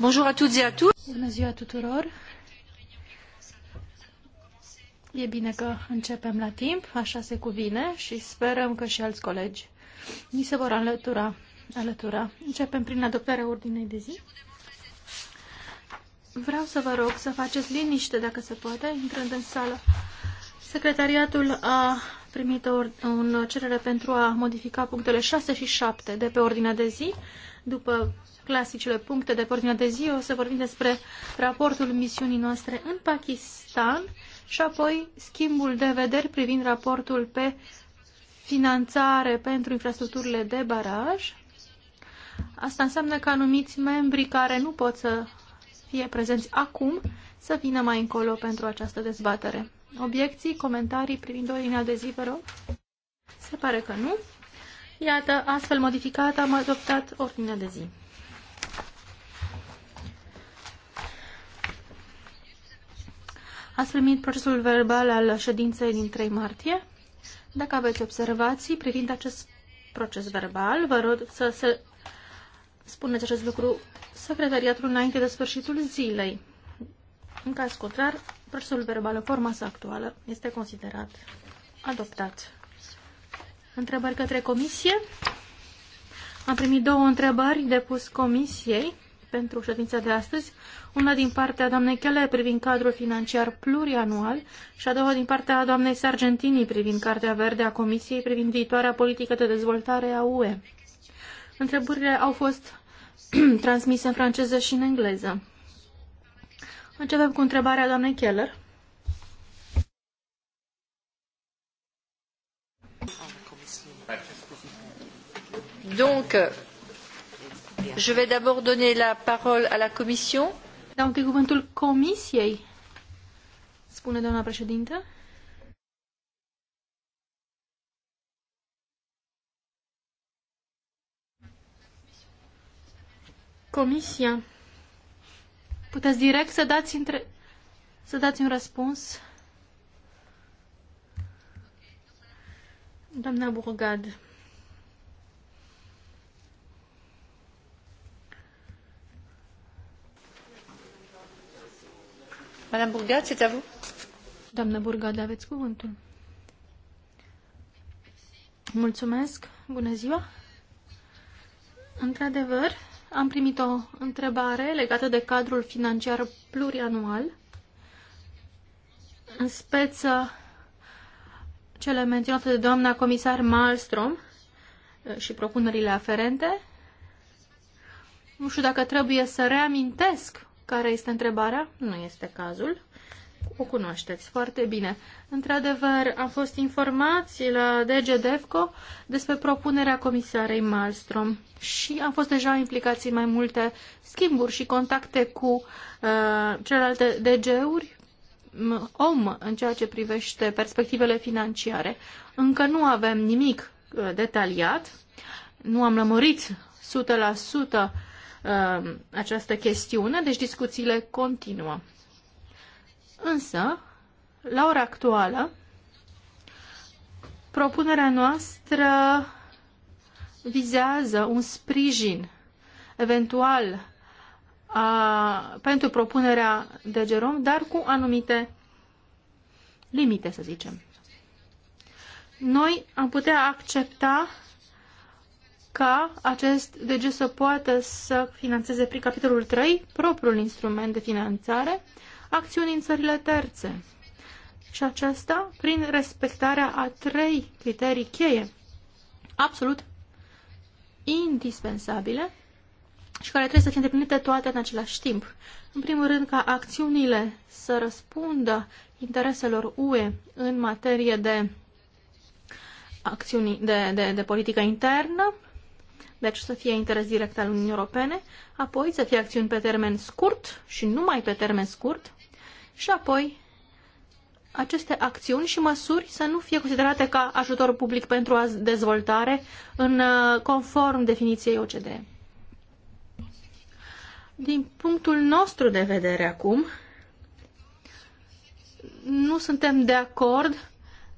Bonjour à toutes et à tous. Bună ziua tuturor. E bine că începem la timp, așa se cuvine și sperăm că și alți colegi ni se vor alătura. alătura. Începem prin adoptarea ordinei de zi. Vreau să vă rog să faceți liniște, dacă se poate, intrând în sală. Secretariatul a primit o, un cerere pentru a modifica punctele 6 și 7 de pe ordinea de zi, după clasicele puncte de ordine de zi. O să vorbim despre raportul misiunii noastre în Pakistan și apoi schimbul de vederi privind raportul pe finanțare pentru infrastructurile de baraj. Asta înseamnă că anumiți membri care nu pot să fie prezenți acum să vină mai încolo pentru această dezbatere. Obiecții, comentarii privind ordinea de zi, vă rog? Se pare că nu. Iată, astfel modificată am adoptat ordinea de zi. Ați primit procesul verbal al ședinței din 3 martie. Dacă aveți observații privind acest proces verbal, vă rog să, să spuneți acest lucru secretariatul înainte de sfârșitul zilei. În caz contrar, procesul verbal în forma sa actuală este considerat adoptat. Întrebări către comisie. Am primit două întrebări depus comisiei pentru ședința de astăzi una din partea doamnei Keller privind cadrul financiar plurianual și a doua din partea doamnei Sargentini privind Cartea Verde a Comisiei privind viitoarea politică de dezvoltare a UE. Întrebările au fost transmise în franceză și în engleză. Începem cu întrebarea doamnei Keller. Donc, je vais d'abord donner la parole à la Commission. Dau întâi cuvântul comisiei, spune doamna președintă. Comisia, puteți direct să dați, între... să dați un răspuns? Doamna Burgad. Madame Bourgat, c'est à vous. Doamnă Burgade, aveți cuvântul. Mulțumesc. Bună ziua. Într-adevăr, am primit o întrebare legată de cadrul financiar plurianual, în speță cele menționate de doamna comisar Malmström eh, și propunerile aferente. Nu știu dacă trebuie să reamintesc care este întrebarea? Nu este cazul. O cunoașteți foarte bine. Într-adevăr, am fost informați la DGDEFCO despre propunerea comisarei Malmström și am fost deja implicați în mai multe schimburi și contacte cu uh, celelalte DG-uri om în ceea ce privește perspectivele financiare. Încă nu avem nimic uh, detaliat, nu am lămurit 100% Um, această chestiune, deci discuțiile continuă. Însă, la ora actuală, propunerea noastră vizează un sprijin eventual a, pentru propunerea de Gerom, dar cu anumite limite, să zicem. Noi am putea accepta ca acest DG să poată să financeze prin capitolul 3 propriul instrument de finanțare, acțiuni în țările terțe. Și aceasta prin respectarea a trei criterii cheie, absolut indispensabile și care trebuie să fie îndeplinite toate în același timp. În primul rând, ca acțiunile să răspundă intereselor UE în materie de acțiuni de, de, de politică internă, deci să fie interes direct al Uniunii Europene, apoi să fie acțiuni pe termen scurt și numai pe termen scurt, și apoi aceste acțiuni și măsuri să nu fie considerate ca ajutor public pentru dezvoltare în uh, conform definiției OCDE. Din punctul nostru de vedere acum, nu suntem de acord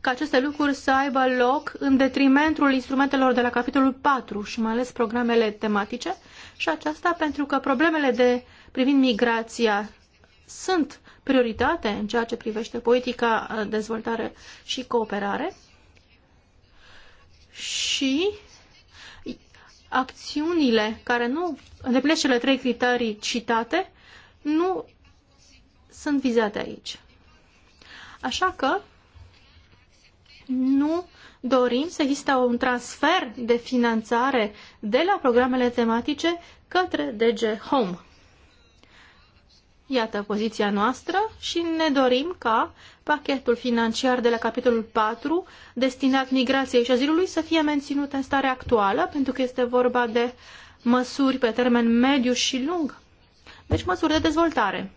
ca aceste lucruri să aibă loc în detrimentul instrumentelor de la capitolul 4 și mai ales programele tematice și aceasta pentru că problemele de privind migrația sunt prioritate în ceea ce privește politica dezvoltare și cooperare și acțiunile care nu îndeplinesc cele trei criterii citate nu sunt vizate aici. Așa că nu dorim să existe un transfer de finanțare de la programele tematice către DG Home. Iată poziția noastră și ne dorim ca pachetul financiar de la capitolul 4, destinat migrației și azilului, să fie menținut în stare actuală, pentru că este vorba de măsuri pe termen mediu și lung, deci măsuri de dezvoltare.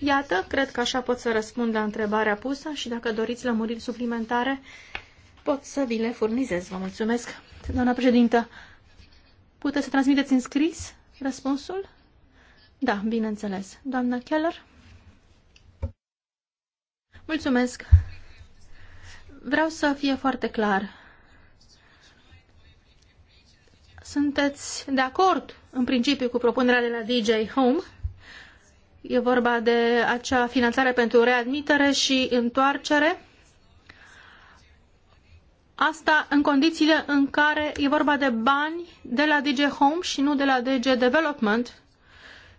Iată, cred că așa pot să răspund la întrebarea pusă și dacă doriți lămuriri suplimentare, pot să vi le furnizez. Vă mulțumesc, doamna președintă. Puteți să transmiteți în scris răspunsul? Da, bineînțeles. Doamna Keller? Mulțumesc. Vreau să fie foarte clar. Sunteți de acord, în principiu, cu propunerea de la DJ Home? E vorba de acea finanțare pentru readmitere și întoarcere Asta în condițiile în care e vorba de bani de la DG Home și nu de la DG Development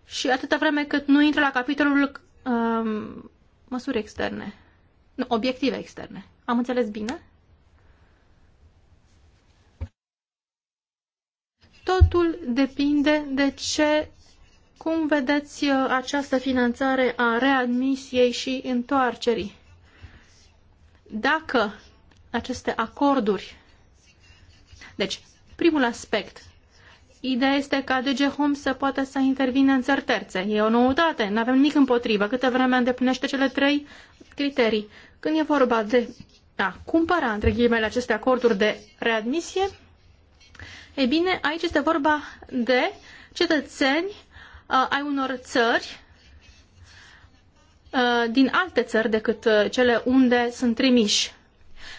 și atâta vreme cât nu intră la capitolul um, măsuri externe. Nu, obiective externe. Am înțeles bine? Totul depinde de ce, cum vedeți uh, această finanțare a readmisiei și întoarcerii. Dacă aceste acorduri. Deci, primul aspect. Ideea este ca DG Home să poată să intervină în țări terțe. E o noutate, nu avem nimic împotrivă, câte vreme îndeplinește cele trei criterii. Când e vorba de a cumpăra, între ghilimele, aceste acorduri de readmisie, e bine, aici este vorba de cetățeni uh, ai unor țări uh, din alte țări decât uh, cele unde sunt trimiși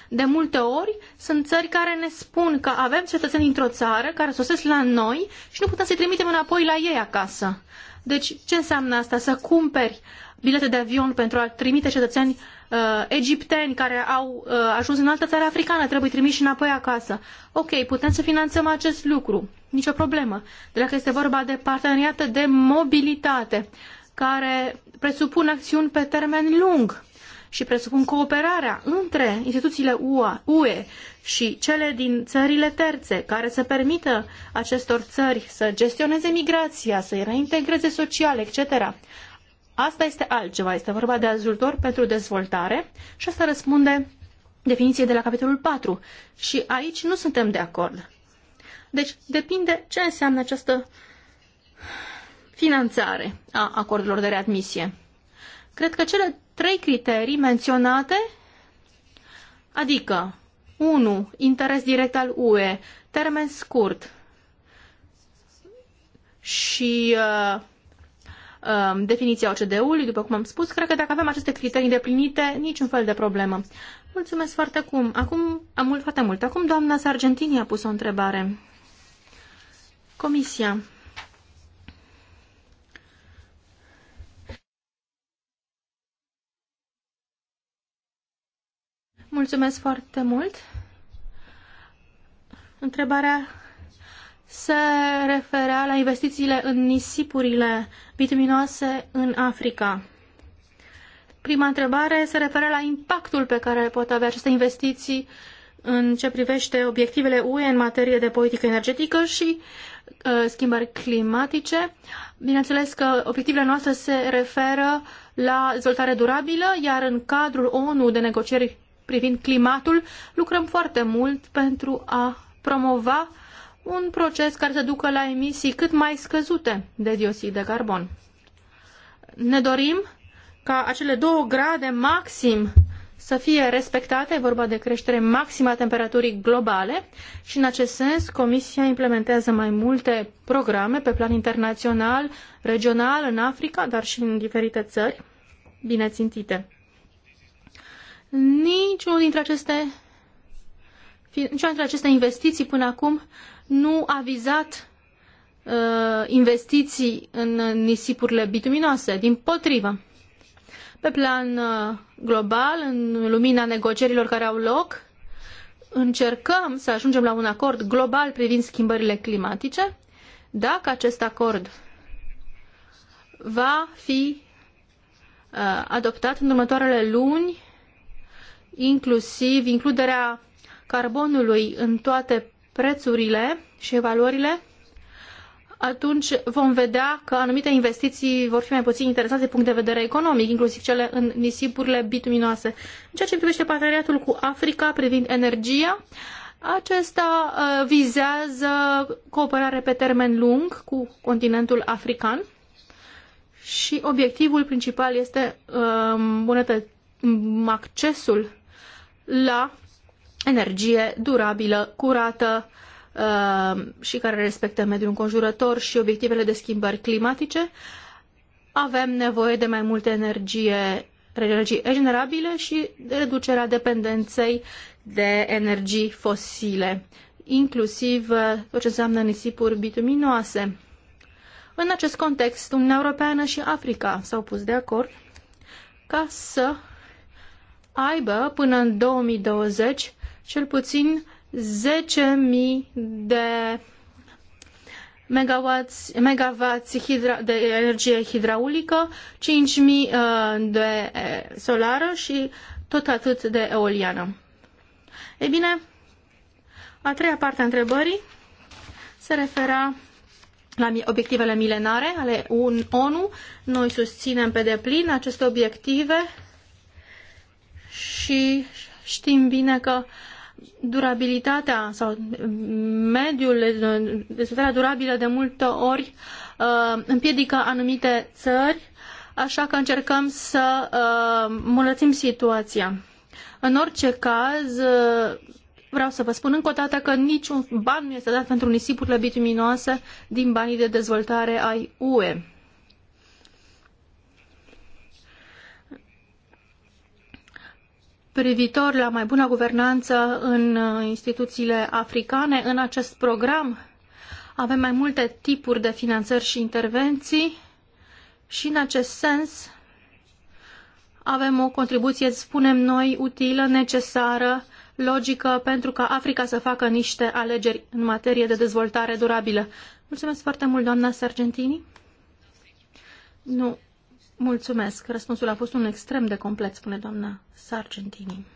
de multe ori sunt țări care ne spun că avem cetățeni dintr-o țară care sosesc la noi și nu putem să-i trimitem înapoi la ei acasă. Deci ce înseamnă asta? Să cumperi bilete de avion pentru a trimite cetățeni uh, egipteni care au uh, ajuns în altă țară africană, trebuie trimiși înapoi acasă. Ok, putem să finanțăm acest lucru, nicio problemă. De dacă este vorba de parteneriate de mobilitate, care presupun acțiuni pe termen lung și presupun cooperarea între instituțiile UE și cele din țările terțe care să permită acestor țări să gestioneze migrația, să-i reintegreze social, etc. Asta este altceva, este vorba de ajutor pentru dezvoltare și asta răspunde definiției de la capitolul 4 și aici nu suntem de acord. Deci depinde ce înseamnă această finanțare a acordurilor de readmisie. Cred că cele trei criterii menționate, adică 1. Interes direct al UE, termen scurt și uh, uh, definiția OCD-ului, după cum am spus, cred că dacă avem aceste criterii îndeplinite, niciun fel de problemă. Mulțumesc foarte, cum. Acum, am mult, foarte mult. Acum doamna Sargentini a pus o întrebare. Comisia. Mulțumesc foarte mult. Întrebarea se referea la investițiile în nisipurile bituminoase în Africa. Prima întrebare se referă la impactul pe care pot avea aceste investiții în ce privește obiectivele UE în materie de politică energetică și uh, schimbări climatice. Bineînțeles că obiectivele noastre se referă la dezvoltare durabilă, iar în cadrul ONU de negocieri privind climatul, lucrăm foarte mult pentru a promova un proces care să ducă la emisii cât mai scăzute de dioxid de carbon. Ne dorim ca acele două grade maxim să fie respectate, e vorba de creștere maximă a temperaturii globale și în acest sens Comisia implementează mai multe programe pe plan internațional, regional, în Africa, dar și în diferite țări bine țintite. Niciunul dintre aceste, niciunul dintre aceste investiții până acum nu a vizat uh, investiții în nisipurile bituminoase, din potrivă. Pe plan uh, global, în lumina negocierilor care au loc, încercăm să ajungem la un acord global privind schimbările climatice. Dacă acest acord va fi uh, adoptat în următoarele luni inclusiv includerea carbonului în toate prețurile și evaluările, atunci vom vedea că anumite investiții vor fi mai puțin interesante din punct de vedere economic, inclusiv cele în nisipurile bituminoase. În ceea ce privește parteneriatul cu Africa privind energia, acesta uh, vizează cooperare pe termen lung cu continentul african și obiectivul principal este um, accesul la energie durabilă, curată uh, și care respectă mediul înconjurător și obiectivele de schimbări climatice. Avem nevoie de mai multă energie energii regenerabile și reducerea dependenței de energii fosile, inclusiv uh, tot ce înseamnă nisipuri bituminoase. În acest context, Uniunea Europeană și Africa s-au pus de acord ca să aibă până în 2020 cel puțin 10.000 de megawatts, hidra, de energie hidraulică, 5.000 uh, de solară și tot atât de eoliană. Ei bine, a treia parte a întrebării se refera la obiectivele milenare ale ONU. Noi susținem pe deplin aceste obiective și știm bine că durabilitatea sau mediul, dezvoltarea durabilă de multe ori uh, împiedică anumite țări, așa că încercăm să uh, îmbunătățim situația. În orice caz, uh, vreau să vă spun încă o dată că niciun ban nu este dat pentru nisipurile bituminoase din banii de dezvoltare ai UE. privitor la mai bună guvernanță în uh, instituțiile africane. În acest program avem mai multe tipuri de finanțări și intervenții și în acest sens avem o contribuție, spunem noi, utilă, necesară, logică pentru ca Africa să facă niște alegeri în materie de dezvoltare durabilă. Mulțumesc foarte mult, doamna Sargentini. Nu, Mulțumesc. Răspunsul a fost un extrem de complet, spune doamna Sargentini.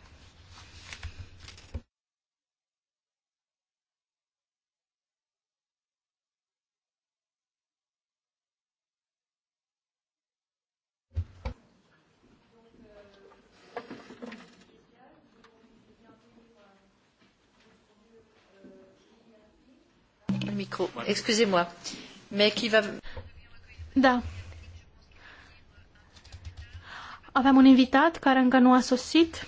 Excusez-moi, mais qui va... Da, Aveam un invitat care încă nu a sosit.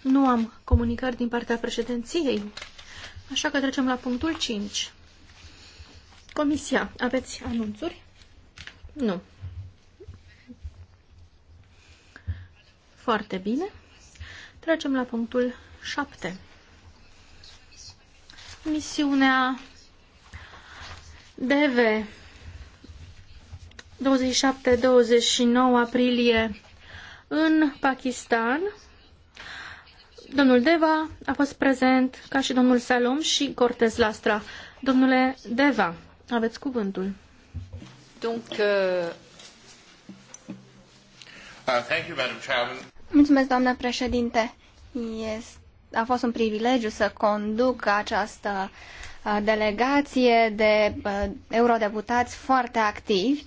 Nu am comunicări din partea președinției, așa că trecem la punctul 5. Comisia, aveți anunțuri? Nu. Foarte bine. Trecem la punctul 7. Misiunea DV 27-29 aprilie în Pakistan. Domnul Deva a fost prezent ca și domnul Salom și Cortez Lastra. Domnule Deva, aveți cuvântul. Donc, uh... Mulțumesc, doamnă președinte. Este, a fost un privilegiu să conduc această uh, delegație de uh, eurodeputați foarte activi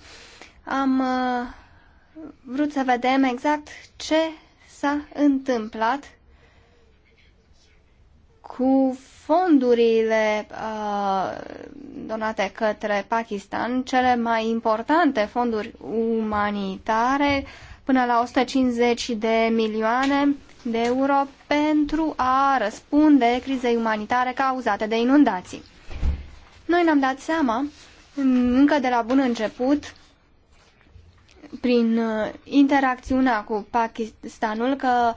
am uh, vrut să vedem exact ce s-a întâmplat cu fondurile uh, donate către Pakistan, cele mai importante fonduri umanitare, până la 150 de milioane de euro pentru a răspunde crizei umanitare cauzate de inundații. Noi ne-am dat seama, încă de la bun început, prin uh, interacțiunea cu Pakistanul că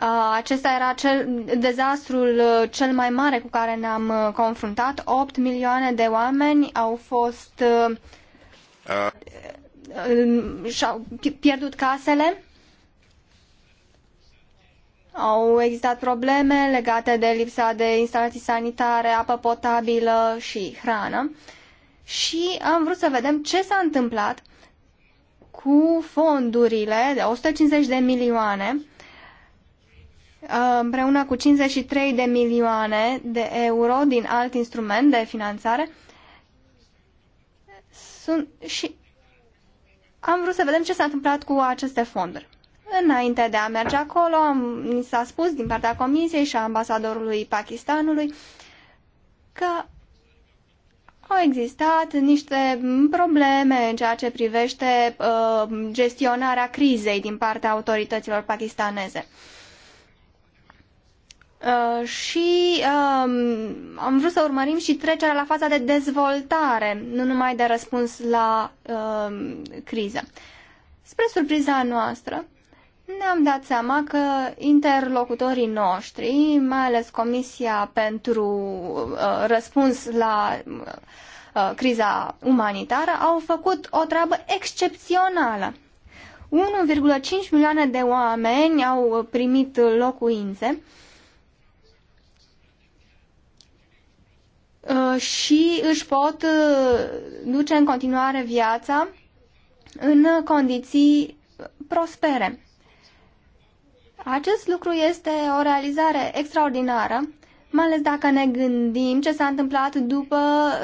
uh, acesta era cel, dezastrul uh, cel mai mare cu care ne-am confruntat. Opt milioane de oameni au fost și-au pierdut casele. Au existat probleme legate de lipsa de instalații sanitare, apă potabilă și hrană. Și am vrut să vedem ce s-a întâmplat cu fondurile de 150 de milioane uh, împreună cu 53 de milioane de euro din alt instrument de finanțare sunt și am vrut să vedem ce s-a întâmplat cu aceste fonduri. Înainte de a merge acolo, am, mi s-a spus din partea Comisiei și a ambasadorului Pakistanului că au existat niște probleme în ceea ce privește uh, gestionarea crizei din partea autorităților pakistaneze. Uh, și uh, am vrut să urmărim și trecerea la faza de dezvoltare, nu numai de răspuns la uh, criză. Spre surpriza noastră, ne-am dat seama că interlocutorii noștri, mai ales Comisia pentru uh, Răspuns la uh, criza umanitară, au făcut o treabă excepțională. 1,5 milioane de oameni au primit locuințe uh, și își pot uh, duce în continuare viața în condiții prospere. Acest lucru este o realizare extraordinară, mai ales dacă ne gândim ce s-a întâmplat după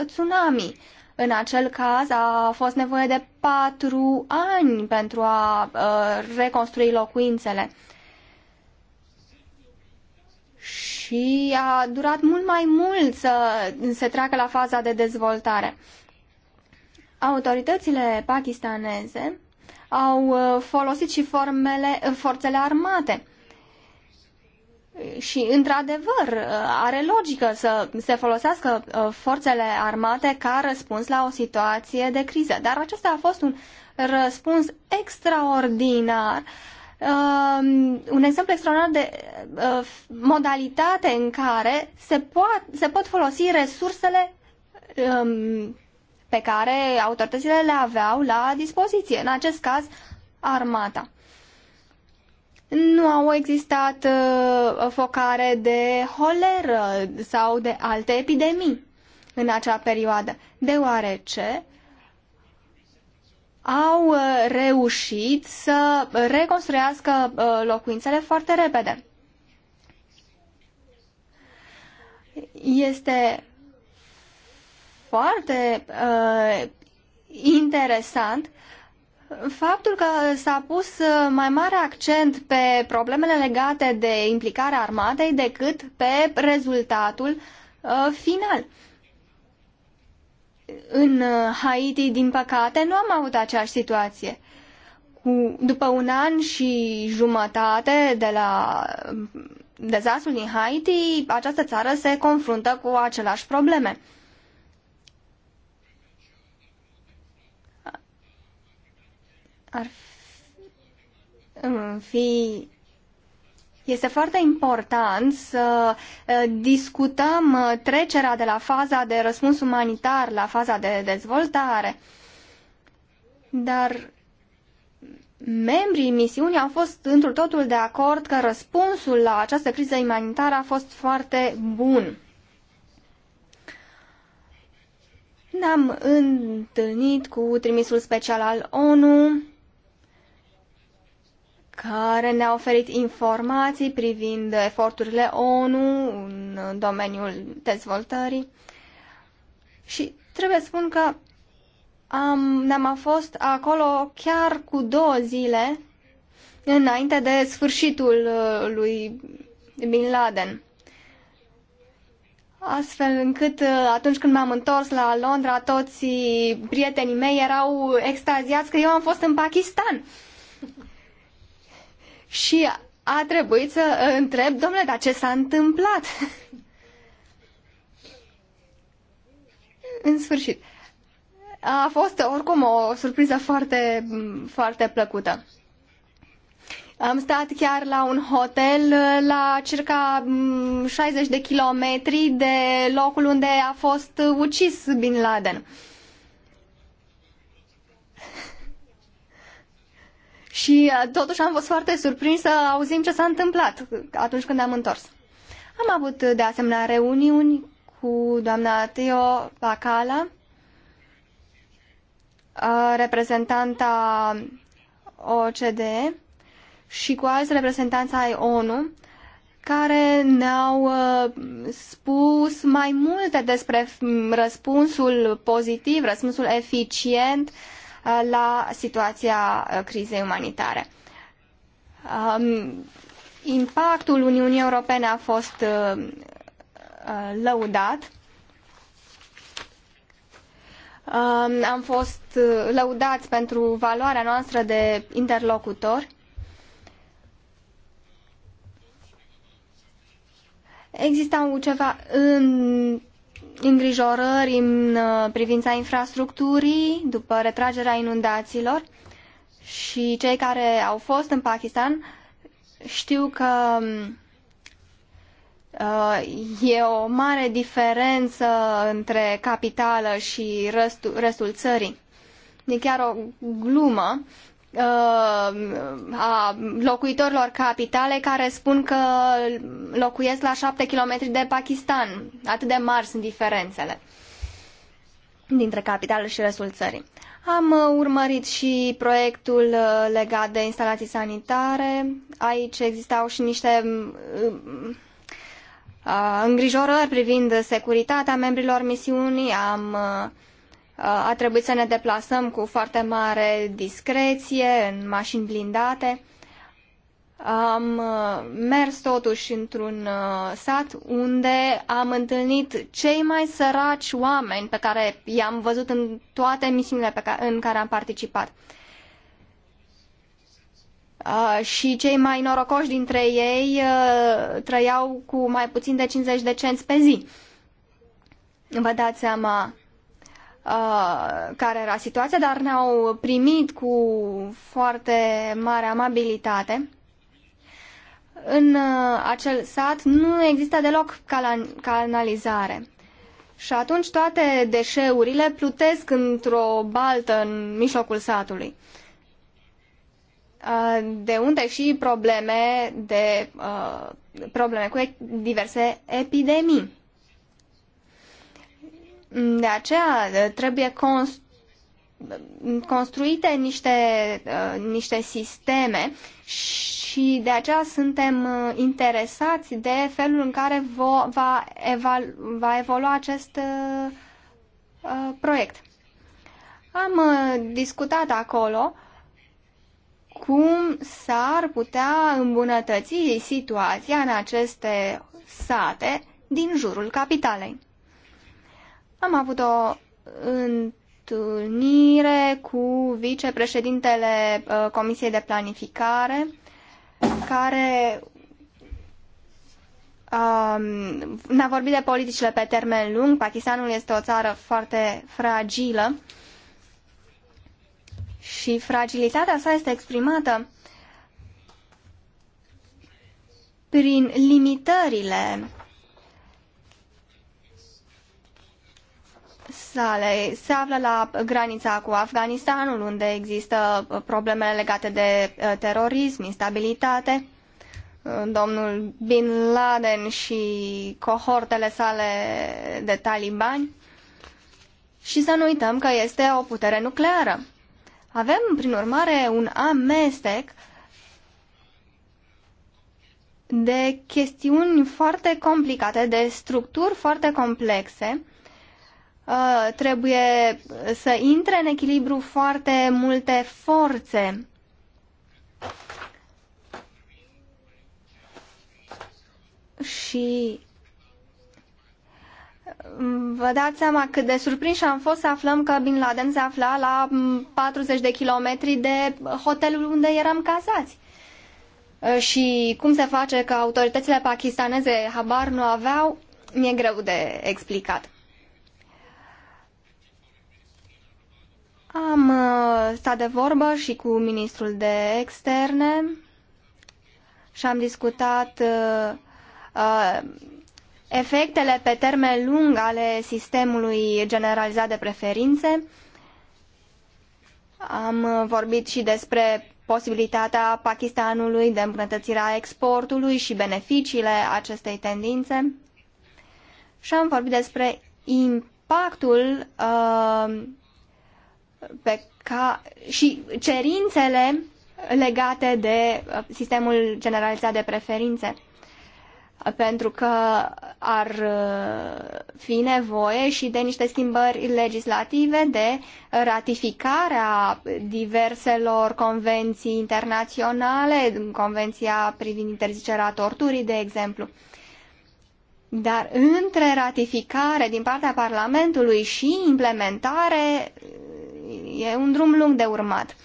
tsunami. În acel caz a fost nevoie de patru ani pentru a uh, reconstrui locuințele. Și a durat mult mai mult să se treacă la faza de dezvoltare. Autoritățile pakistaneze au uh, folosit și formele, forțele armate. Și, într-adevăr, are logică să se folosească uh, forțele armate ca răspuns la o situație de criză. Dar acesta a fost un răspuns extraordinar, uh, un exemplu extraordinar de uh, modalitate în care se, poat, se pot folosi resursele um, pe care autoritățile le aveau la dispoziție, în acest caz armata nu au existat uh, focare de holeră sau de alte epidemii în acea perioadă, deoarece au uh, reușit să reconstruiască uh, locuințele foarte repede. Este foarte uh, interesant Faptul că s-a pus uh, mai mare accent pe problemele legate de implicarea armatei decât pe rezultatul uh, final. În uh, Haiti, din păcate, nu am avut aceeași situație. Cu, după un an și jumătate de la um, dezastrul din Haiti, această țară se confruntă cu aceleași probleme. ar fi este foarte important să discutăm trecerea de la faza de răspuns umanitar la faza de dezvoltare. Dar membrii misiunii au fost într totul de acord că răspunsul la această criză umanitară a fost foarte bun. Ne-am întâlnit cu trimisul special al ONU, care ne-a oferit informații privind eforturile ONU în domeniul dezvoltării. Și trebuie să spun că am, ne-am fost acolo chiar cu două zile înainte de sfârșitul uh, lui Bin Laden. Astfel încât uh, atunci când m-am întors la Londra, toți prietenii mei erau extaziați că eu am fost în Pakistan și a trebuit să uh, întreb, domnule, dar ce s-a întâmplat? În sfârșit. A fost oricum o surpriză foarte, foarte plăcută. Am stat chiar la un hotel uh, la circa 60 mm, de kilometri de locul unde a fost ucis Bin Laden. Uh, și uh, totuși am fost foarte surprins să auzim ce s-a întâmplat atunci când am întors. Am avut de asemenea reuniuni cu doamna Teo Bacala, uh, reprezentanta OCDE și cu alți reprezentanți ai ONU, care ne-au uh, spus mai multe despre mm, răspunsul pozitiv, răspunsul eficient uh, la situația uh, crizei umanitare. Um, impactul Uniunii Europene a fost uh, uh, lăudat. Um, am fost lăudați pentru valoarea noastră de interlocutor. Existau ceva în îngrijorări în uh, privința infrastructurii după retragerea inundațiilor și cei care au fost în Pakistan știu că uh, e o mare diferență între capitală și restul, restul țării. E chiar o glumă Uh, a locuitorilor capitale care spun că locuiesc la șapte kilometri de Pakistan. Atât de mari sunt diferențele dintre capitală și restul țării. Am uh, urmărit și proiectul uh, legat de instalații sanitare. Aici existau și niște îngrijorări privind securitatea membrilor misiunii. Am Uh, a trebuit să ne deplasăm cu foarte mare discreție, în mașini blindate. Am uh, mers totuși într-un uh, sat unde am întâlnit cei mai săraci oameni pe care i-am văzut în toate misiunile pe care, în care am participat. Uh, și cei mai norocoși dintre ei uh, trăiau cu mai puțin de 50 de cenți pe zi. Vă dați seama Uh, care era situația, dar ne-au primit cu foarte mare amabilitate. În uh, acel sat nu exista deloc canalizare. Și atunci toate deșeurile plutesc într-o baltă în mijlocul satului. Uh, de unde și probleme, de, probleme cu diverse epidemii. De aceea trebuie construite niște, niște sisteme și de aceea suntem uh, interesați de felul în care vo, va, eval, va evolua acest uh, uh, proiect. Am discutat acolo cum s-ar putea îmbunătăți situația în aceste sate din jurul capitalei. Am avut o întâlnire cu vicepreședintele uh, Comisiei de Planificare, care um, ne-a vorbit de politicile pe termen lung. Pakistanul este o țară foarte fragilă și fragilitatea sa este exprimată prin limitările sale se află la granița cu Afganistanul, unde există problemele legate de uh, terorism, instabilitate. Uh, domnul Bin Laden și cohortele sale de talibani. Și să nu uităm că este o putere nucleară. Avem, prin urmare, un amestec de chestiuni foarte complicate, de structuri foarte complexe, Uh, trebuie să intre în echilibru foarte multe forțe. Și um, vă dați seama cât de surprinși am fost să aflăm că Bin Laden se afla la 40 um, de kilometri de hotelul unde eram cazați. Uh, și cum se face că autoritățile pakistaneze habar nu aveau, mi-e greu de explicat. Am uh, stat de vorbă și cu ministrul de externe și am discutat uh, uh, efectele pe termen lung ale sistemului generalizat de preferințe. Am vorbit și despre posibilitatea Pakistanului de îmbunătățirea exportului și beneficiile acestei tendințe. Și am vorbit despre impactul uh, pe ca, și cerințele legate de uh, sistemul generalizat de preferințe. Pentru că ar uh, fi nevoie și de niște schimbări legislative, de ratificarea diverselor convenții internaționale, convenția privind interzicerea torturii, de exemplu. Dar între ratificare din partea Parlamentului și implementare e un drum lung de urmat.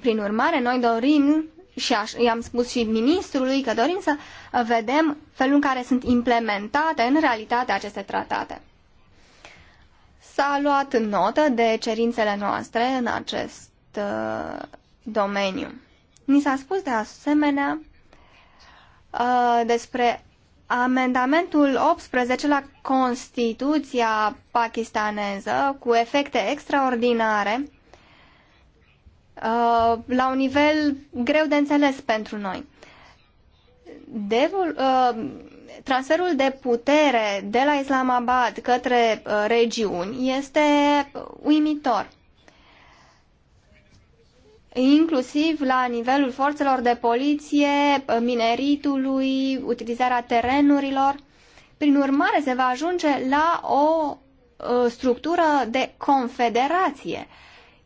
Prin urmare, noi dorim și i-am spus și ministrului că dorim să vedem felul în care sunt implementate în realitate aceste tratate. S-a luat notă de cerințele noastre în acest uh, domeniu. Ni s-a spus de asemenea uh, despre Amendamentul 18 la Constituția pakistaneză, cu efecte extraordinare, uh, la un nivel greu de înțeles pentru noi. Devul, uh, transferul de putere de la Islamabad către uh, regiuni este uimitor inclusiv la nivelul forțelor de poliție, mineritului, utilizarea terenurilor. Prin urmare, se va ajunge la o ă, structură de confederație.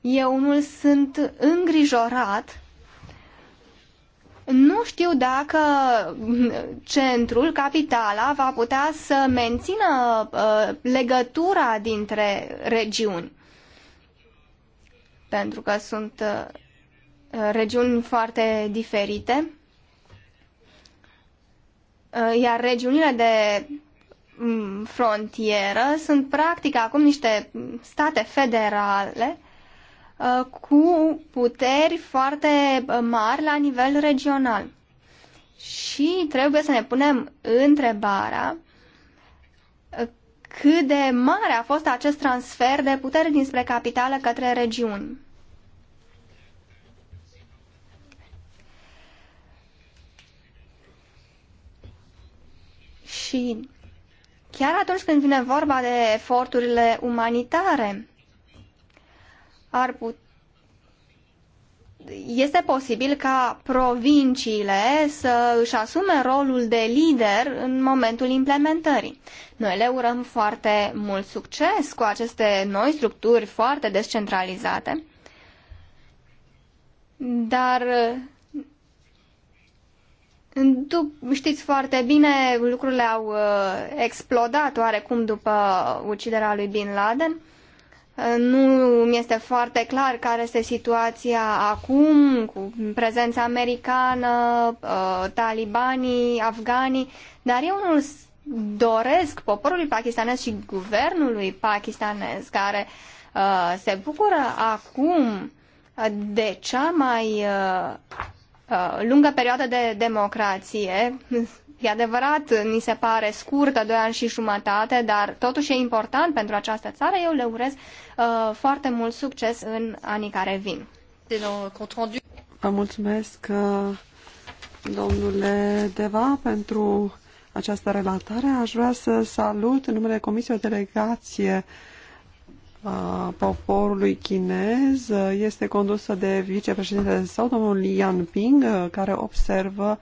Eu unul sunt îngrijorat. Nu știu dacă centrul, capitala, va putea să mențină ă, legătura dintre regiuni. Pentru că sunt ă, Uh, regiuni foarte diferite, uh, iar regiunile de mm, frontieră sunt practic acum niște state federale uh, cu puteri foarte mari la nivel regional. Și trebuie să ne punem întrebarea cât de mare a fost acest transfer de puteri dinspre capitală către regiuni. Și chiar atunci când vine vorba de eforturile umanitare, ar put... este posibil ca provinciile să își asume rolul de lider în momentul implementării. Noi le urăm foarte mult succes cu aceste noi structuri foarte descentralizate, dar Știți foarte bine, lucrurile au uh, explodat oarecum după uciderea lui Bin Laden. Uh, nu mi este foarte clar care este situația acum cu prezența americană, uh, talibanii, afganii, dar eu nu doresc poporului pakistanez și guvernului pakistanez care se bucură acum de cea mai Uh, lungă perioadă de democrație, e adevărat, ni se pare scurtă, doi ani și jumătate, dar totuși e important pentru această țară. Eu le urez uh, foarte mult succes în anii care vin. Vă mulțumesc, uh, domnule Deva, pentru această relatare. Aș vrea să salut în numele Comisiei o delegație uh, a poporului chinez este condusă de vicepreședintele său, domnul Lian Ping, care observă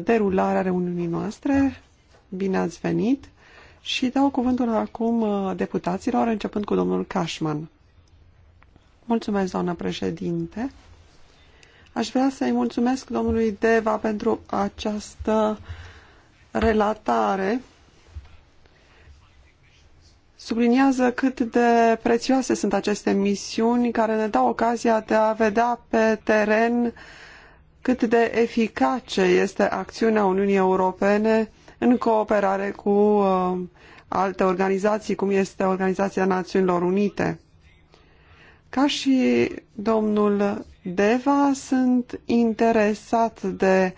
derularea reuniunii noastre. Bine ați venit! Și dau cuvântul acum deputaților, începând cu domnul Cashman. Mulțumesc, doamnă președinte! Aș vrea să-i mulțumesc domnului Deva pentru această relatare subliniază cât de prețioase sunt aceste misiuni care ne dau ocazia de a vedea pe teren cât de eficace este acțiunea Uniunii Europene în cooperare cu uh, alte organizații, cum este Organizația Națiunilor Unite. Ca și domnul Deva, sunt interesat de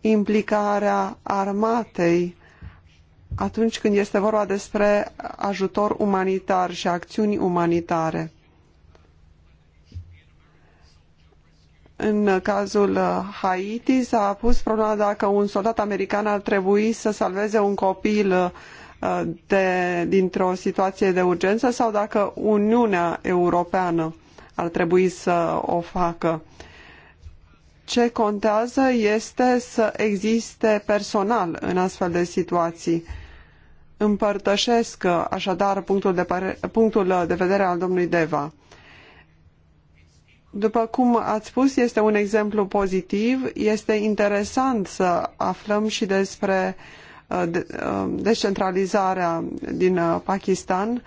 implicarea armatei atunci când este vorba despre ajutor umanitar și acțiuni umanitare. În cazul Haiti s-a pus problema dacă un soldat american ar trebui să salveze un copil uh, de, dintr-o situație de urgență sau dacă Uniunea Europeană ar trebui să o facă. Ce contează este să existe personal în astfel de situații. Împărtășesc așadar punctul de, pare... punctul de vedere al domnului Deva. După cum ați spus, este un exemplu pozitiv. Este interesant să aflăm și despre uh, uh, descentralizarea din uh, Pakistan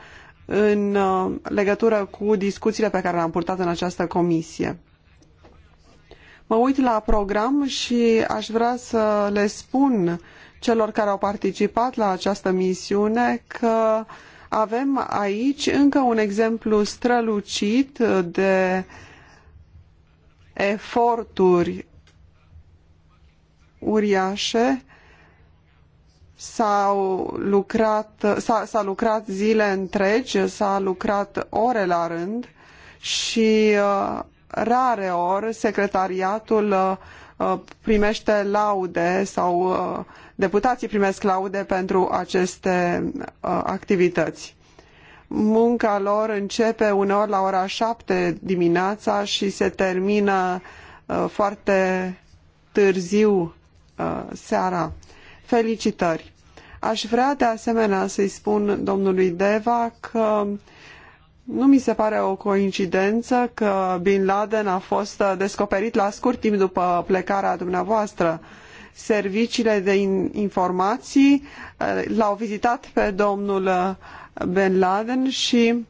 în legătură cu discuțiile pe care le-am purtat în această comisie. Mă uit la program și aș vrea să le spun uh, celor care au participat la această misiune că avem aici încă un exemplu strălucit de eforturi uriașe s-au lucrat, s-a, lucrat zile întregi, s-a lucrat ore la rând și uh, rare ori secretariatul uh, uh primește laude sau uh, Deputații primesc laude pentru aceste uh, activități. Munca lor începe uneori la ora 7 dimineața și se termină uh, foarte târziu uh, seara. Felicitări! Aș vrea de asemenea să-i spun domnului Deva că nu mi se pare o coincidență că Bin Laden a fost descoperit la scurt timp după plecarea dumneavoastră. Uh, serviciile de informații uh, l-au vizitat pe domnul uh, Bin Laden și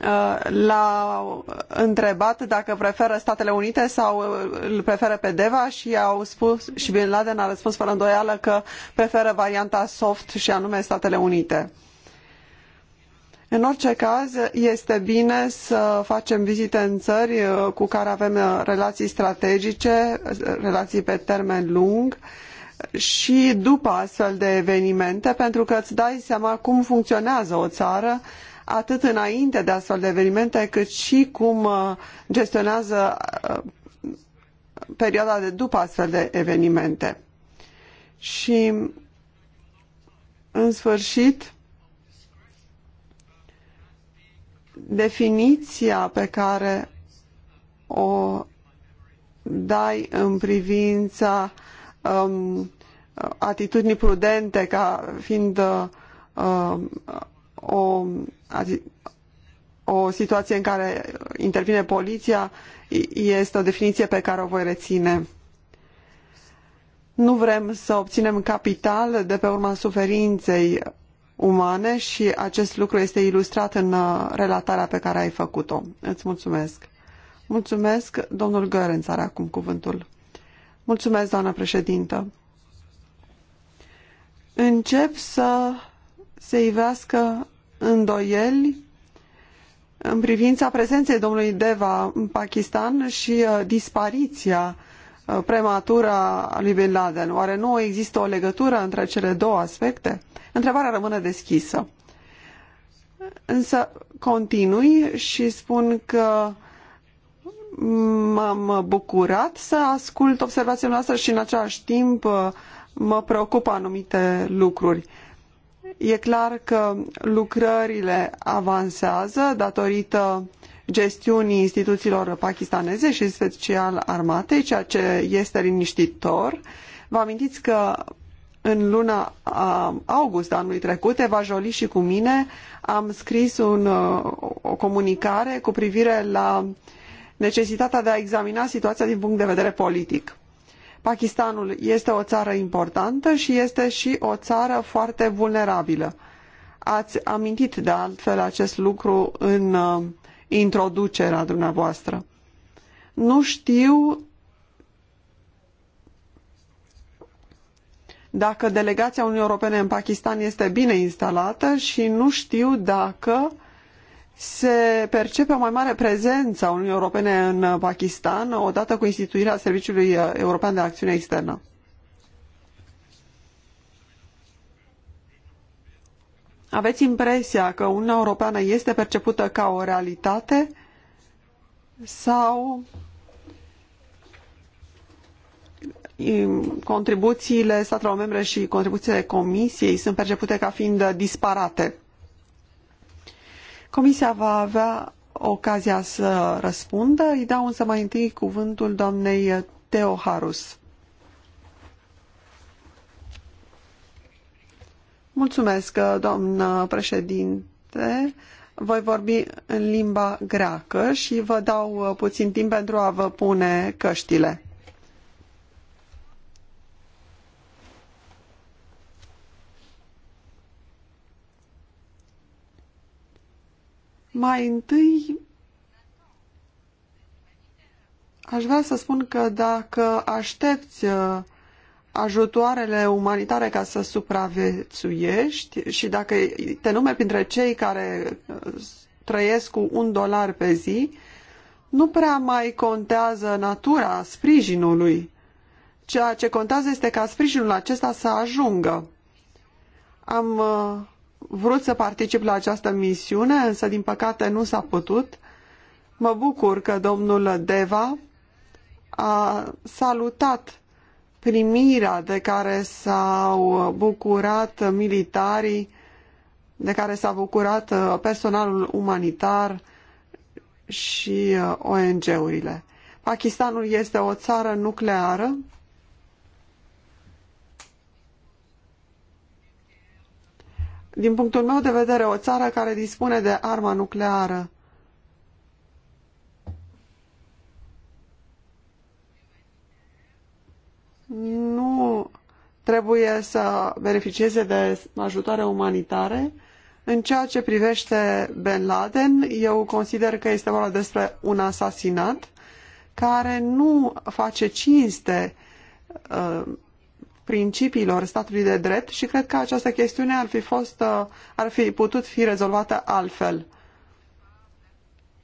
uh, l-au întrebat dacă preferă Statele Unite sau îl preferă pe Deva și au spus și Bin Laden a răspuns fără îndoială că preferă varianta soft și anume Statele Unite. În orice caz, este bine să facem vizite în țări uh, cu care avem uh, relații strategice, uh, relații pe termen lung și după astfel de evenimente, pentru că îți dai seama cum funcționează o țară, atât înainte de astfel de evenimente, cât și cum gestionează perioada de după astfel de evenimente. Și, în sfârșit, definiția pe care o dai în privința um, atitudinii prudente ca fiind uh, o, o situație în care intervine poliția este o definiție pe care o voi reține. Nu vrem să obținem capital de pe urma suferinței umane și acest lucru este ilustrat în uh, relatarea pe care ai făcut-o. Îți mulțumesc. Mulțumesc, domnul Gărenț are acum cuvântul. Mulțumesc, doamna președintă. Încep să se ivească îndoieli în privința prezenței domnului Deva în Pakistan și uh, dispariția Uh, prematură a lui Bin Laden. Oare nu există o legătură între cele două aspecte? Întrebarea rămâne deschisă. Însă continui și spun că m-am bucurat să ascult observațiile noastre și în același timp uh, mă preocupă anumite lucruri. E clar că lucrările avansează datorită gestiunii instituțiilor pakistaneze și special armatei, ceea ce este liniștitor. Vă amintiți că în luna august anului trecut, Eva Jolie și cu mine am scris un, o comunicare cu privire la necesitatea de a examina situația din punct de vedere politic. Pakistanul este o țară importantă și este și o țară foarte vulnerabilă. Ați amintit de altfel acest lucru în introducerea dumneavoastră. Nu știu dacă delegația Uniunii Europene în Pakistan este bine instalată și nu știu dacă se percepe o mai mare prezență a Uniunii Europene în Pakistan odată cu instituirea Serviciului European de Acțiune Externă. Aveți impresia că Uniunea Europeană este percepută ca o realitate sau contribuțiile statelor membre și contribuțiile Comisiei sunt percepute ca fiind disparate? Comisia va avea ocazia să răspundă. Îi dau însă mai întâi cuvântul doamnei Teoharus. Mulțumesc, doamnă președinte. Voi vorbi în limba greacă și vă dau uh, puțin timp pentru a vă pune căștile. Mai întâi aș vrea să spun că dacă aștepți uh, ajutoarele umanitare ca să supraviețuiești și dacă te nume printre cei care uh, trăiesc cu un dolar pe zi, nu prea mai contează natura sprijinului. Ceea ce contează este ca sprijinul acesta să ajungă. Am uh, vrut să particip la această misiune, însă din păcate nu s-a putut. Mă bucur că domnul Deva a salutat primirea de care s-au bucurat militarii, de care s-a bucurat uh, personalul umanitar și uh, ONG-urile. Pakistanul este o țară nucleară. Din punctul meu de vedere, o țară care dispune de arma nucleară nu trebuie să beneficieze de ajutoare umanitare. În ceea ce privește Ben Laden, eu consider că este vorba despre un asasinat care nu face cinste uh, principiilor statului de drept și cred că această chestiune ar fi, fost, uh, ar fi putut fi rezolvată altfel.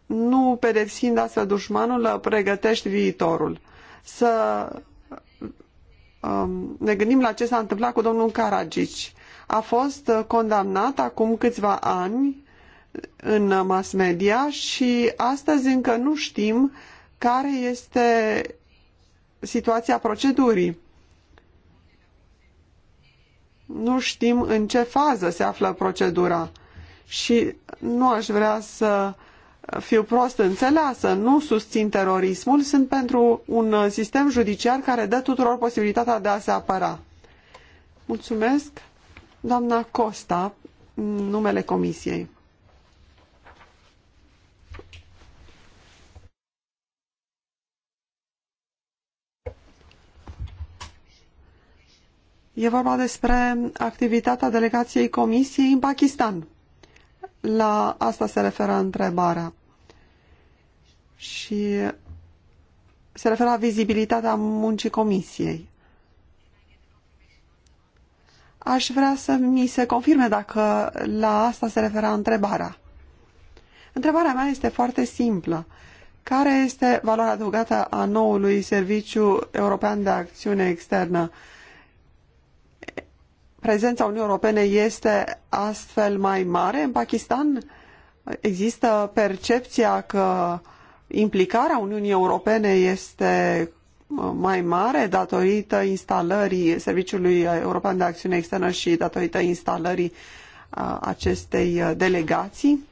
Nu pedepsind astfel dușmanul, pregătești viitorul. Să Um, ne gândim la ce s-a întâmplat cu domnul Caragici. A fost uh, condamnat acum câțiva ani în mass media și astăzi încă nu știm care este situația procedurii. Nu știm în ce fază se află procedura și nu aș vrea să fiu prost înțeleasă, nu susțin terorismul, sunt pentru un uh, sistem judiciar care dă tuturor posibilitatea de a se apăra. Mulțumesc, doamna Costa, numele Comisiei. E vorba despre activitatea delegației Comisiei în Pakistan la asta se referă întrebarea. Și se referă la vizibilitatea muncii comisiei. Aș vrea să mi se confirme dacă la asta se referă întrebarea. Întrebarea mea este foarte simplă. Care este valoarea adăugată a noului Serviciu European de Acțiune Externă? prezența Uniunii Europene este astfel mai mare în Pakistan? Există percepția că implicarea Uniunii Europene este uh, mai mare datorită instalării Serviciului European de Acțiune Externă și datorită instalării uh, acestei uh, delegații?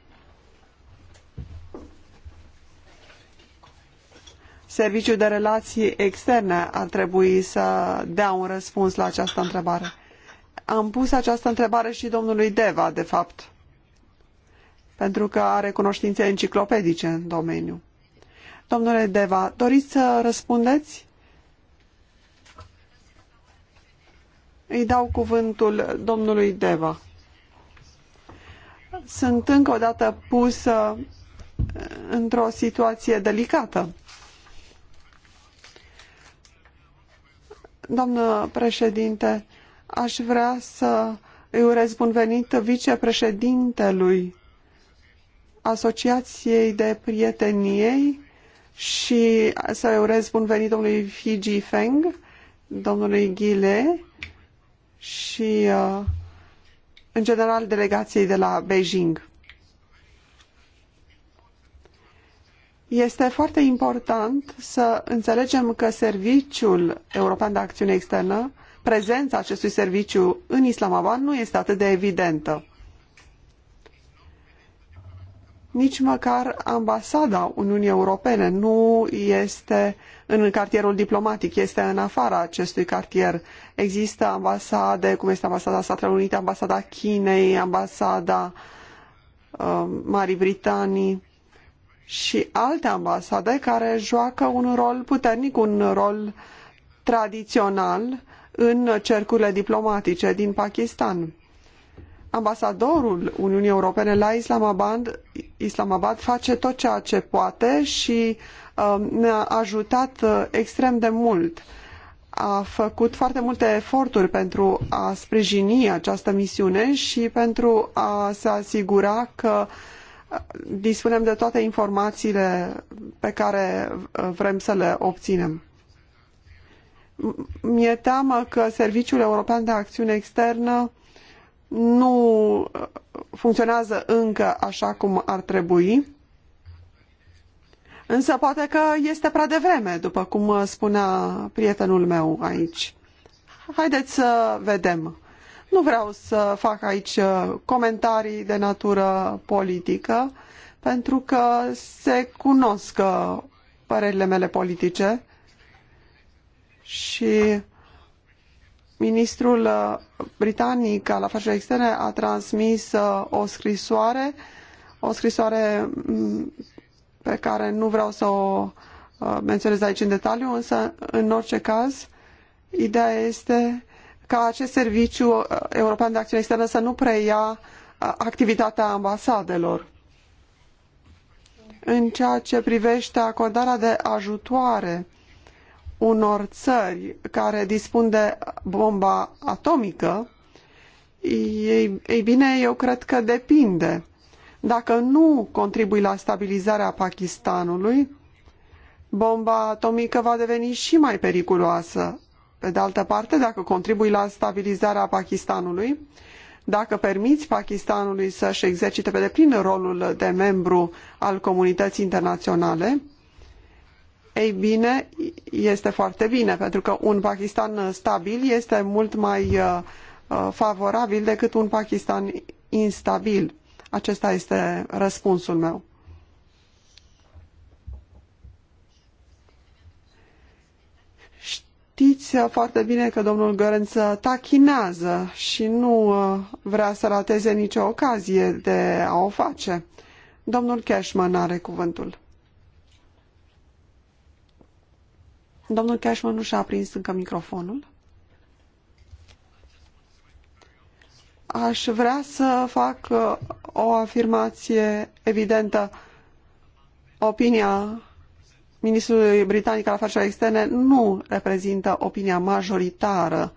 Serviciul de Relații Externe ar trebui să dea un răspuns la această întrebare. Am pus această întrebare și domnului Deva, de fapt, pentru că are cunoștințe enciclopedice în domeniu. Domnule Deva, doriți să răspundeți? Îi dau cuvântul domnului Deva. Sunt încă o dată pusă într-o situație delicată. Doamnă președinte, aș vrea să îi urez bun venit vicepreședintelui Asociației de Prieteniei și să îi urez bun venit domnului Fiji Feng, domnului Ghile și, uh, în general, delegației de la Beijing. Este foarte important să înțelegem că Serviciul European de Acțiune Externă prezența acestui serviciu în Islamabad nu este atât de evidentă. Nici măcar ambasada Uniunii Europene nu este în cartierul diplomatic, este în afara acestui cartier. Există ambasade, cum este ambasada Statelor Unite, ambasada Chinei, ambasada uh, Marii Britanii și alte ambasade care joacă un rol puternic, un rol tradițional în cercurile diplomatice din Pakistan. Ambasadorul Uniunii Europene la Islamabad, Islamabad face tot ceea ce poate și um, ne-a ajutat uh, extrem de mult. A făcut foarte multe eforturi pentru a sprijini această misiune și pentru a se asigura că uh, dispunem de toate informațiile pe care uh, vrem să le obținem. Mi-e teamă că Serviciul European de Acțiune Externă nu funcționează încă așa cum ar trebui. Însă poate că este prea devreme, după cum spunea prietenul meu aici. Haideți să vedem. Nu vreau să fac aici comentarii de natură politică, pentru că se cunosc părerile mele politice și ministrul uh, britanic al afacerilor externe a transmis uh, o scrisoare, o scrisoare mm, pe care nu vreau să o uh, menționez aici în detaliu, însă în orice caz ideea este ca acest serviciu european de acțiune externă să nu preia activitatea ambasadelor. În ceea ce privește acordarea de ajutoare unor țări care dispun de bomba atomică, ei, ei bine, eu cred că depinde. Dacă nu contribui la stabilizarea Pakistanului, bomba atomică va deveni și mai periculoasă. Pe de altă parte, dacă contribui la stabilizarea Pakistanului, dacă permiți Pakistanului să-și exercite pe deplin rolul de membru al comunității internaționale, ei bine, este foarte bine, pentru că un Pakistan stabil este mult mai uh, uh, favorabil decât un Pakistan instabil. Acesta este răspunsul meu. Știți uh, foarte bine că domnul Gărență tachinează și nu vrea să rateze nicio ocazie de a o face. Domnul Cashman are cuvântul. Domnul Cashman nu și-a aprins încă microfonul. Aș vrea să fac uh, o afirmație evidentă. Opinia ministrului britanic al afacerilor externe nu reprezintă opinia majoritară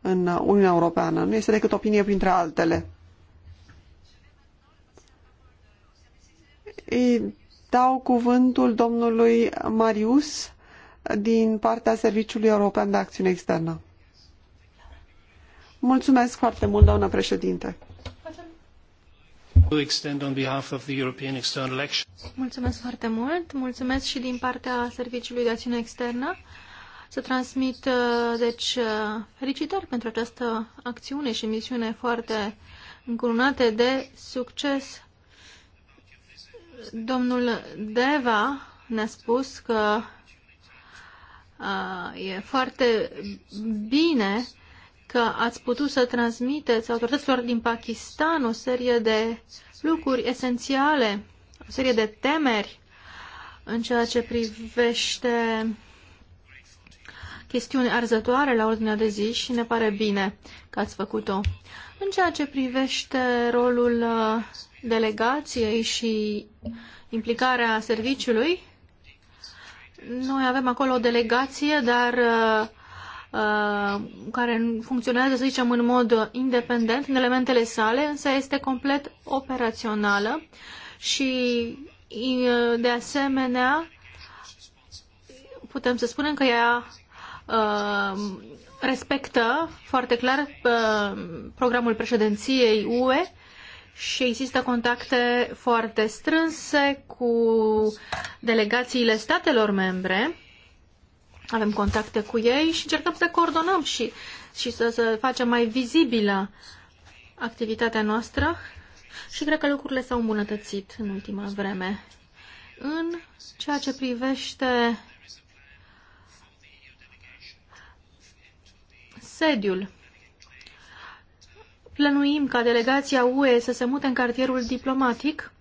în Uniunea Europeană. Nu este decât opinie printre altele. Îi dau cuvântul domnului Marius din partea Serviciului European de Acțiune Externă. Mulțumesc foarte mult, doamnă președinte. Mulțumesc foarte mult. Mulțumesc și din partea Serviciului de Acțiune Externă să transmit uh, deci uh, felicitări pentru această acțiune și misiune foarte încurunate de succes. Domnul Deva ne-a spus că e foarte bine că ați putut să transmiteți autorităților din Pakistan o serie de lucruri esențiale, o serie de temeri în ceea ce privește chestiuni arzătoare la ordinea de zi și ne pare bine că ați făcut-o. În ceea ce privește rolul uh, delegației și implicarea serviciului, noi avem acolo o delegație, dar uh, uh, care funcționează, să zicem, în mod independent în elementele sale, însă este complet operațională și, uh, de asemenea, putem să spunem că ea uh, respectă foarte clar uh, programul președinției UE și există contacte foarte strânse cu delegațiile statelor membre. Avem contacte cu ei și încercăm să coordonăm și, și să, să facem mai vizibilă activitatea noastră și cred că lucrurile s-au îmbunătățit în ultima vreme. În ceea ce privește sediul plănuim ca delegația UE să se mute în cartierul diplomatic,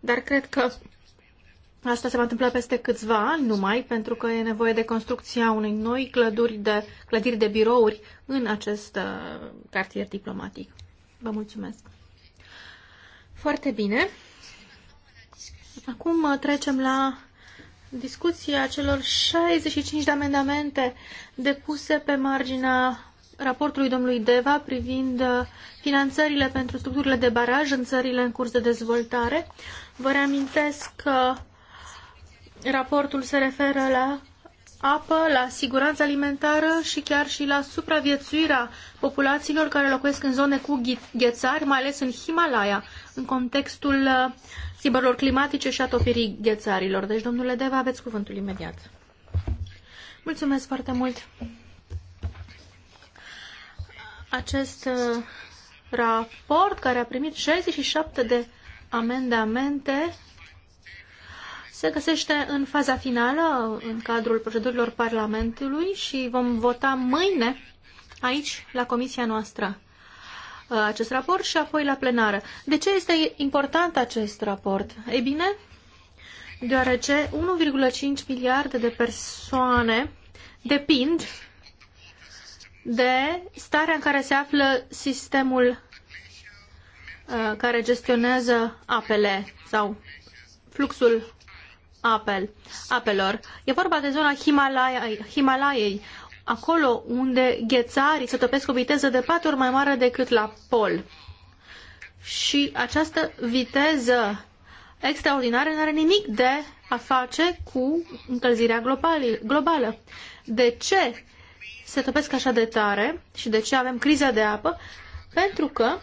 dar cred că asta se va întâmpla peste câțiva ani numai, pentru că e nevoie de construcția unei noi clăduri de, clădiri de birouri în acest uh, cartier diplomatic. Vă mulțumesc! Foarte bine! Acum uh, trecem la discuția celor 65 de amendamente depuse pe marginea raportului domnului Deva privind uh, finanțările pentru structurile de baraj în țările în curs de dezvoltare. Vă reamintesc că raportul se referă la apă, la siguranță alimentară și chiar și la supraviețuirea populațiilor care locuiesc în zone cu ghețari, mai ales în Himalaya, în contextul uh, schimbărilor climatice și a ghețarilor. Deci, domnule Deva, aveți cuvântul imediat. Mulțumesc foarte mult! acest uh, raport care a primit 67 de amendamente se găsește în faza finală în cadrul procedurilor Parlamentului și vom vota mâine aici la comisia noastră uh, acest raport și apoi la plenară. De ce este important acest raport? Ei bine, deoarece 1,5 miliarde de persoane depind de starea în care se află sistemul uh, care gestionează apele sau fluxul apel, apelor. E vorba de zona Himalaya, Himalayei, acolo unde ghețarii se topesc cu viteză de patru ori mai mare decât la pol. Și această viteză extraordinară nu are nimic de a face cu încălzirea globală. De ce se topesc așa de tare și de ce avem criza de apă? Pentru că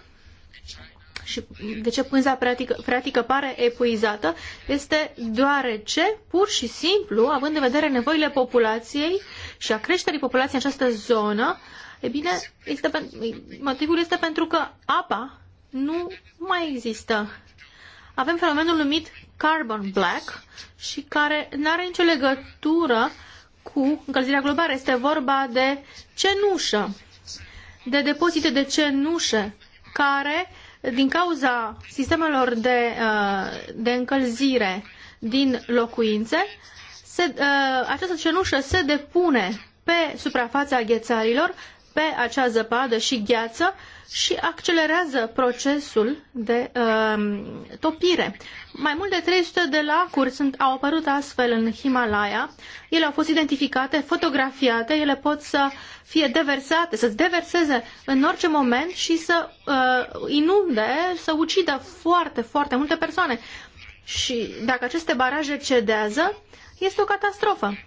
și de ce pânza practică, practică pare epuizată, este deoarece, pur și simplu, având în vedere nevoile populației și a creșterii populației în această zonă, e bine, este, motivul este pentru că apa nu mai există. Avem fenomenul numit carbon black și care nu are nicio legătură cu încălzirea globală. Este vorba de cenușă, de depozite de cenușă, care, din cauza sistemelor de, uh, de încălzire din locuințe, se, uh, această cenușă se depune pe suprafața ghețarilor pe acea zăpadă și gheață și accelerează procesul de uh, topire. Mai mult de 300 de lacuri sunt, au apărut astfel în Himalaya. Ele au fost identificate, fotografiate, ele pot să fie deversate, să deverseze în orice moment și să uh, inunde, să ucidă foarte, foarte multe persoane. Și dacă aceste baraje cedează, este o catastrofă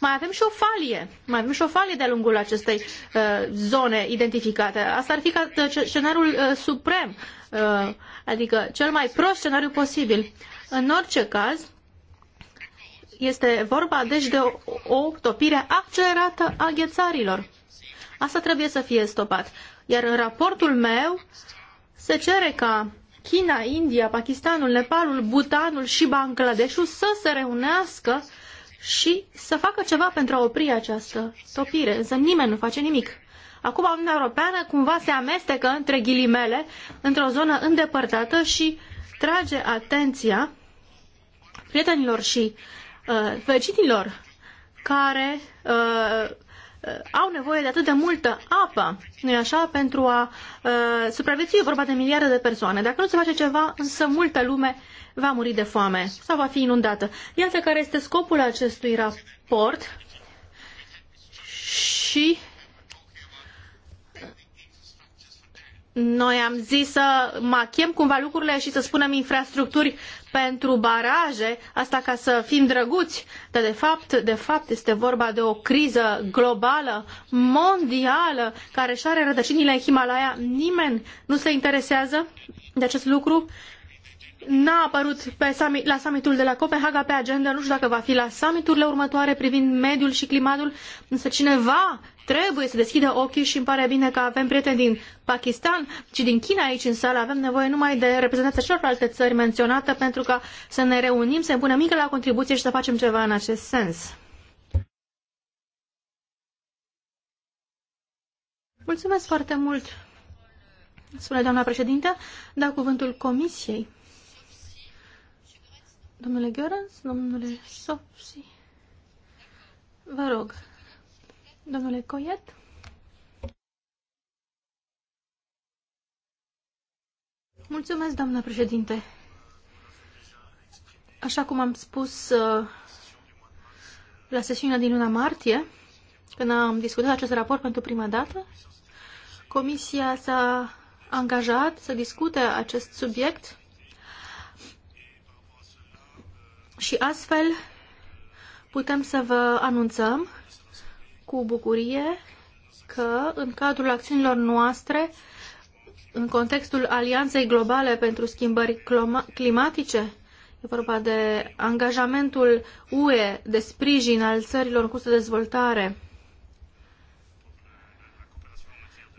mai avem și o falie, mai avem și o falie de-a lungul acestei uh, zone identificate. Asta ar fi ca uh, scenariul uh, suprem, uh, adică cel mai prost scenariu posibil. În orice caz, este vorba deci de o, o topire accelerată a ghețarilor. Asta trebuie să fie stopat. Iar în raportul meu se cere ca China, India, Pakistanul, Nepalul, Bhutanul și Bangladeshul să se reunească și să facă ceva pentru a opri această topire. Însă nimeni nu face nimic. Acum Uniunea Europeană cumva se amestecă între ghilimele într-o zonă îndepărtată și trage atenția prietenilor și uh, vecinilor care uh, Uh, au nevoie de atât de multă apă, nu așa, pentru a uh, supraviețui. vorba de miliarde de persoane. Dacă nu se face ceva, însă multă lume va muri de foame sau va fi inundată. Iată care este scopul acestui raport și noi am zis să machiem cumva lucrurile și să spunem infrastructuri pentru baraje, asta ca să fim drăguți, dar de fapt, de fapt este vorba de o criză globală, mondială, care și are rădăcinile în Himalaya. Nimeni nu se interesează de acest lucru n-a apărut pe summit, la summitul de la Copenhaga pe agenda, nu știu dacă va fi la summiturile următoare privind mediul și climatul, însă cineva trebuie să deschidă ochii și îmi pare bine că avem prieteni din Pakistan și din China aici în sală. Avem nevoie numai de reprezentanța celorlalte țări menționate pentru ca să ne reunim, să punem mică la contribuție și să facem ceva în acest sens. Mulțumesc foarte mult, spune doamna președintă. Da cuvântul Comisiei. Domnule Görans, domnule Sopsi, vă rog, domnule Coiet. Mulțumesc, doamnă președinte. Așa cum am spus uh, la sesiunea din luna martie, când am discutat acest raport pentru prima dată, Comisia s-a angajat să discute acest subiect Și astfel putem să vă anunțăm cu bucurie că în cadrul acțiunilor noastre, în contextul Alianței Globale pentru Schimbări Climatice, e vorba de angajamentul UE de sprijin al țărilor în curs de dezvoltare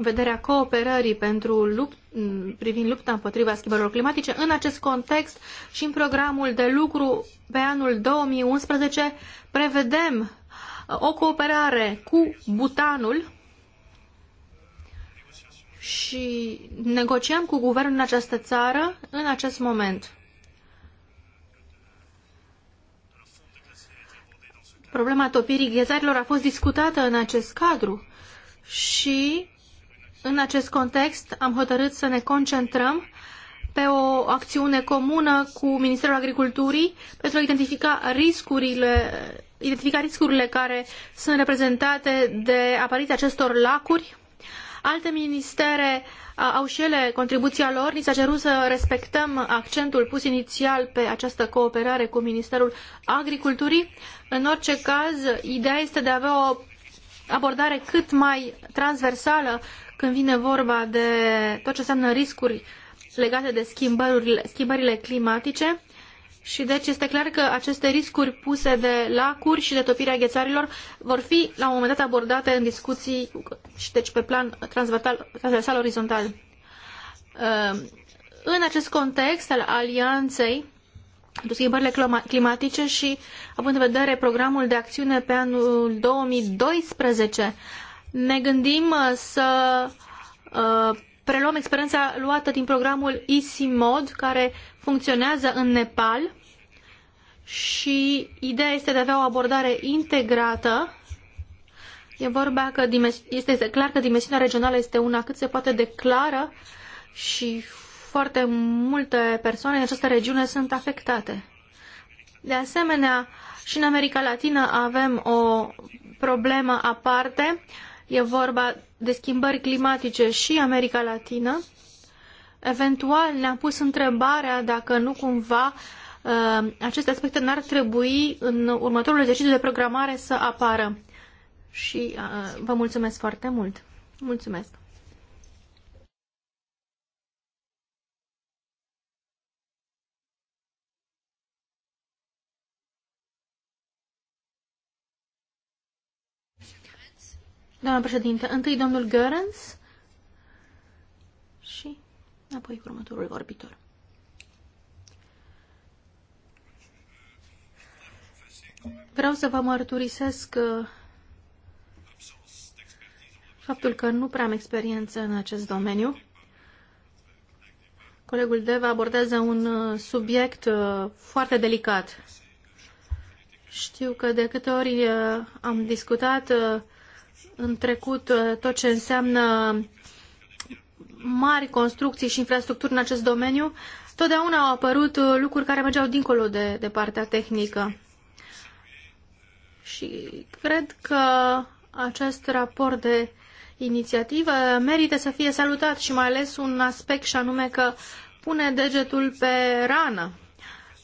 vederea cooperării pentru lupt, privind lupta împotriva schimbărilor climatice. În acest context și în programul de lucru pe anul 2011 prevedem uh, o cooperare cu Butanul și negociem cu guvernul în această țară în acest moment. Problema topirii ghezarilor a fost discutată în acest cadru și în acest context am hotărât să ne concentrăm pe o acțiune comună cu Ministerul Agriculturii pentru a identifica riscurile, identifica riscurile care sunt reprezentate de apariția acestor lacuri. Alte ministere au și ele contribuția lor. Ni s-a cerut să respectăm accentul pus inițial pe această cooperare cu Ministerul Agriculturii. În orice caz, ideea este de a avea o abordare cât mai transversală când vine vorba de tot ce înseamnă riscuri legate de schimbările, schimbările climatice și deci este clar că aceste riscuri puse de lacuri și de topirea ghețarilor vor fi la un moment dat abordate în discuții și deci pe plan transversal, transversal orizontal. Ehm, în acest context al alianței pentru schimbările climatice și având în vedere programul de acțiune pe anul 2012, ne gândim uh, să uh, preluăm experiența luată din programul Mod, care funcționează în Nepal și ideea este de a avea o abordare integrată. E vorba că este clar că dimensiunea regională este una cât se poate de clară și foarte multe persoane în această regiune sunt afectate. De asemenea, și în America Latină avem o problemă aparte E vorba de schimbări climatice și America Latină. Eventual ne-am pus întrebarea dacă nu cumva uh, aceste aspecte n-ar trebui în următorul exercițiu de programare să apară. Și uh, vă mulțumesc foarte mult. Mulțumesc. Doamna președinte, întâi domnul Görens și apoi următorul vorbitor. Vreau să vă mărturisesc uh, faptul că nu prea am experiență în acest domeniu. Colegul Deva abordează un uh, subiect uh, foarte delicat. Știu că de câte ori am discutat în trecut uh, tot ce înseamnă mari construcții și infrastructuri în acest domeniu, totdeauna au apărut uh, lucruri care mergeau dincolo de, de partea tehnică. Și cred că acest raport de inițiativă merită să fie salutat și mai ales un aspect și anume că pune degetul pe rană.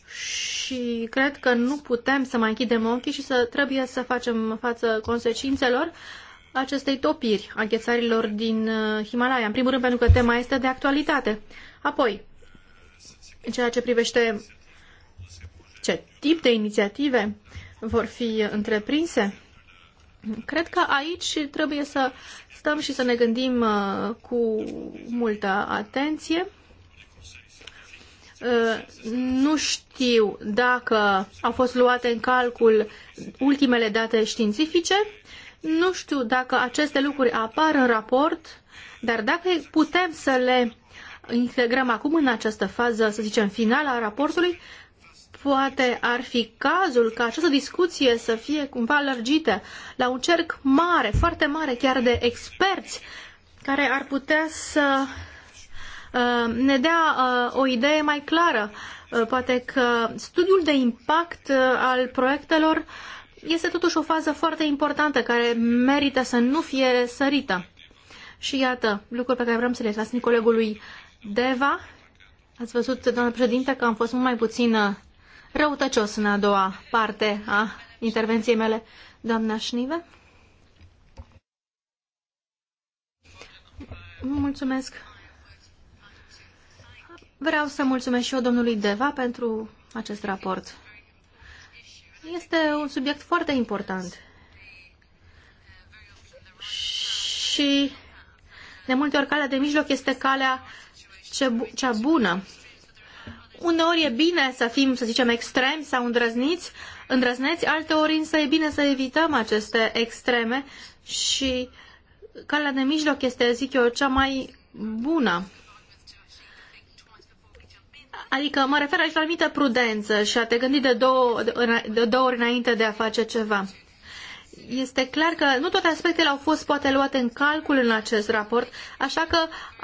Și cred că nu putem să mai închidem ochii și să trebuie să facem față consecințelor acestei topiri a ghețarilor din uh, Himalaya. În primul rând pentru că tema este de actualitate. Apoi, în ceea ce privește ce tip de inițiative vor fi întreprinse, cred că aici trebuie să stăm și să ne gândim uh, cu multă atenție. Uh, nu știu dacă au fost luate în calcul ultimele date științifice, nu știu dacă aceste lucruri apar în raport, dar dacă putem să le integrăm acum în această fază, să zicem, finală a raportului, poate ar fi cazul ca această discuție să fie cumva lărgită la un cerc mare, foarte mare, chiar de experți, care ar putea să uh, ne dea uh, o idee mai clară. Uh, poate că studiul de impact al proiectelor uh, este totuși o fază foarte importantă care merită să nu fie sărită. Și iată, lucruri pe care vreau să le transmit colegului Deva. Ați văzut, doamnă președinte, că am fost mult mai puțin uh, răutăcios în a doua parte a intervenției mele. Doamna Șnive? Mulțumesc. Vreau să mulțumesc și eu domnului Deva pentru acest raport. Este un subiect foarte important. Și de multe ori calea de mijloc este calea cea bună. Uneori e bine să fim, să zicem, extremi sau îndrăzniți, îndrăzneți, alteori însă e bine să evităm aceste extreme și calea de mijloc este, zic eu, cea mai bună. Adică mă refer aici la anumită prudență și a te gândi de două, de două ori înainte de a face ceva. Este clar că nu toate aspectele au fost poate luate în calcul în acest raport, așa că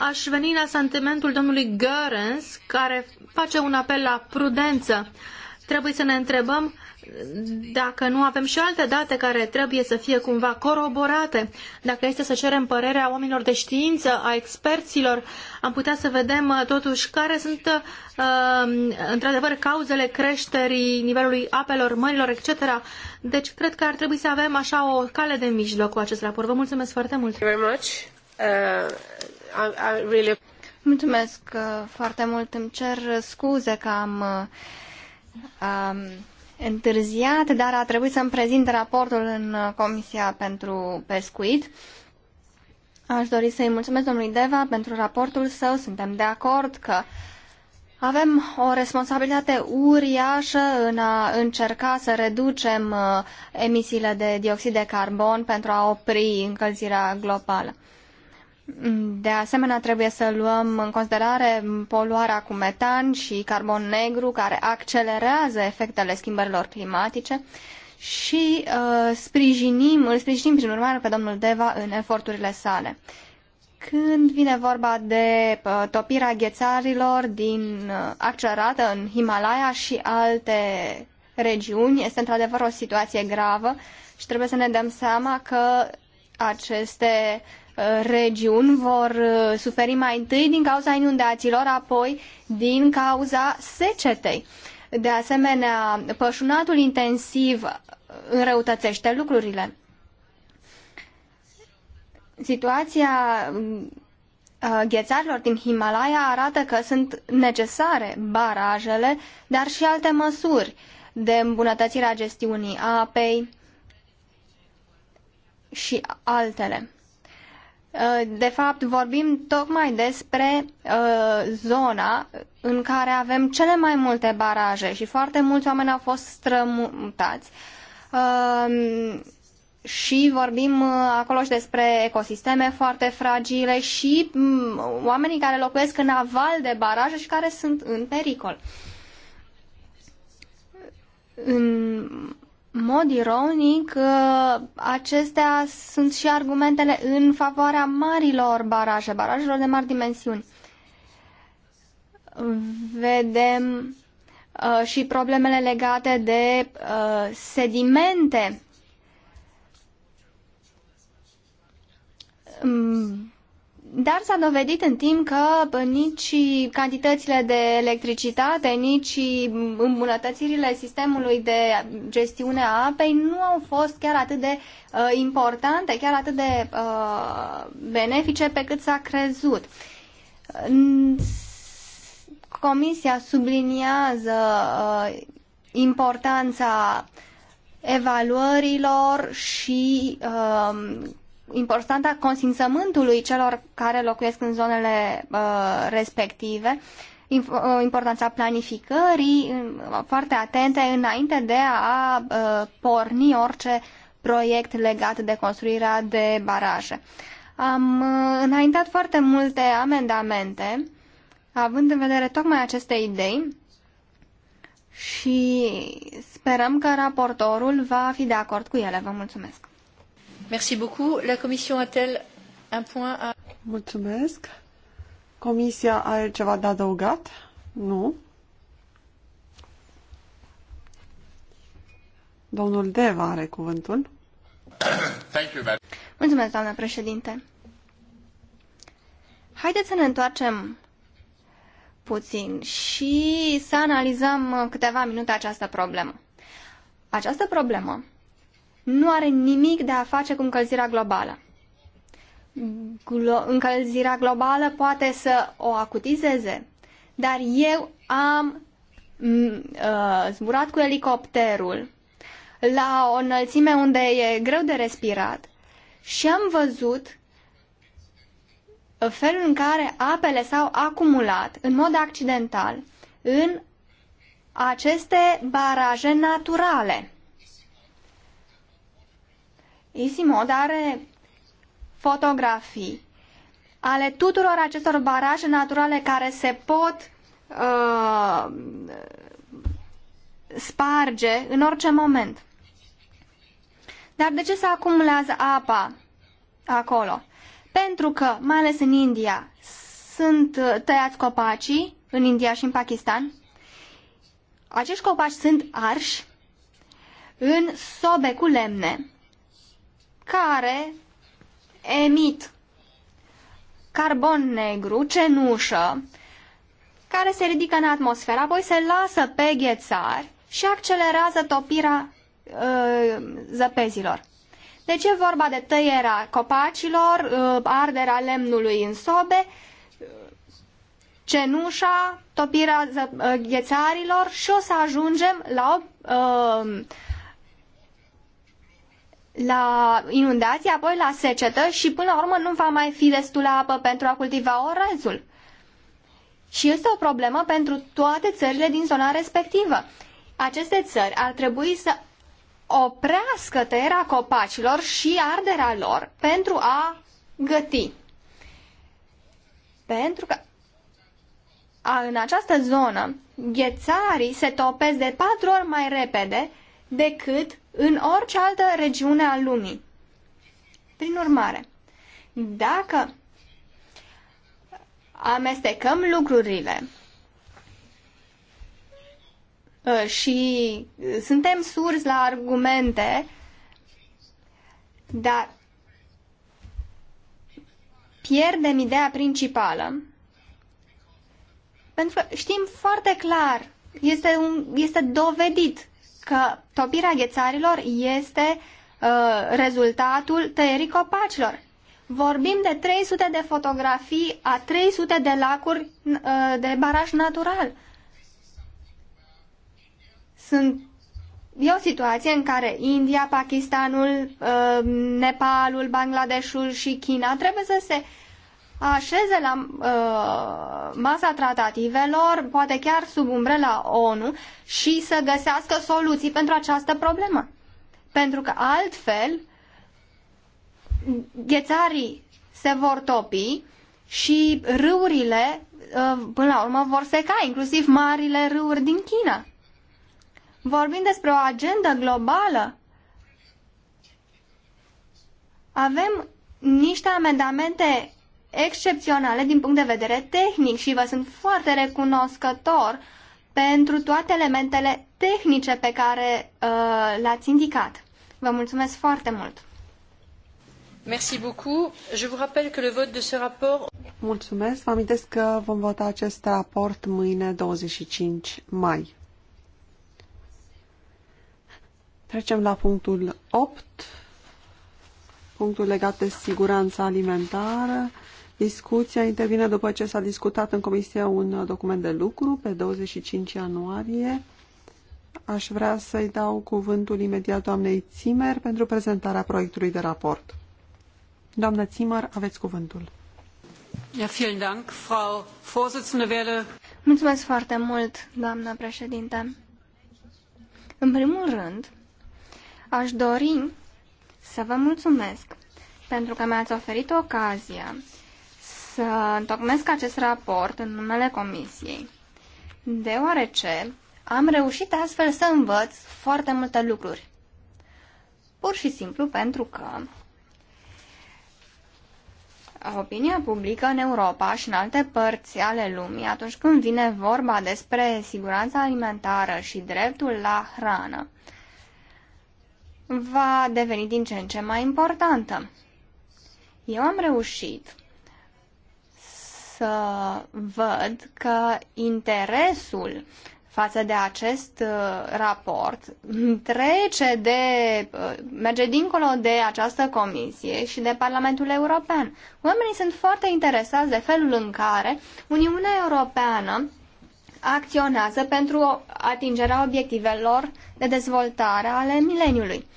aș veni la sentimentul domnului Görens, care face un apel la prudență. Uh, trebuie să ne întrebăm dacă nu avem și alte date care trebuie să fie cumva coroborate, dacă este să cerem părerea oamenilor de știință, a experților, am putea să vedem uh, totuși care sunt uh, într-adevăr cauzele creșterii nivelului apelor, mărilor, etc. Deci cred că ar trebui să avem așa o cale de mijloc cu acest raport. Vă mulțumesc foarte mult! Uh, mulțumesc foarte mult. Îmi cer scuze că am um, întârziat, dar a trebuit să-mi prezint raportul în uh, Comisia pentru Pescuit. Aș dori să-i mulțumesc domnului Deva pentru raportul său. Suntem de acord că avem o responsabilitate uriașă în a încerca să reducem uh, emisiile de dioxid de carbon pentru a opri încălzirea globală. De asemenea, trebuie să luăm în considerare poluarea cu metan și carbon negru, care accelerează efectele schimbărilor climatice și uh, sprijinim, îl sprijinim prin urmare pe domnul Deva în eforturile sale. Când vine vorba de uh, topirea ghețarilor din uh, accelerată în Himalaya și alte regiuni, este într-adevăr o situație gravă și trebuie să ne dăm seama că aceste uh, Uh, regiuni vor uh, suferi mai întâi din cauza inundațiilor, apoi din cauza secetei. De asemenea, pășunatul intensiv înrăutățește lucrurile. Situația mm, uh, ghețarilor din Himalaya arată că sunt necesare barajele, dar și alte măsuri de îmbunătățire a gestiunii apei și altele. Uh, de fapt, vorbim tocmai despre uh, zona în care avem cele mai multe baraje și foarte mulți oameni au fost strămutați. Uh, și vorbim uh, acolo și despre ecosisteme foarte fragile și um, oamenii care locuiesc în aval de baraje și care sunt în pericol. În mod ironic, uh, acestea sunt și argumentele în favoarea marilor baraje, barajelor de mari dimensiuni. Vedem uh, și problemele legate de uh, sedimente. Mm, dar s-a dovedit în timp că nici cantitățile de electricitate, nici îmbunătățirile sistemului de gestiune a apei nu au fost chiar atât de uh, importante, chiar atât de uh, benefice pe cât s-a crezut. Comisia subliniază uh, importanța evaluărilor și uh, importanța consimțământului celor care locuiesc în zonele uh, respective, uh, importanța planificării, foarte atente înainte de a uh, porni orice proiect legat de construirea de baraje. Am uh, înaintat foarte multe amendamente, având în vedere tocmai aceste idei și sperăm că raportorul va fi de acord cu ele. Vă mulțumesc! Merci beaucoup. La Commission a-t-elle un point à... Mulțumesc. Comisia are ceva de adăugat? Nu. Domnul Deva are cuvântul. Mulțumesc, doamnă președinte. Haideți să ne întoarcem puțin și să analizăm câteva minute această problemă. Această problemă nu are nimic de a face cu încălzirea globală. Glo- încălzirea globală poate să o acutizeze, dar eu am uh, zburat cu elicopterul la o înălțime unde e greu de respirat și am văzut felul în care apele s-au acumulat în mod accidental în aceste baraje naturale. Isimod are fotografii ale tuturor acestor baraje naturale care se pot uh, sparge în orice moment. Dar de ce se acumulează apa acolo? Pentru că, mai ales în India, sunt ă, tăiați copacii, în India și în Pakistan. Acești copaci sunt arși în sobe cu lemne care emit carbon negru, cenușă, care se ridică în atmosferă, apoi se lasă pe ghețari și accelerează topirea uh, zăpezilor. Deci e vorba de tăierea copacilor, uh, arderea lemnului în sobe, cenușa, topirea uh, ghețarilor și o să ajungem la o uh, la inundații, apoi la secetă și până la urmă nu va mai fi destulă apă pentru a cultiva orezul. Și este o problemă pentru toate țările din zona respectivă. Aceste țări ar trebui să oprească tăierea copacilor și arderea lor pentru a găti. Pentru că a, în această zonă, ghețarii se topesc de patru ori mai repede decât în orice altă regiune a lumii. Prin urmare, dacă amestecăm lucrurile ă, și suntem surzi la argumente, dar pierdem ideea principală, pentru că știm foarte clar, este, un, este dovedit că topirea ghețarilor este uh, rezultatul tăierii copacilor. Vorbim de 300 de fotografii a 300 de lacuri uh, de baraj natural. Sunt E o situație în care India, Pakistanul, uh, Nepalul, Bangladeshul și China trebuie să se așeze la uh, masa tratativelor, poate chiar sub umbrela ONU, și să găsească soluții pentru această problemă. Pentru că altfel ghețarii se vor topi și râurile uh, până la urmă vor seca, inclusiv marile râuri din China. Vorbim despre o agendă globală. Avem niște amendamente excepționale din punct de vedere tehnic și vă sunt foarte recunoscător pentru toate elementele tehnice pe care uh, le-ați indicat. Vă mulțumesc foarte mult! Merci beaucoup. Je vous rappelle que le vote de ce rapport... Mulțumesc. Vă amintesc că vom vota acest raport mâine 25 mai. Trecem la punctul 8, punctul legat de siguranța alimentară. Discuția intervine după ce s-a discutat în comisie un document de lucru pe 25 ianuarie. Aș vrea să-i dau cuvântul imediat doamnei Țimer pentru prezentarea proiectului de raport. Doamna Țimer, aveți cuvântul. Ja, vielen Dank, Frau Vorsitzende, werde... Mulțumesc foarte mult, doamna președinte. În primul rând, aș dori să vă mulțumesc pentru că mi-ați oferit ocazia să întocmesc acest raport în numele Comisiei, deoarece am reușit astfel să învăț foarte multe lucruri. Pur și simplu pentru că opinia publică în Europa și în alte părți ale lumii, atunci când vine vorba despre siguranța alimentară și dreptul la hrană, va deveni din ce în ce mai importantă. Eu am reușit să văd că interesul față de acest uh, raport trece de, uh, merge dincolo de această comisie și de Parlamentul European. Oamenii sunt foarte interesați de felul în care Uniunea Europeană acționează pentru atingerea obiectivelor de dezvoltare ale mileniului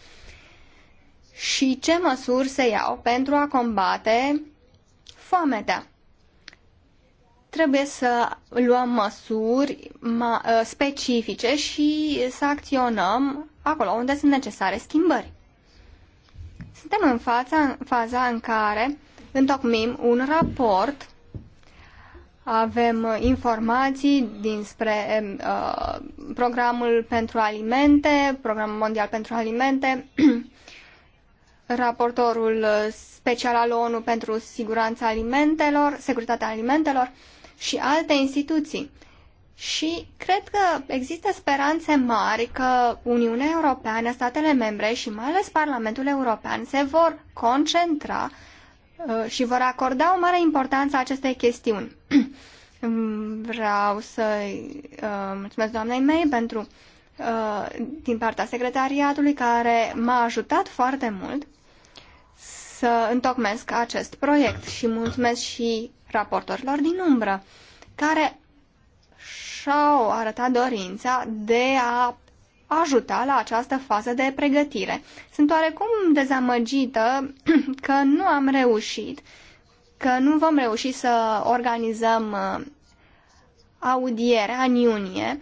și ce măsuri se iau pentru a combate foametea trebuie să luăm măsuri ă, specifice și să acționăm acolo unde sunt necesare schimbări. Suntem în fața, în faza în care întocmim un raport, avem informații dinspre uh, programul pentru alimente, programul mondial pentru alimente, raportorul special al ONU pentru siguranța alimentelor, securitatea alimentelor și alte instituții. Și cred că există speranțe mari că Uniunea Europeană, statele membre și mai ales Parlamentul European se vor concentra uh, și vor acorda o mare importanță acestei chestiuni. Vreau să uh, mulțumesc doamnei mei pentru uh, din partea secretariatului care m-a ajutat foarte mult să întocmesc acest proiect și mulțumesc și raportorilor din umbră, care și-au arătat dorința de a ajuta la această fază de pregătire. Sunt oarecum dezamăgită că nu am reușit, că nu vom reuși să organizăm uh, audierea în iunie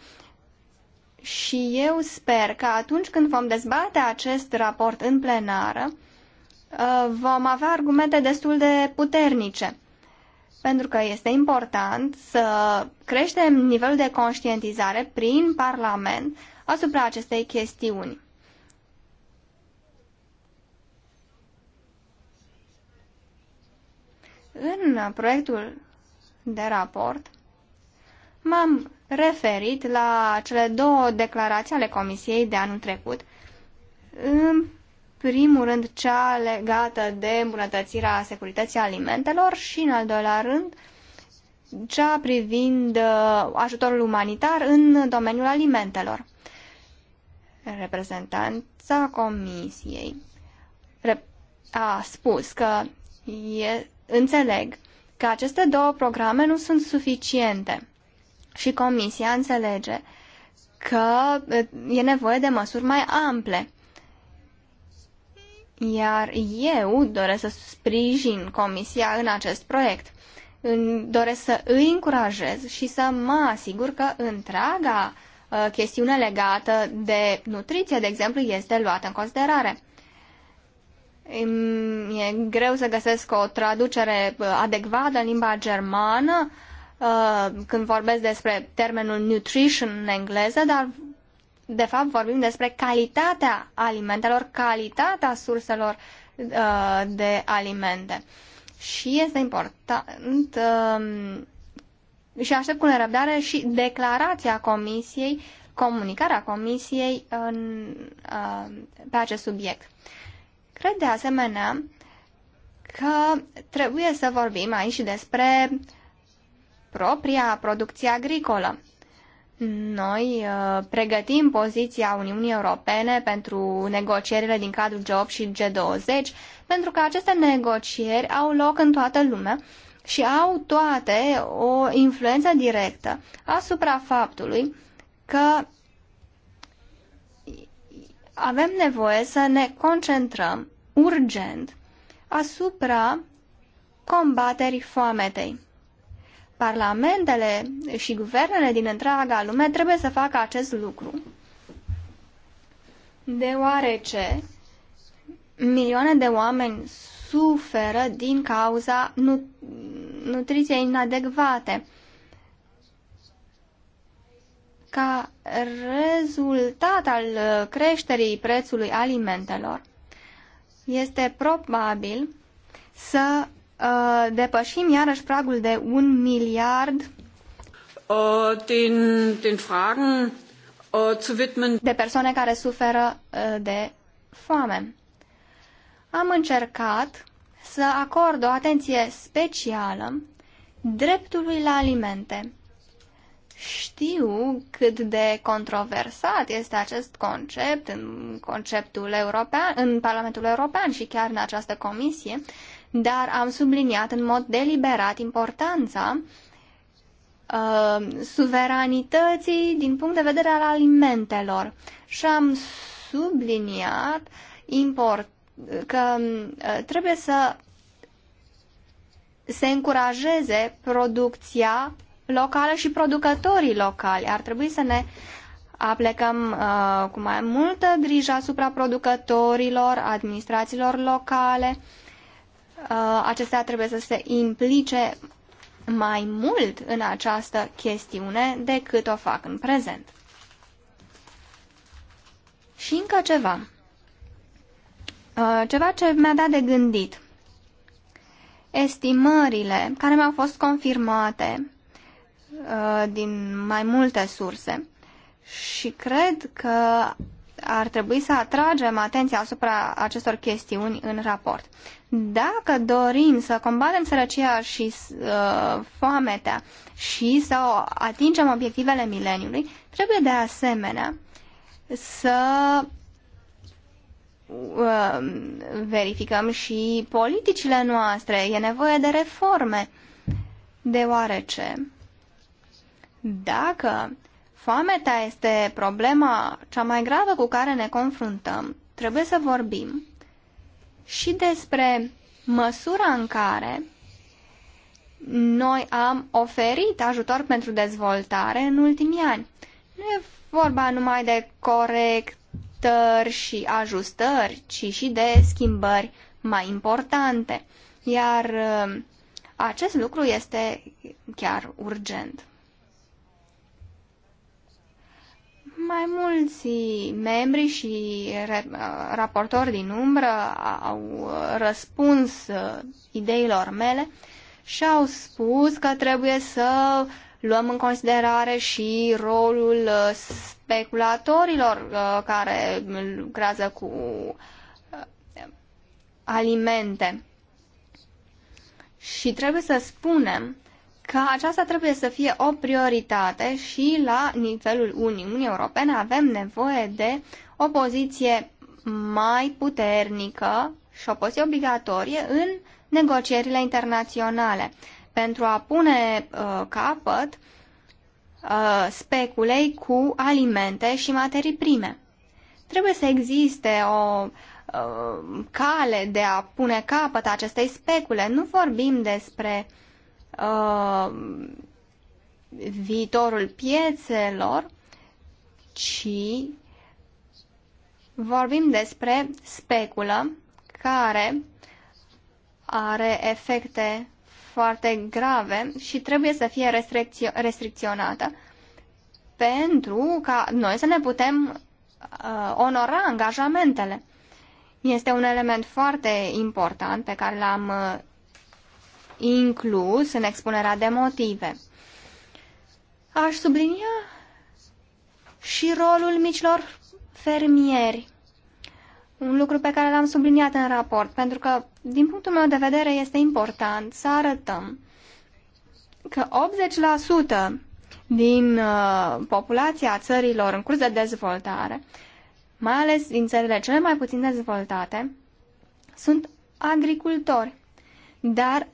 și eu sper că atunci când vom dezbate acest raport în plenară, uh, vom avea argumente destul de puternice pentru că este important să creștem nivelul de conștientizare prin Parlament asupra acestei chestiuni. În proiectul de raport m-am referit la cele două declarații ale Comisiei de anul trecut primul rând cea legată de îmbunătățirea securității alimentelor și, în al doilea rând, cea privind uh, ajutorul umanitar în domeniul alimentelor. Reprezentanța Comisiei a spus că e, înțeleg că aceste două programe nu sunt suficiente și Comisia înțelege că uh, e nevoie de măsuri mai ample. Iar eu doresc să sprijin Comisia în acest proiect. Doresc să îi încurajez și să mă asigur că întreaga uh, chestiune legată de nutriție, de exemplu, este luată în considerare. E greu să găsesc o traducere uh, adecvată în limba germană uh, când vorbesc despre termenul nutrition în engleză, dar de fapt, vorbim despre calitatea alimentelor, calitatea surselor uh, de alimente. Și este important uh, și aștept cu nerăbdare și declarația Comisiei, comunicarea Comisiei în, uh, pe acest subiect. Cred de asemenea că trebuie să vorbim aici și despre propria producție agricolă. Noi uh, pregătim poziția Uniunii Europene pentru negocierile din cadrul G8 și G20, pentru că aceste negocieri au loc în toată lumea și au toate o influență directă asupra faptului că avem nevoie să ne concentrăm urgent asupra combaterii foametei parlamentele și guvernele din întreaga lume trebuie să facă acest lucru. Deoarece milioane de oameni suferă din cauza nutriției inadecvate. Ca rezultat al creșterii prețului alimentelor, este probabil să Uh, depășim iarăși pragul de un miliard uh, din, din fragen, uh, de persoane care suferă uh, de foame. Am încercat să acord o atenție specială dreptului la alimente. Știu cât de controversat este acest concept în conceptul european, în Parlamentul European și chiar în această comisie, dar am subliniat în mod deliberat importanța uh, suveranității din punct de vedere al alimentelor și am subliniat import, că uh, trebuie să se încurajeze producția locală și producătorii locali. Ar trebui să ne aplecăm uh, cu mai multă grijă asupra producătorilor, administrațiilor locale, uh, Uh, acestea trebuie să se implice mai mult în această chestiune decât o fac în prezent. Și încă ceva. Uh, ceva ce mi-a dat de gândit. Estimările care mi-au fost confirmate uh, din mai multe surse și cred că ar trebui să atragem atenția asupra acestor chestiuni în raport. Dacă dorim să combatem sărăcia și uh, foametea și să atingem obiectivele mileniului, trebuie de asemenea să uh, verificăm și politicile noastre. E nevoie de reforme, deoarece dacă Foamea este problema cea mai gravă cu care ne confruntăm. Trebuie să vorbim și despre măsura în care noi am oferit ajutor pentru dezvoltare în ultimii ani. Nu e vorba numai de corectări și ajustări, ci și de schimbări mai importante. Iar ă, acest lucru este chiar urgent. Mai mulți membri și raportori din umbră au răspuns uh, ideilor mele și au spus că trebuie să luăm în considerare și rolul uh, speculatorilor uh, care lucrează cu alimente. Și trebuie să spunem că aceasta trebuie să fie o prioritate și la nivelul Uniunii Europene avem nevoie de o poziție mai puternică și o poziție obligatorie în negocierile internaționale pentru a pune uh, capăt uh, speculei cu alimente și materii prime. Trebuie să existe o uh, cale de a pune capăt acestei specule. Nu vorbim despre uh, Uh, viitorul piețelor, ci vorbim despre speculă care are efecte foarte grave și trebuie să fie restricțio restricționată pentru ca noi să ne putem uh, onora angajamentele. Este un element foarte important pe care l-am uh, inclus în expunerea de motive. Aș sublinia și rolul micilor fermieri. Un lucru pe care l-am subliniat în raport, pentru că, din punctul meu de vedere, este important să arătăm că 80% din uh, populația țărilor în curs de dezvoltare, mai ales din țările cele mai puțin dezvoltate, sunt agricultori dar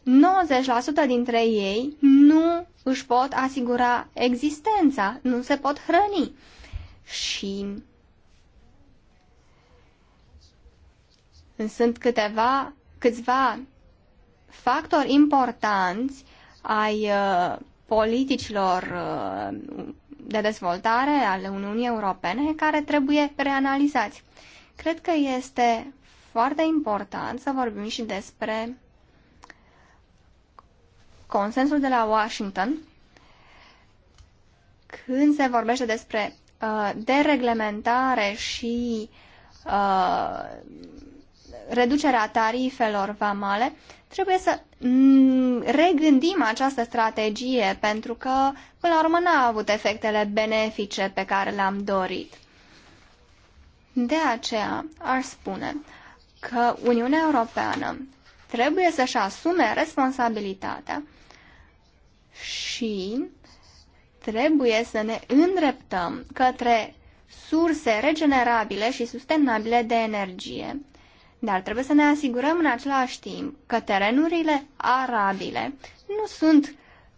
90% dintre ei nu își pot asigura existența, nu se pot hrăni. Și sunt câteva, câțiva factori importanți ai uh, politicilor uh, de dezvoltare ale Uniunii Europene care trebuie reanalizați. Cred că este foarte important să vorbim și despre consensul de la Washington, când se vorbește despre uh, dereglementare și uh, reducerea tarifelor vamale, trebuie să mm, regândim această strategie pentru că, până la urmă, n-a avut efectele benefice pe care le-am dorit. De aceea, ar spune că Uniunea Europeană trebuie să-și asume responsabilitatea și trebuie să ne îndreptăm către surse regenerabile și sustenabile de energie, dar trebuie să ne asigurăm în același timp că terenurile arabile nu sunt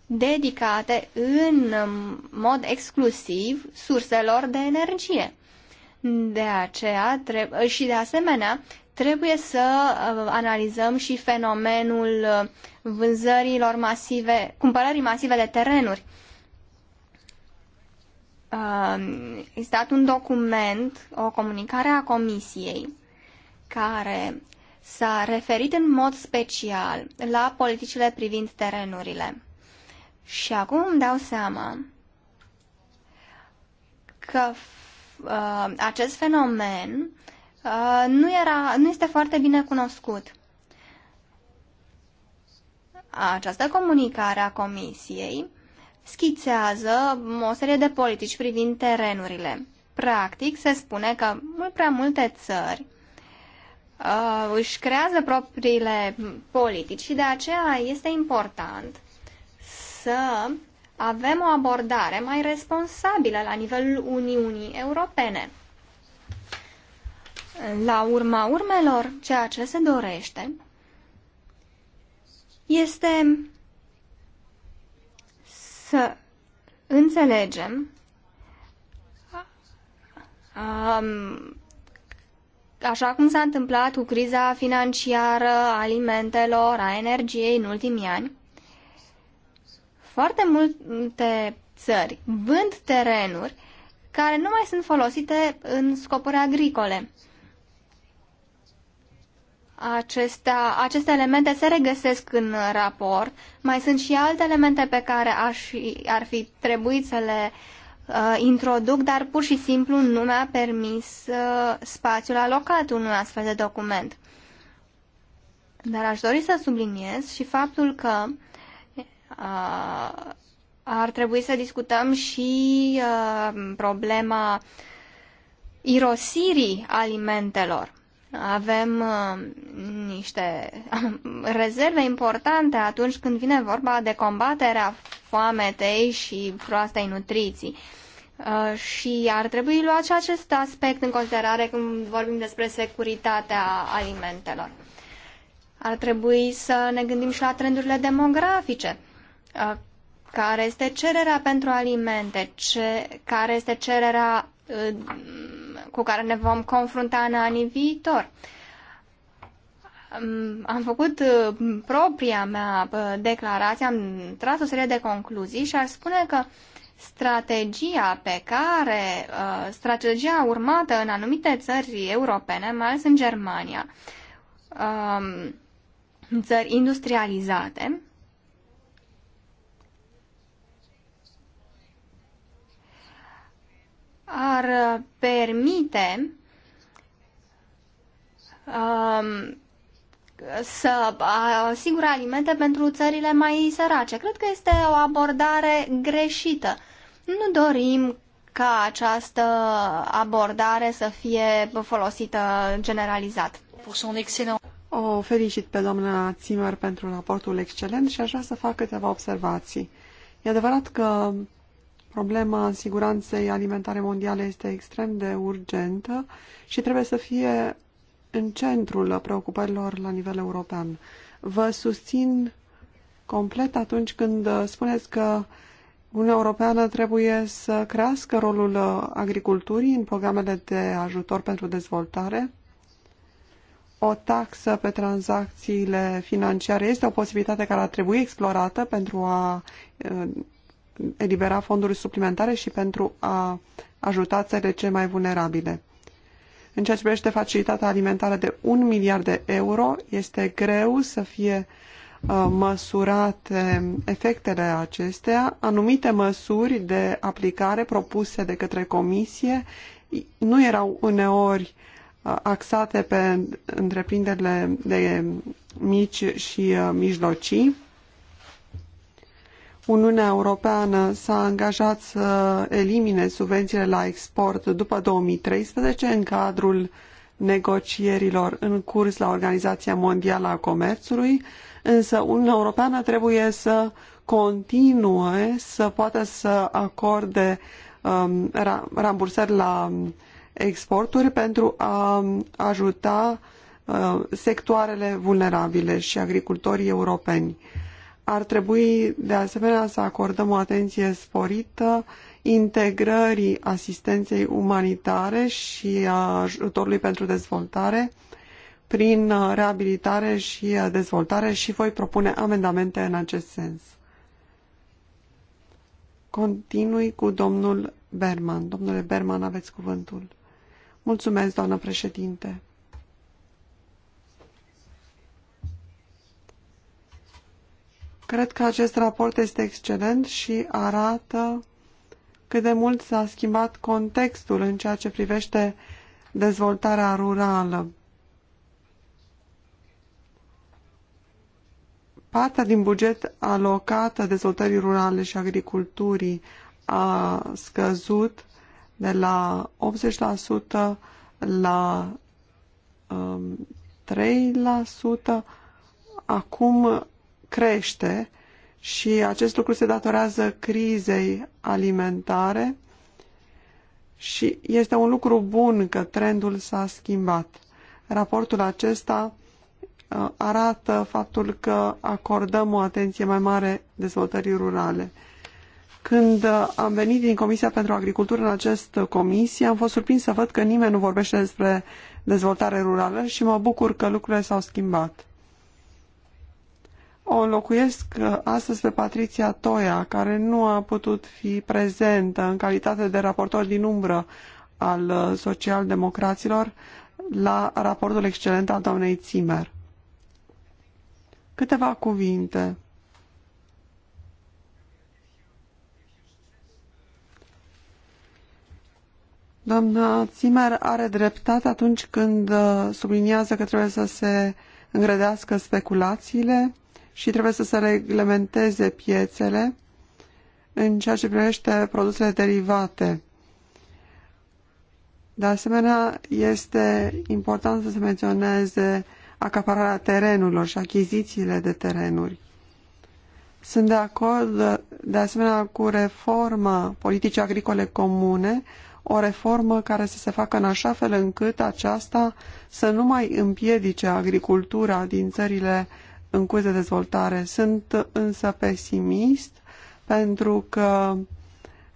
dedicate în mod exclusiv surselor de energie. De aceea, și de asemenea, trebuie să uh, analizăm și fenomenul uh, vânzărilor masive, cumpărării masive de terenuri. Um, este dat un document, o comunicare a Comisiei, care s-a referit în mod special la politicile privind terenurile. Și acum îmi dau seama că uh, acest fenomen uh, nu, era, nu este foarte bine cunoscut. Această comunicare a Comisiei schițează o serie de politici privind terenurile. Practic, se spune că mult prea multe țări uh, își creează propriile politici și de aceea este important să avem o abordare mai responsabilă la nivelul Uniunii Europene. La urma urmelor, ceea ce se dorește este să înțelegem um, așa cum s-a întâmplat cu criza financiară, alimentelor, a energiei în ultimii ani, foarte multe țări vând terenuri care nu mai sunt folosite în scopuri agricole acestea aceste elemente se regăsesc în raport. Mai sunt și alte elemente pe care aș fi, ar fi trebuit să le uh, introduc, dar pur și simplu nu mi-a permis uh, spațiul alocat unui astfel de document. Dar aș dori să subliniez și faptul că uh, ar trebui să discutăm și uh, problema irosirii alimentelor avem uh, niște rezerve importante atunci când vine vorba de combaterea foametei și proastei nutriții. Uh, și ar trebui luat și acest aspect în considerare când vorbim despre securitatea alimentelor. Ar trebui să ne gândim și la trendurile demografice. Uh, care este cererea pentru alimente? Ce, care este cererea cu care ne vom confrunta în anii viitor. Am făcut uh, propria mea uh, declarație, am tras o serie de concluzii și ar spune că strategia pe care, uh, strategia urmată în anumite țări europene, mai ales în Germania, um, țări industrializate, ar permite um, să uh, asigure alimente pentru țările mai sărace. Cred că este o abordare greșită. Nu dorim ca această abordare să fie folosită generalizat. O felicit pe doamna Zimmer pentru raportul excelent și aș vrea să fac câteva observații. E adevărat că Problema siguranței alimentare mondiale este extrem de urgentă și trebuie să fie în centrul preocupărilor la nivel european. Vă susțin complet atunci când uh, spuneți că Uniunea Europeană trebuie să crească rolul uh, agriculturii în programele de ajutor pentru dezvoltare. O taxă pe tranzacțiile financiare este o posibilitate care ar trebui explorată pentru a uh, elibera fonduri suplimentare și pentru a ajuta țările cele mai vulnerabile. În ceea ce privește facilitatea alimentară de 1 miliard de euro, este greu să fie uh, măsurate efectele acestea. Anumite măsuri de aplicare propuse de către comisie nu erau uneori uh, axate pe întreprinderile de mici și uh, mijlocii. Uniunea Europeană s-a angajat să elimine subvențiile la export după 2013 în cadrul negocierilor în curs la Organizația Mondială a Comerțului, însă Uniunea Europeană trebuie să continue să poată să acorde um, rambursări la exporturi pentru a um, ajuta uh, sectoarele vulnerabile și agricultorii europeni. Ar trebui de asemenea să acordăm o atenție sporită integrării asistenței umanitare și a ajutorului pentru dezvoltare prin reabilitare și dezvoltare și voi propune amendamente în acest sens. Continui cu domnul Berman. Domnule Berman, aveți cuvântul. Mulțumesc, doamnă președinte. Cred că acest raport este excelent și arată cât de mult s-a schimbat contextul în ceea ce privește dezvoltarea rurală. Partea din buget alocată dezvoltării rurale și agriculturii a scăzut de la 80% la um, 3%. Acum crește și acest lucru se datorează crizei alimentare și este un lucru bun că trendul s-a schimbat. Raportul acesta uh, arată faptul că acordăm o atenție mai mare dezvoltării rurale. Când uh, am venit din Comisia pentru Agricultură în această comisie, am fost surprins să văd că nimeni nu vorbește despre dezvoltare rurală și mă bucur că lucrurile s-au schimbat. O locuiesc uh, astăzi pe Patricia Toia, care nu a putut fi prezentă în calitate de raportor din umbră al uh, socialdemocraților la raportul excelent al doamnei Zimmer. Câteva cuvinte. Doamna Zimmer are dreptate atunci când uh, subliniază că trebuie să se îngrădească speculațiile și trebuie să se reglementeze piețele în ceea ce privește produsele derivate. De asemenea, este important să se menționeze acapararea terenurilor și achizițiile de terenuri. Sunt de acord, de asemenea, cu reforma politicii agricole comune, o reformă care să se facă în așa fel încât aceasta să nu mai împiedice agricultura din țările în curs de dezvoltare. Sunt însă pesimist pentru că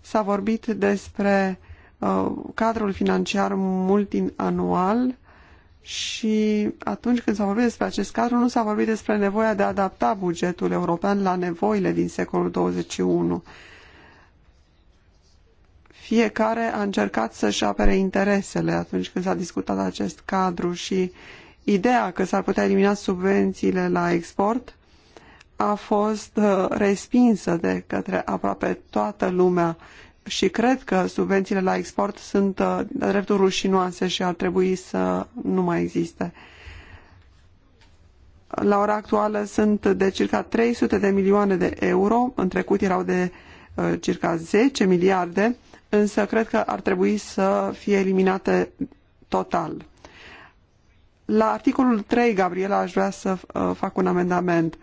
s-a vorbit despre uh, cadrul financiar multianual și atunci când s-a vorbit despre acest cadru, nu s-a vorbit despre nevoia de a adapta bugetul european la nevoile din secolul 21. Fiecare a încercat să-și apere interesele atunci când s-a discutat acest cadru și uh, Ideea că s-ar putea elimina subvențiile la export a fost uh, respinsă de către aproape toată lumea și cred că subvențiile la export sunt uh, dreptul rușinoase și ar trebui să nu mai existe. La ora actuală sunt de circa 300 de milioane de euro, în trecut erau de uh, circa 10 miliarde, însă cred că ar trebui să fie eliminate total. La articolul 3, Gabriela, aș vrea să uh, fac un amendament.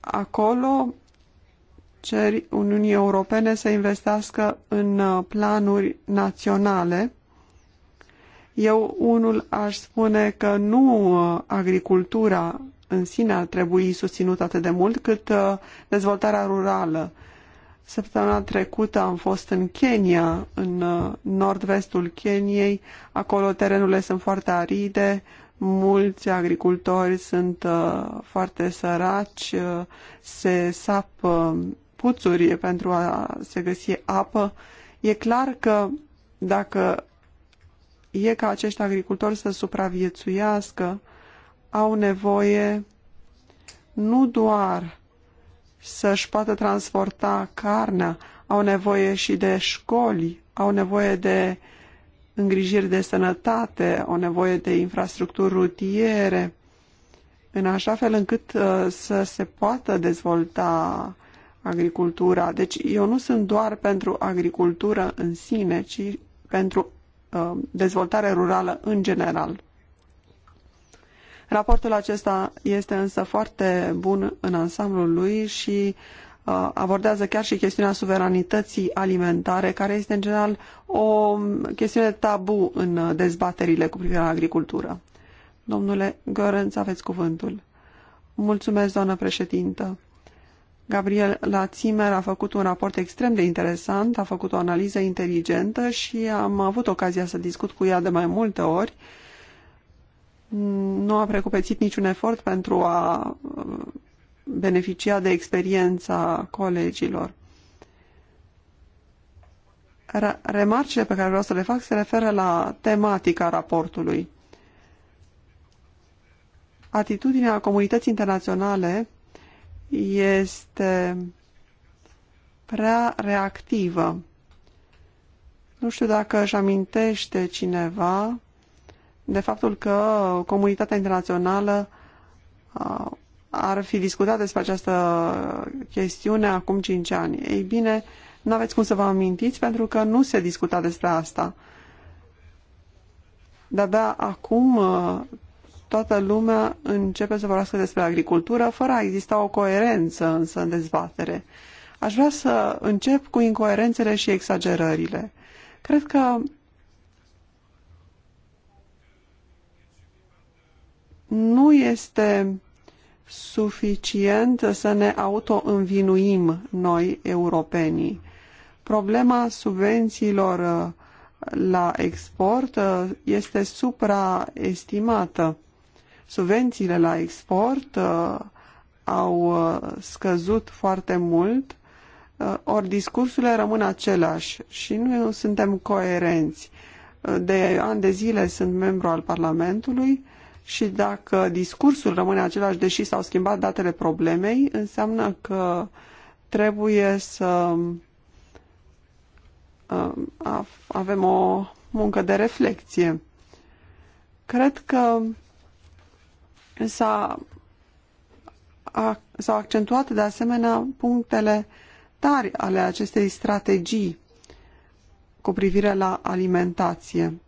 Acolo ceri Uniunii Europene să investească în uh, planuri naționale. Eu unul aș spune că nu uh, agricultura în sine ar trebui susținută atât de mult cât dezvoltarea rurală. Săptămâna trecută am fost în Kenya, în uh, nord-vestul Keniei. Acolo terenurile sunt foarte aride, mulți agricultori sunt uh, foarte săraci, uh, se sapă puțuri pentru a se găsi apă. E clar că dacă e ca acești agricultori să supraviețuiască, au nevoie nu doar să-și poată transporta carnea, au nevoie și de școli, au nevoie de îngrijiri de sănătate, au nevoie de infrastructuri rutiere, în așa fel încât uh, să se poată dezvolta agricultura. Deci eu nu sunt doar pentru agricultură în sine, ci pentru uh, dezvoltare rurală în general. Raportul acesta este însă foarte bun în ansamblul lui și uh, abordează chiar și chestiunea suveranității alimentare, care este în general o chestiune tabu în dezbaterile cu privire la agricultură. Domnule Gărânț, aveți cuvântul. Mulțumesc, doamnă președintă. Gabriela Lațimer a făcut un raport extrem de interesant, a făcut o analiză inteligentă și am avut ocazia să discut cu ea de mai multe ori nu a precupețit niciun efort pentru a uh, beneficia de experiența colegilor. Remarcile pe care vreau să le fac se referă la tematica raportului. Atitudinea comunității internaționale este prea reactivă. Nu știu dacă își amintește cineva de faptul că comunitatea internațională ar fi discutat despre această chestiune acum 5 ani. Ei bine, nu aveți cum să vă amintiți pentru că nu se discuta despre asta. De-abia acum toată lumea începe să vorbească despre agricultură fără a exista o coerență însă în dezbatere. Aș vrea să încep cu incoerențele și exagerările. Cred că nu este suficient să ne autoînvinuim noi europenii. Problema subvențiilor uh, la export uh, este supraestimată. Subvențiile la export uh, au scăzut foarte mult, ori discursurile rămân același și nu suntem coerenți. De ani de zile sunt membru al Parlamentului, și dacă discursul rămâne același, deși s-au schimbat datele problemei, înseamnă că trebuie să um, avem o muncă de reflexie. Cred că s au accentuat de asemenea punctele tari ale acestei strategii cu privire la alimentație.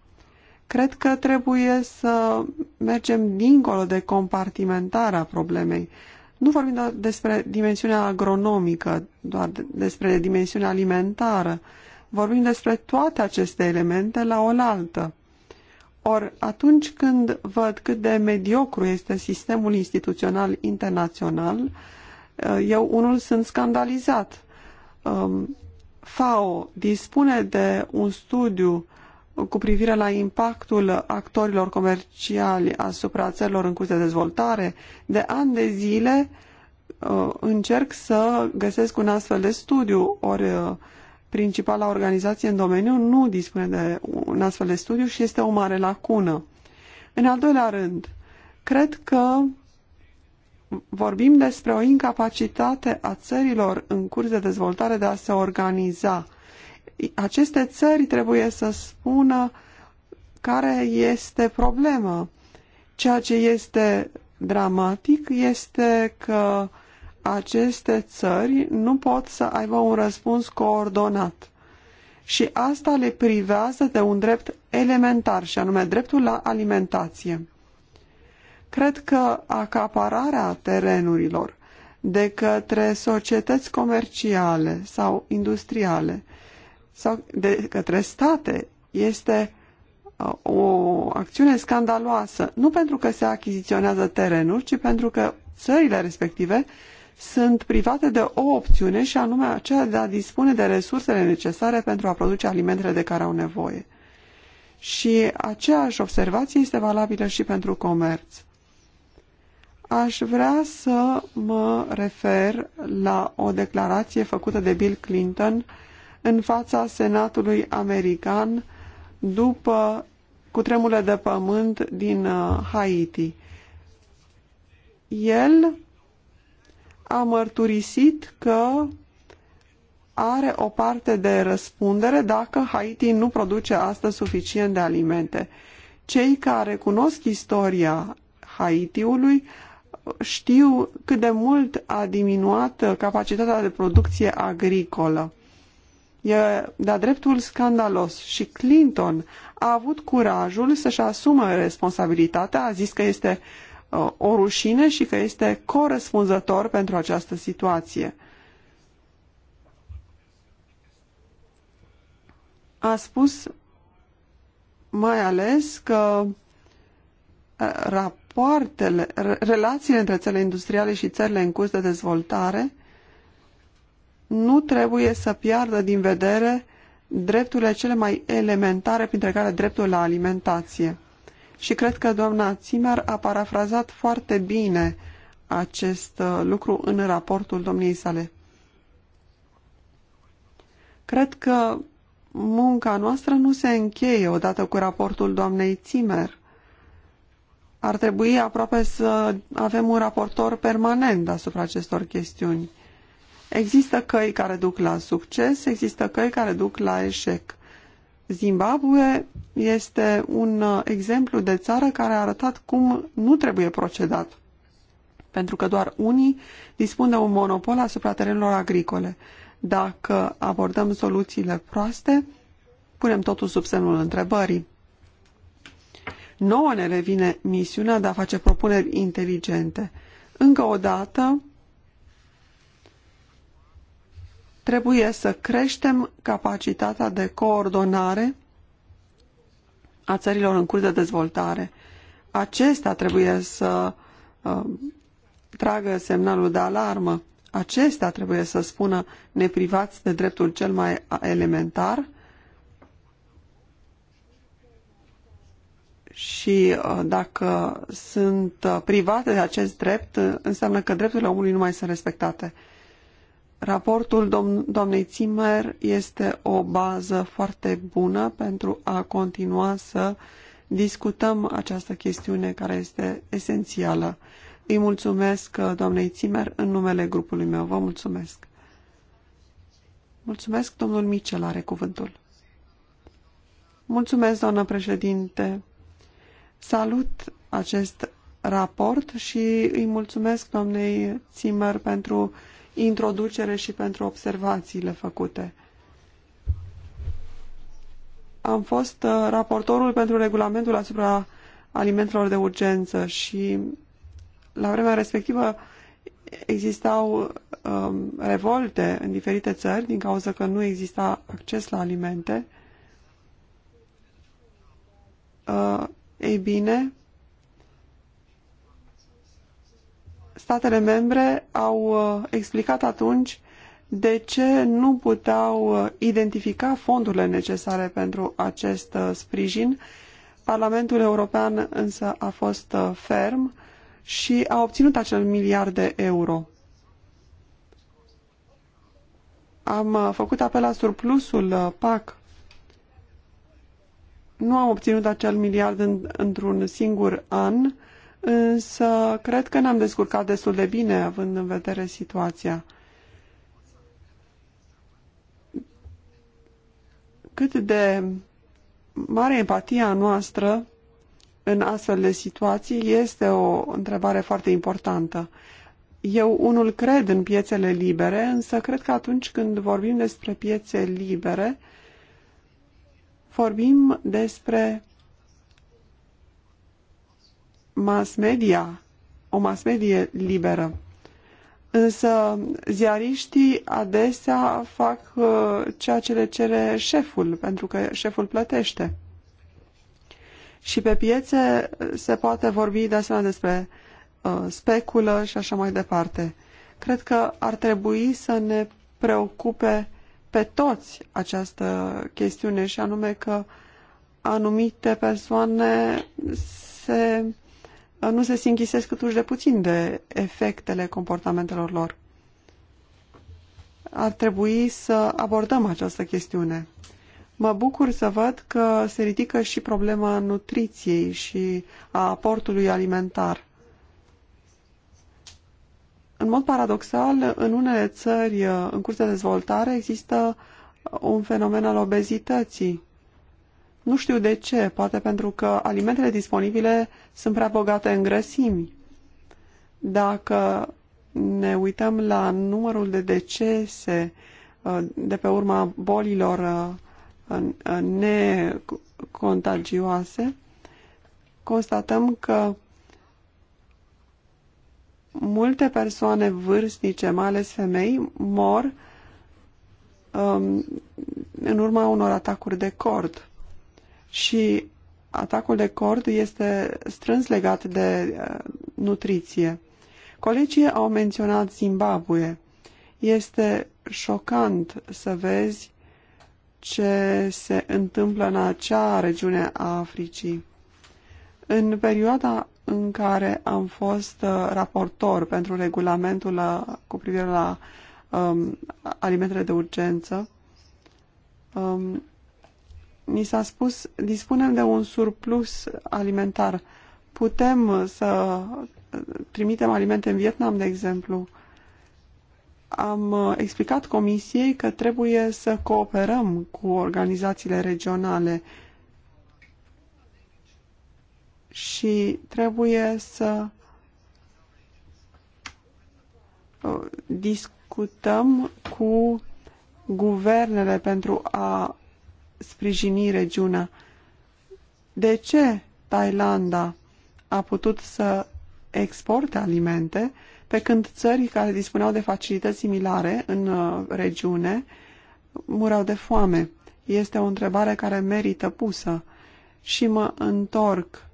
Cred că trebuie să mergem dincolo de compartimentarea problemei. Nu vorbim doar despre dimensiunea agronomică, doar despre dimensiunea alimentară. Vorbim despre toate aceste elemente la oaltă. Or atunci când văd cât de mediocru este sistemul instituțional internațional, eh, eu unul sunt scandalizat. Ehm, FAO dispune de un studiu cu privire la impactul actorilor comerciali asupra țărilor în curs de dezvoltare, de ani de zile uh, încerc să găsesc un astfel de studiu, ori uh, principala organizație în domeniu nu dispune de un astfel de studiu și este o mare lacună. În al doilea rând, cred că vorbim despre o incapacitate a țărilor în curs de dezvoltare de a se organiza – aceste țări trebuie să spună care este problema. Ceea ce este dramatic este că aceste țări nu pot să aibă un răspuns coordonat. Și asta le privează de un drept elementar, și anume dreptul la alimentație. Cred că acapararea terenurilor de către societăți comerciale sau industriale sau de către state este uh, o acțiune scandaloasă, nu pentru că se achiziționează terenuri, ci pentru că țările respective sunt private de o opțiune și anume aceea de a dispune de resursele necesare pentru a produce alimentele de care au nevoie. Și aceeași observație este valabilă și pentru comerț. Aș vrea să mă refer la o declarație făcută de Bill Clinton uh, în fața Senatului American după cutremurile de pământ din uh, Haiti. El a mărturisit că are o parte de răspundere dacă Haiti nu produce astăzi suficient de alimente. Cei care cunosc istoria Haitiului știu cât de mult a diminuat capacitatea de producție agricolă. E de-a dreptul scandalos și Clinton a avut curajul să-și asumă responsabilitatea, a zis că este uh, o rușine și că este corespunzător pentru această situație. A spus mai ales că uh, rapoartele, relațiile între țările industriale și țările în curs de dezvoltare nu trebuie să piardă din vedere drepturile cele mai elementare, printre care dreptul la alimentație. Și cred că doamna Zimmer a parafrazat foarte bine acest uh, lucru în raportul domniei sale. Cred că munca noastră nu se încheie odată cu raportul doamnei Zimmer. Ar trebui aproape să avem un raportor permanent asupra acestor chestiuni. Există căi care duc la succes, există căi care duc la eșec. Zimbabwe este un uh, exemplu de țară care a arătat cum nu trebuie procedat, pentru că doar unii dispun de un monopol asupra terenurilor agricole. Dacă abordăm soluțiile proaste, punem totul sub semnul întrebării. Nouă ne revine misiunea de a face propuneri inteligente. Încă o dată, Trebuie să creștem capacitatea de coordonare a țărilor în curs de dezvoltare. Acesta trebuie să uh, tragă semnalul de alarmă. Acesta trebuie să spună ne privați de dreptul cel mai elementar și uh, dacă sunt uh, private de acest drept, uh, înseamnă că drepturile omului nu mai sunt respectate. Raportul doamnei Zimmer este o bază foarte bună pentru a continua să discutăm această chestiune care este esențială. Îi mulțumesc uh, doamnei Zimmer în numele grupului meu. Vă mulțumesc. Mulțumesc, domnul Micel are cuvântul. Mulțumesc, doamnă președinte. Salut acest raport și îi mulțumesc doamnei Zimmer pentru introducere și pentru observațiile făcute. Am fost uh, raportorul pentru regulamentul asupra alimentelor de urgență și la vremea respectivă existau um, revolte în diferite țări din cauza că nu exista acces la alimente. Uh, ei bine, statele membre au uh, explicat atunci de ce nu puteau uh, identifica fondurile necesare pentru acest uh, sprijin. Parlamentul European însă a fost ferm și a obținut acel miliard de euro. Am făcut apel la surplusul PAC. Nu am obținut acel miliard într-un singur an, însă cred că ne-am descurcat destul de bine, având în vedere situația. Cât de mare empatia noastră în astfel de situații este o întrebare foarte importantă. Eu unul cred în piețele libere, însă cred că atunci când vorbim despre piețe libere, vorbim despre mass media, o mass media liberă. Însă ziariștii adesea fac uh, ceea ce le cere șeful, pentru că șeful plătește. Și pe piețe uh, se poate vorbi de asemenea despre uh, speculă și așa mai departe. Cred că ar trebui să ne preocupe pe toți această chestiune și anume că anumite persoane se nu se sinchisesc cât uși de puțin de efectele comportamentelor lor. Ar trebui să abordăm această chestiune. Mă bucur să văd că se ridică și problema nutriției și a aportului alimentar. În mod paradoxal, în unele țări uh, în curs de dezvoltare există un fenomen al obezității. Nu știu de ce, poate pentru că alimentele disponibile sunt prea bogate în grăsimi. Dacă ne uităm la numărul de decese uh, de pe urma bolilor uh, necontagioase, constatăm că multe persoane vârstnice, mai ales femei, mor um, în urma unor atacuri de cord și atacul de cord este strâns legat de uh, nutriție. Colegii au menționat Zimbabwe. Este șocant să vezi ce se întâmplă în acea regiune a Africii. În perioada în care am fost uh, raportor pentru regulamentul la, uh, cu privire la um, alimentele de urgență, um, Ni s-a spus, dispunem de un surplus alimentar. Putem să trimitem alimente în Vietnam, de exemplu. Am uh, explicat Comisiei că trebuie să cooperăm cu organizațiile regionale și trebuie să uh, discutăm cu guvernele pentru a sprijini regiunea. De ce Thailanda a putut să exporte alimente, pe când țării care dispuneau de facilități similare în uh, regiune mureau de foame? Este o întrebare care merită pusă și mă întorc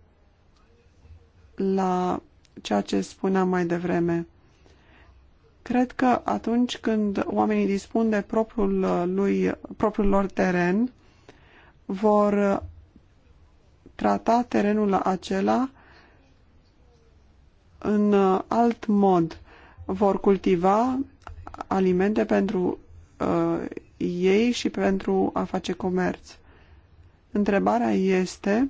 la ceea ce spuneam mai devreme. Cred că atunci când oamenii dispun de propriul, uh, lui, propriul lor teren, vor uh, trata terenul acela în uh, alt mod. Vor cultiva alimente pentru uh, ei și pentru a face comerț. Întrebarea este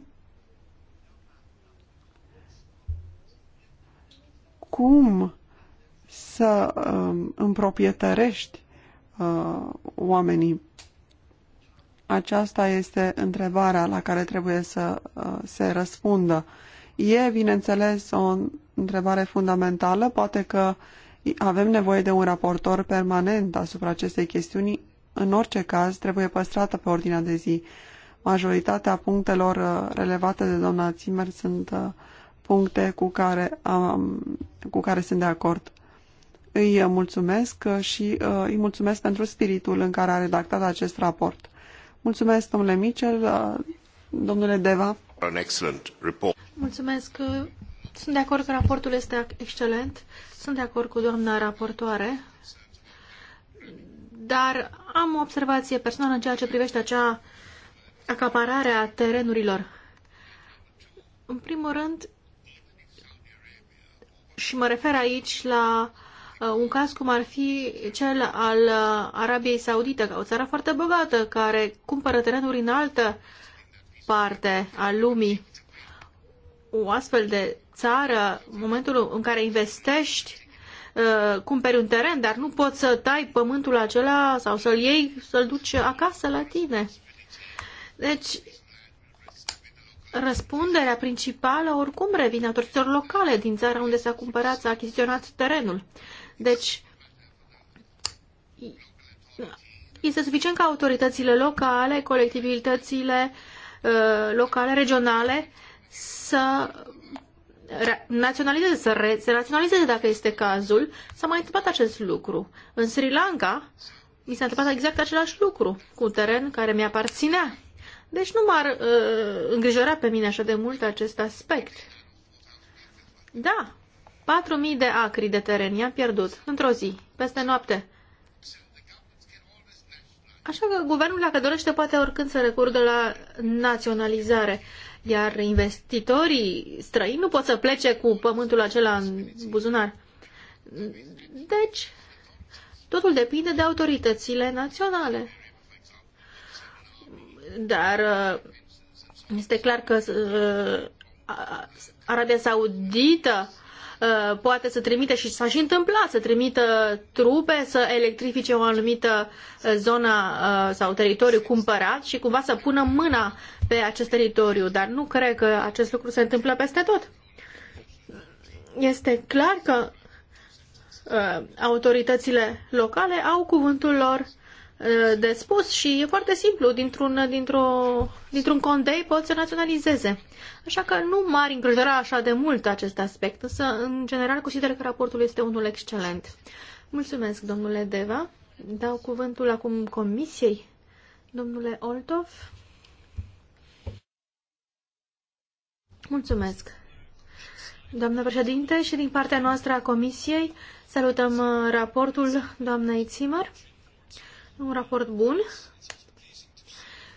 cum să uh, împroprietărești uh, oamenii aceasta este întrebarea la care trebuie să uh, se răspundă. E, bineînțeles, o întrebare fundamentală. Poate că avem nevoie de un raportor permanent asupra acestei chestiuni. În orice caz, trebuie păstrată pe ordinea de zi. Majoritatea punctelor uh, relevate de doamna Zimmer sunt uh, puncte cu care, am, cu care sunt de acord. Îi mulțumesc și îi mulțumesc pentru spiritul în care a redactat acest raport. Mulțumesc, domnule Mitchell. Uh, domnule Deva. An excellent report. Mulțumesc. Sunt de acord că raportul este excelent. Sunt de acord cu doamna raportoare. Dar am o observație personală în ceea ce privește acea acaparare a terenurilor. În primul rând, și mă refer aici la Uh, un caz cum ar fi cel al uh, Arabiei Saudite, o țară foarte bogată, care cumpără terenuri în altă parte a lumii. O astfel de țară, în momentul în care investești, uh, cumperi un teren, dar nu poți să tai pământul acela sau să-l iei, să-l duci acasă la tine. Deci, Răspunderea principală oricum revine autorităților locale din țara unde s-a cumpărat, s-a achiziționat terenul. Deci, este suficient ca autoritățile locale, colectivitățile uh, locale, regionale, să naționalizeze, să, re, să naționalizeze dacă este cazul. S-a mai întâmplat acest lucru. În Sri Lanka mi s-a întâmplat exact același lucru cu teren care mi-aparținea. Deci nu m-ar uh, îngrijora pe mine așa de mult acest aspect. Da, 4.000 de acri de teren i-am pierdut într-o zi, peste noapte. Așa că guvernul, dacă dorește, poate oricând să recurgă la naționalizare. Iar investitorii străini nu pot să plece cu pământul acela în buzunar. Deci, totul depinde de autoritățile naționale. Dar uh, este clar că uh, Arabia Saudită Uh, poate să trimite și s-a și întâmplat să trimită trupe să electrifice o anumită uh, zonă uh, sau teritoriu cumpărat și cumva să pună mâna pe acest teritoriu, dar nu cred că acest lucru se întâmplă peste tot. Este clar că uh, autoritățile locale au cuvântul lor Eh, de spus și e foarte simplu, dintr-un, dintr-o, dintr-un condei pot să naționalizeze. Așa că nu m-ar îngrijora așa de mult acest aspect, însă în general consider că raportul este unul excelent. Mulțumesc, domnule Deva. Dau cuvântul acum comisiei. Domnule Oltov. Mulțumesc. Doamnă președinte și din partea noastră a comisiei, salutăm eh, raportul doamnei Zimmer un raport bun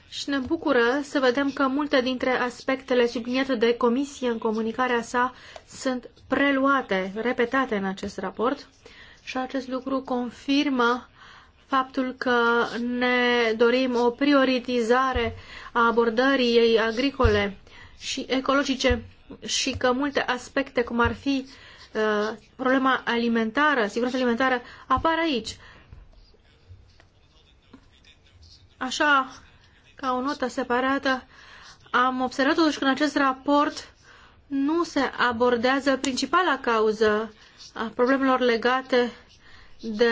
și ne bucură să vedem că multe dintre aspectele subliniate de comisie în comunicarea sa sunt preluate, repetate în acest raport și acest lucru confirmă faptul că ne dorim o prioritizare a abordării ei agricole și ecologice și că multe aspecte, cum ar fi uh, problema alimentară, siguranța alimentară, apar aici. Așa, ca o notă separată, am observat totuși că în acest raport nu se abordează principala cauză a problemelor legate de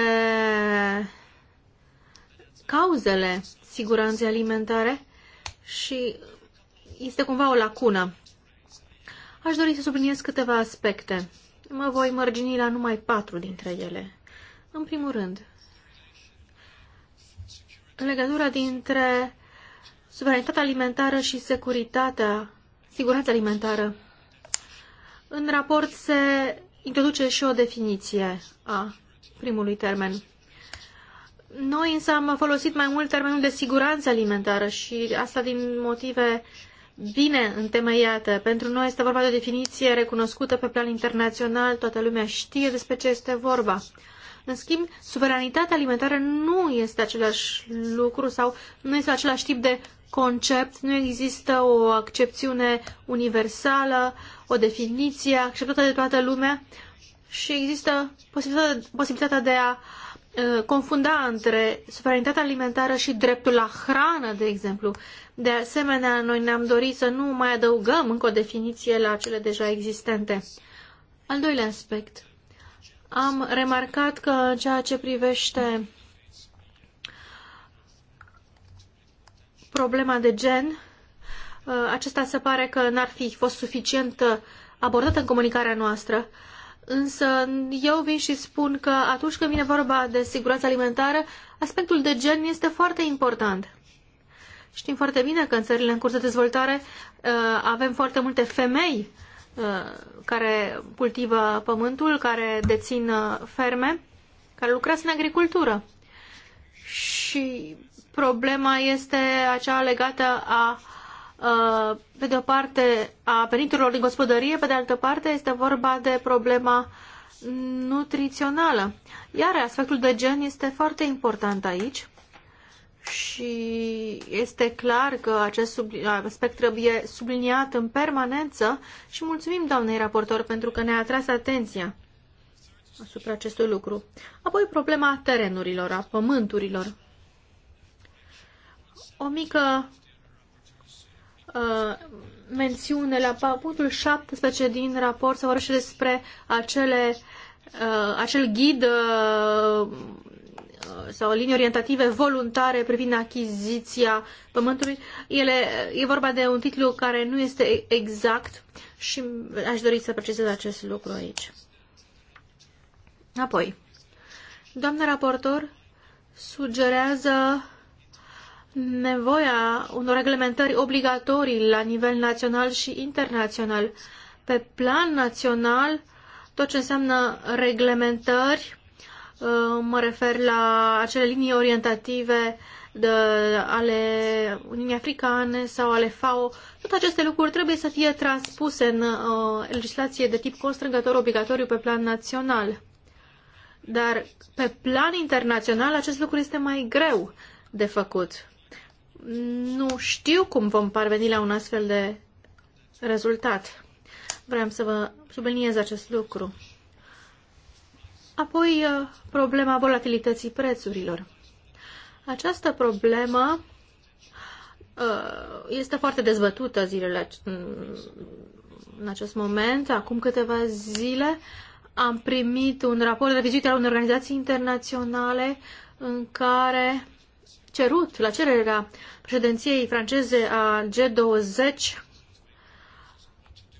cauzele siguranței alimentare și este cumva o lacună. Aș dori să subliniez câteva aspecte. Mă voi mărgini la numai patru dintre ele. În primul rând, legătura dintre suveranitatea alimentară și securitatea, siguranța alimentară. În raport se introduce și o definiție a primului termen. Noi însă am folosit mai mult termenul de siguranță alimentară și asta din motive bine întemeiate. Pentru noi este vorba de o definiție recunoscută pe plan internațional, toată lumea știe despre ce este vorba. În schimb, suveranitatea alimentară nu este același lucru sau nu este același tip de concept, nu există o accepțiune universală, o definiție acceptată de toată lumea și există posibilitatea, posibilitatea de a uh, confunda între suveranitatea alimentară și dreptul la hrană, de exemplu. De asemenea, noi ne-am dorit să nu mai adăugăm încă o definiție la cele deja existente. Al doilea aspect. Am remarcat că în ceea ce privește problema de gen, uh, acesta se pare că n-ar fi fost suficient uh, abordat în comunicarea noastră. Însă eu vin și spun că atunci când vine vorba de siguranță alimentară, aspectul de gen este foarte important. Știm foarte bine că în țările în curs de dezvoltare uh, avem foarte multe femei Uh, care cultivă pământul, care dețin uh, ferme, care lucrează în agricultură. Și problema este acea legată a, uh, pe de o parte, a veniturilor din gospodărie, pe de altă parte este vorba de problema nutrițională. Iar aspectul de gen este foarte important aici și este clar că acest aspect trebuie subliniat în permanență și mulțumim doamnei raportor pentru că ne-a atras atenția asupra acestui lucru. Apoi problema terenurilor, a pământurilor. O mică uh, mențiune la punctul 17 din raport se vorbește despre acele, uh, acel ghid uh, Uh, sau linii orientative voluntare privind achiziția pământului. Ele, e vorba de un titlu care nu este exact și aș dori să precizez acest lucru aici. Apoi, doamna raportor sugerează nevoia unor reglementări obligatorii la nivel național și internațional. Pe plan național, tot ce înseamnă reglementări Uh, mă refer la acele linii orientative de, ale Uniunii Africane sau ale FAO, toate aceste lucruri trebuie să fie transpuse în uh, legislație de tip constrângător obligatoriu pe plan național. Dar pe plan internațional acest lucru este mai greu de făcut. Nu știu cum vom parveni la un astfel de rezultat. Vreau să vă subliniez acest lucru. Apoi, uh, problema volatilității prețurilor. Această problemă uh, este foarte dezbătută zilele în acest moment. Acum câteva zile am primit un raport de vizită al unei organizații internaționale în care cerut la cererea președinției franceze a G20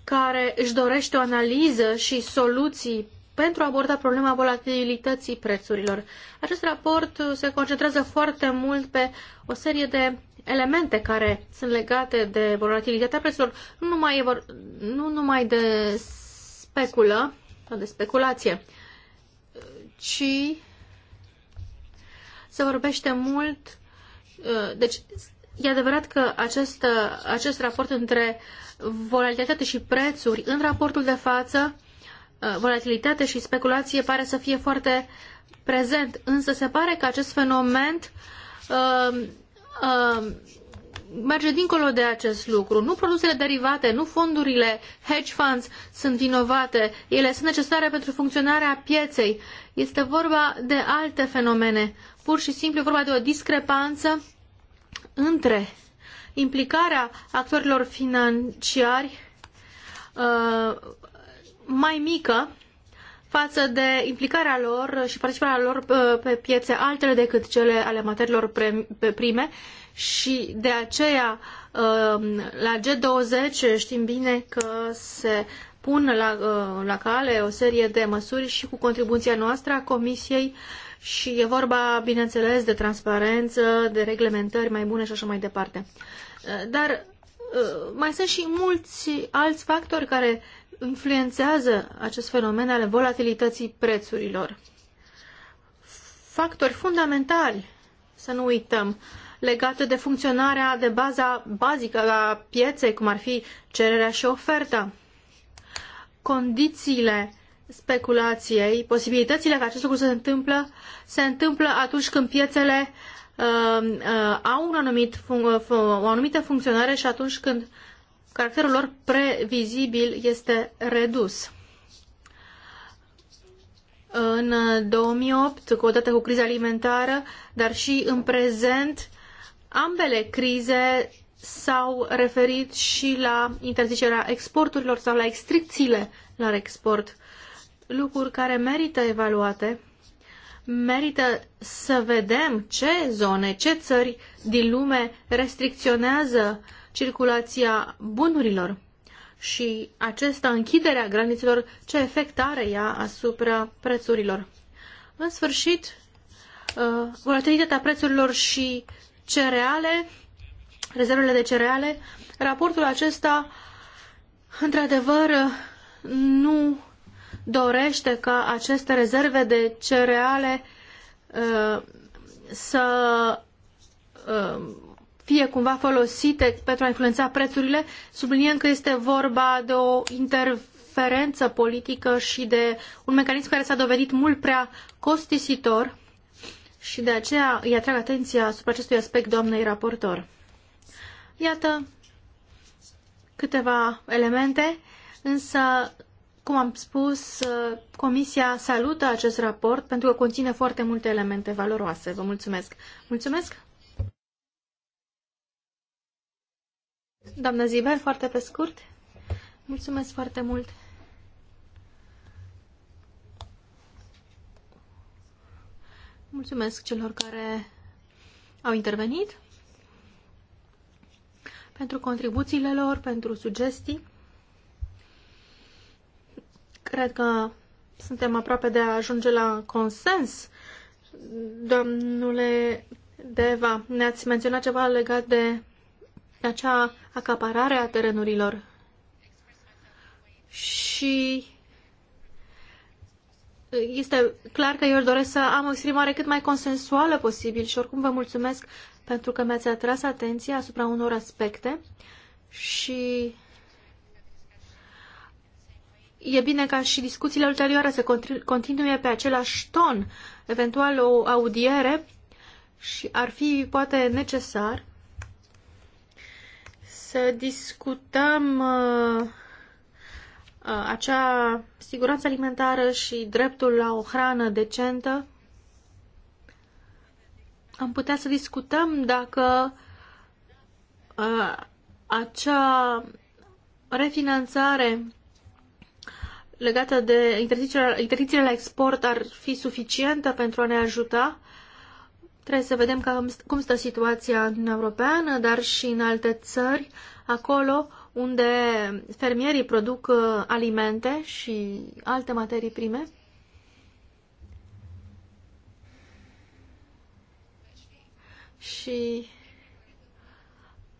care își dorește o analiză și soluții pentru a aborda problema volatilității prețurilor. Acest raport se concentrează foarte mult pe o serie de elemente care sunt legate de volatilitatea prețurilor, nu numai, nu numai de speculă sau de speculație, ci se vorbește mult. Uh, deci, e adevărat că acest, uh, acest raport între volatilitate și prețuri în raportul de față Uh, volatilitate și speculație pare să fie foarte prezent, însă se pare că acest fenomen uh, uh, merge dincolo de acest lucru. Nu produsele derivate, nu fondurile hedge funds sunt vinovate. Ele sunt necesare pentru funcționarea pieței. Este vorba de alte fenomene. Pur și simplu vorba de o discrepanță între implicarea actorilor financiari uh, mai mică față de implicarea lor și participarea lor uh, pe piețe altele decât cele ale materiilor prime și de aceea um, la G20 știm bine că se pun la, uh, la cale o serie de măsuri și cu contribuția noastră a Comisiei și e vorba, bineînțeles, de transparență, de reglementări mai bune și așa mai departe. Uh, dar mai sunt și mulți alți factori care influențează acest fenomen ale volatilității prețurilor. Factori fundamentali, să nu uităm, legate de funcționarea de baza bazică a pieței, cum ar fi cererea și oferta. Condițiile speculației, posibilitățile ca acest lucru se întâmplă, se întâmplă atunci când piețele uh, uh, au un anumit fun- uh, o anumită funcționare și atunci când caracterul lor previzibil este redus. În 2008, cu odată cu criza alimentară, dar și în prezent, ambele crize s-au referit și la interzicerea exporturilor sau la restricțiile la export, lucruri care merită evaluate merită să vedem ce zone, ce țări din lume restricționează circulația bunurilor și acesta închiderea granițelor, ce efect are ea asupra prețurilor. În sfârșit, uh, volatilitatea prețurilor și cereale, rezervele de cereale, raportul acesta, într-adevăr, nu dorește ca aceste rezerve de cereale uh, să uh, fie cumva folosite pentru a influența prețurile, subliniem că este vorba de o interferență politică și de un mecanism care s-a dovedit mult prea costisitor și de aceea îi atrag atenția asupra acestui aspect doamnei raportor. Iată câteva elemente, însă, cum am spus, Comisia salută acest raport pentru că conține foarte multe elemente valoroase. Vă mulțumesc! Mulțumesc! Doamna Ziber, foarte pe scurt. Mulțumesc foarte mult. Mulțumesc celor care au intervenit pentru contribuțiile lor, pentru sugestii. Cred că suntem aproape de a ajunge la consens. Domnule Deva, ne-ați menționat ceva legat de acea acaparare a terenurilor și este clar că eu doresc să am o exprimare cât mai consensuală posibil și oricum vă mulțumesc pentru că mi-ați atras atenția asupra unor aspecte și e bine ca și discuțiile ulterioare să continue pe același ton, eventual o audiere și ar fi poate necesar să discutăm uh, uh, acea siguranță alimentară și dreptul la o hrană decentă, am putea să discutăm dacă uh, acea refinanțare legată de interdicțiile la export ar fi suficientă pentru a ne ajuta Trebuie să vedem cam, cum stă situația în Europeană, dar și în alte țări, acolo unde fermierii produc uh, alimente și alte materii prime. Și,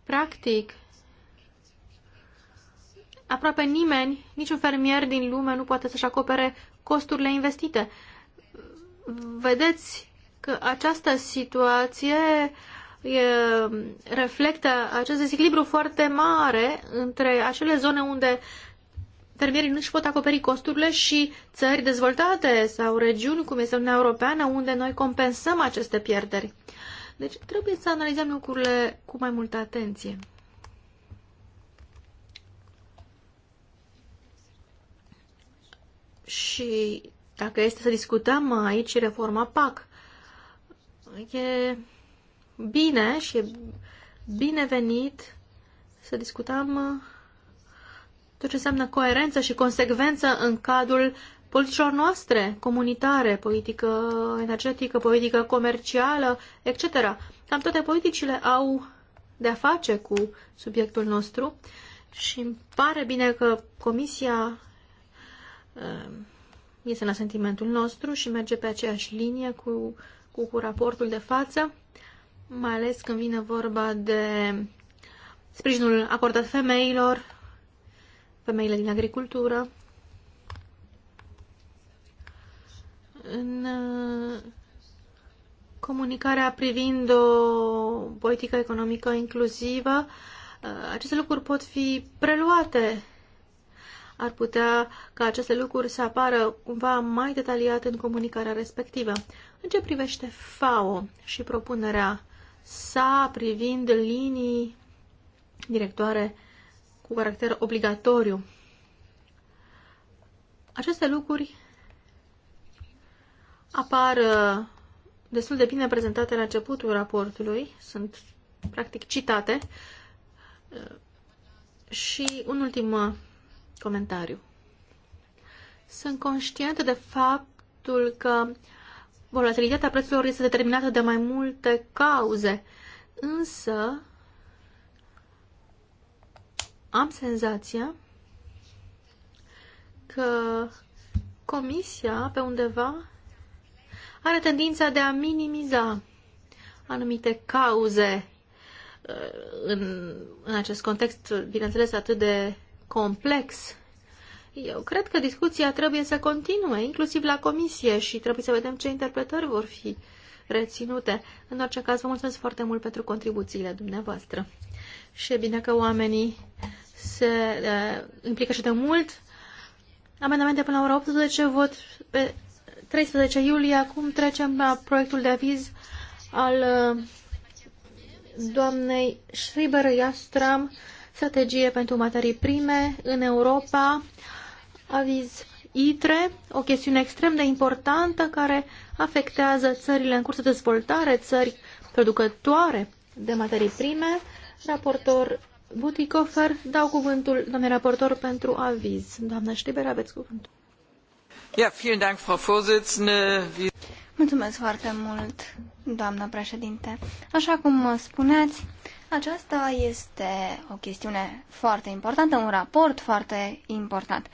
practic, aproape nimeni, niciun fermier din lume nu poate să-și acopere costurile investite. Vedeți că această situație e, reflectă acest dezechilibru foarte mare între acele zone unde fermierii nu-și pot acoperi costurile și țări dezvoltate sau regiuni, cum este Uniunea Europeană, unde noi compensăm aceste pierderi. Deci trebuie să analizăm lucrurile cu mai multă atenție. Și dacă este să discutăm aici reforma PAC, E bine și e binevenit să discutăm uh, tot ce înseamnă coerență și consecvență în cadrul politicilor noastre, comunitare, politică energetică, politică comercială, etc. Cam toate politicile au de-a face cu subiectul nostru și îmi pare bine că Comisia uh, este la sentimentul nostru și merge pe aceeași linie cu cu raportul de față, mai ales când vine vorba de sprijinul acordat femeilor, femeile din agricultură. În uh, comunicarea privind o politică economică inclusivă, uh, aceste lucruri pot fi preluate. Ar putea ca aceste lucruri să apară cumva mai detaliat în comunicarea respectivă. În ce privește FAO și propunerea sa privind linii directoare cu caracter obligatoriu, aceste lucruri apar uh, destul de bine prezentate la începutul raportului, sunt practic citate. Uh, și un ultim uh, comentariu. Sunt conștient de faptul că Volatilitatea prețurilor este determinată de mai multe cauze, însă am senzația că comisia pe undeva are tendința de a minimiza anumite cauze uh, în, în acest context, bineînțeles, atât de complex eu cred că discuția trebuie să continue, inclusiv la comisie, și trebuie să vedem ce interpretări vor fi reținute. În orice caz, vă mulțumesc foarte mult pentru contribuțiile dumneavoastră. Și e bine că oamenii se e, eh, implică și de mult. Amendamente până la ora 18, vot pe 13 iulie. Acum trecem la proiectul de aviz al eh, doamnei Schreiber Iastram, strategie pentru materii prime în Europa aviz ITRE, o chestiune extrem de importantă care afectează țările în curs de dezvoltare, țări producătoare de materii prime. Raportor Butikofer dau cuvântul, doamnei raportor, pentru aviz. Doamna Știber, aveți cuvântul. Ja, vielen Dank, Frau Vorsitzende. Mulțumesc foarte mult, doamnă președinte. Așa cum spuneați, aceasta este o chestiune foarte importantă, un raport foarte important.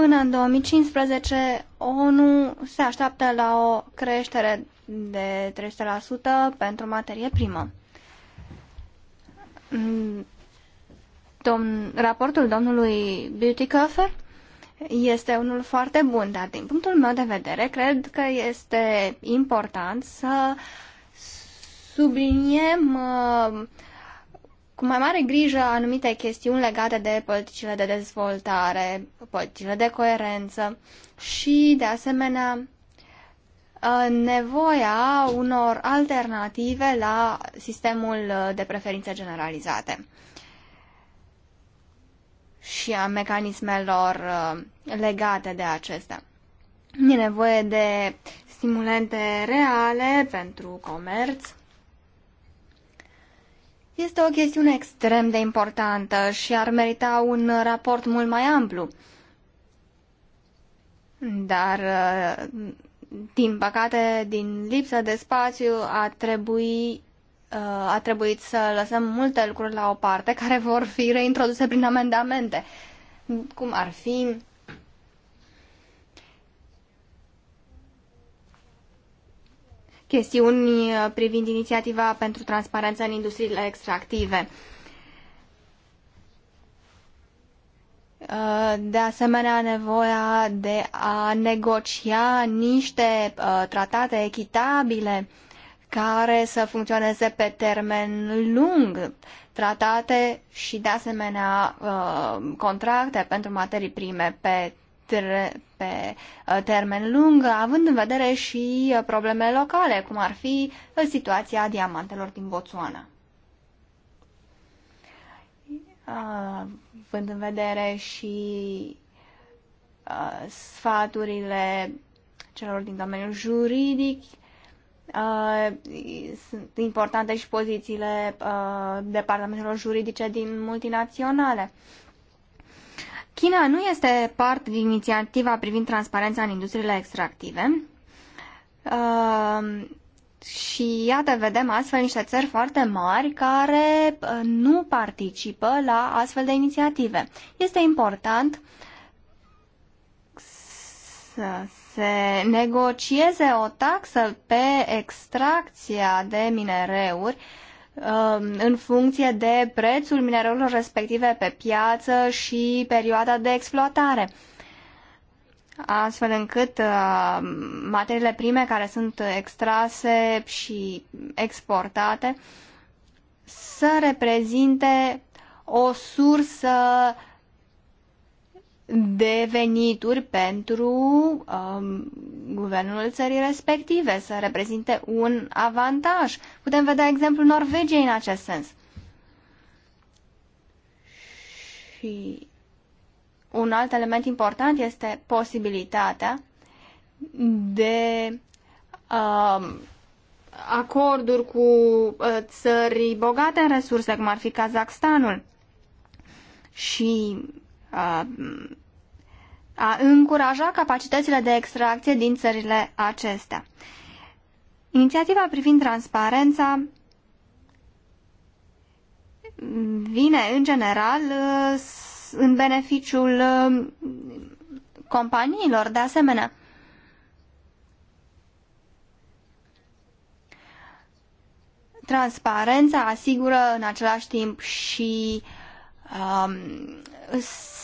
Până în 2015, ONU se așteaptă la o creștere de 300% pentru materie primă. Domn, raportul domnului Beautycofer este unul foarte bun, dar din punctul meu de vedere, cred că este important să subliniem uh, cu mai mare grijă anumite chestiuni legate de politicile de dezvoltare, politicile de coerență și, de asemenea, ă, nevoia unor alternative la sistemul de preferințe generalizate și a mecanismelor ă, legate de acestea. E nevoie de stimulente reale pentru comerț, este o chestiune extrem de importantă și ar merita un raport mult mai amplu. Dar, din păcate, din lipsă de spațiu, a, trebui, a trebuit să lăsăm multe lucruri la o parte care vor fi reintroduse prin amendamente, cum ar fi chestiuni uh, privind inițiativa pentru transparență în industriile extractive. Uh, de asemenea, nevoia de a negocia niște uh, tratate echitabile care să funcționeze pe termen lung, tratate și, de asemenea, contracte pentru materii prime pe pe uh, termen lung, având în vedere și uh, probleme locale, cum ar fi uh, situația diamantelor din Botswana. Având în vedere și sfaturile celor din domeniul juridic, sunt importante și pozițiile departamentelor juridice din multinaționale. China nu este parte din inițiativa privind transparența în industriile extractive. Uh, și iată, vedem astfel niște țări foarte mari care uh, nu participă la astfel de inițiative. Este important să se negocieze o taxă pe extracția de minereuri uh, Um, în funcție de prețul mineralelor respective pe piață și perioada de exploatare astfel încât uh, materiile prime care sunt extrase și exportate să reprezinte o sursă de venituri pentru um, guvernul țării respective, să reprezinte un avantaj. Putem vedea exemplul Norvegiei în acest sens. Și un alt element important este posibilitatea de um, acorduri cu uh, țări bogate în resurse, cum ar fi Kazakhstanul. Și uh, a încuraja capacitățile de extracție din țările acestea. Inițiativa privind transparența vine în general în beneficiul um, companiilor de asemenea. Transparența asigură în același timp și um,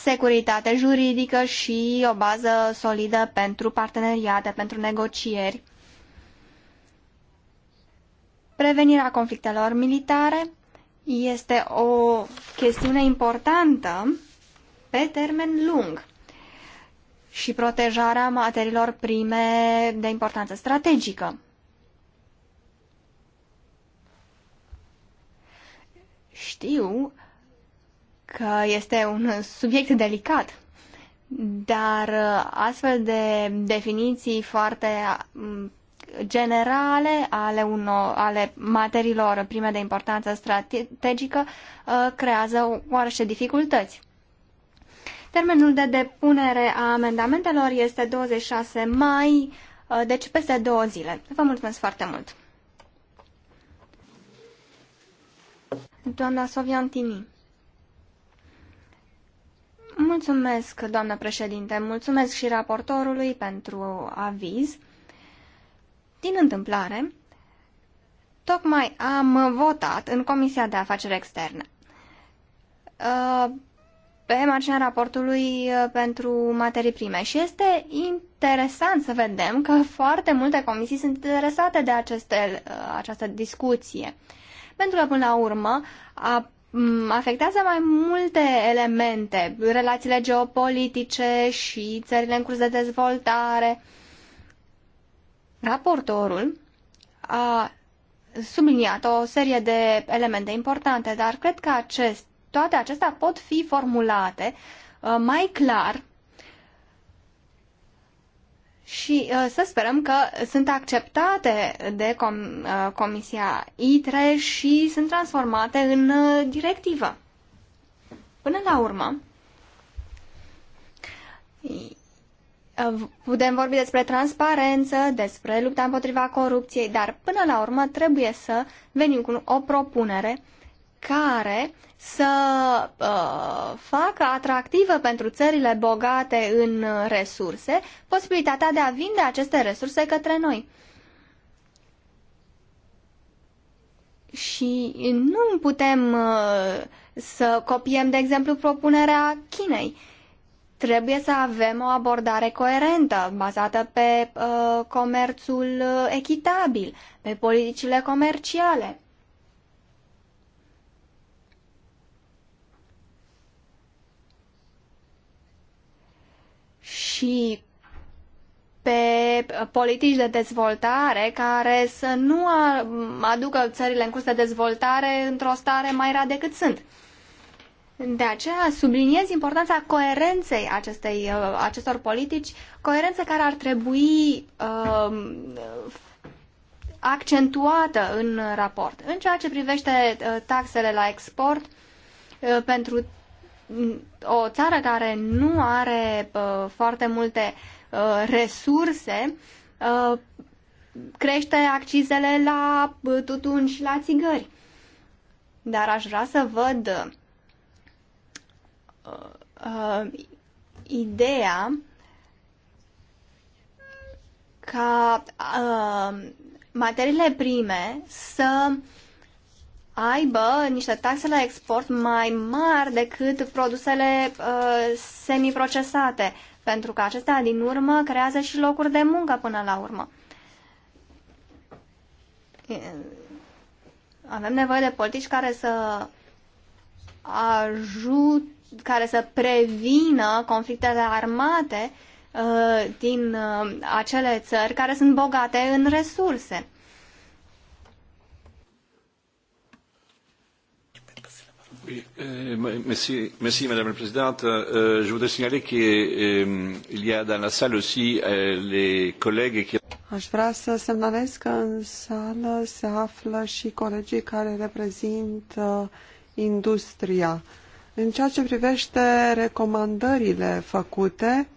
securitate juridică și o bază solidă pentru parteneriate, pentru negocieri. Prevenirea conflictelor militare este o chestiune importantă pe termen lung și protejarea materiilor prime de importanță strategică. Știu că este un subiect delicat, dar uh, astfel de definiții foarte mm, generale ale, uno, ale materiilor prime de importanță strategică uh, creează oarește dificultăți. Termenul de depunere a amendamentelor este 26 mai, uh, deci peste două zile. Vă mulțumesc foarte mult! Doamna Soviantini. Mulțumesc, doamnă președinte, mulțumesc și raportorului pentru aviz. Din întâmplare, tocmai am votat în Comisia de Afaceri Externe. Uh, pe marginea raportului uh, pentru materii prime și este interesant să vedem că foarte multe comisii sunt interesate de aceste, uh, această discuție. Pentru că, până la urmă, a afectează mai multe elemente, relațiile geopolitice și țările în curs de dezvoltare. Raportorul a subliniat o serie de elemente importante, dar cred că acest, toate acestea pot fi formulate uh, mai clar și uh, să sperăm că sunt acceptate de com uh, Comisia ITRE și sunt transformate în uh, directivă. Până la urmă, putem vorbi despre transparență, despre lupta împotriva corupției, dar până la urmă trebuie să venim cu o propunere care să uh, facă atractivă pentru țările bogate în resurse posibilitatea de a vinde aceste resurse către noi. Și nu putem uh, să copiem, de exemplu, propunerea Chinei. Trebuie să avem o abordare coerentă, bazată pe uh, comerțul uh, echitabil, pe politicile comerciale și pe politici de dezvoltare care să nu aducă țările în curs de dezvoltare într-o stare mai rea decât sunt. De aceea subliniez importanța coerenței acestei, uh, acestor politici, coerență care ar trebui uh, accentuată în raport. În ceea ce privește uh, taxele la export, uh, pentru o țară care nu are uh, foarte multe uh, resurse uh, crește accizele la tutun și la țigări. Dar aș vrea să văd ideea ca materiile prime să uh, aibă niște taxe la export mai mari decât produsele uh, semiprocesate, pentru că acestea din urmă creează și locuri de muncă până la urmă. Avem nevoie de politici care să ajut, care să prevină conflictele armate uh, din uh, acele țări care sunt bogate în resurse. Euh, merci, merci Madame la Présidente. Euh, euh je voudrais signaler qu'il euh, y a dans la salle aussi euh, les collègues qui... Aș vrea să semnalez că în sală se află și colegii care reprezintă uh, industria. În ceea ce privește recomandările făcute,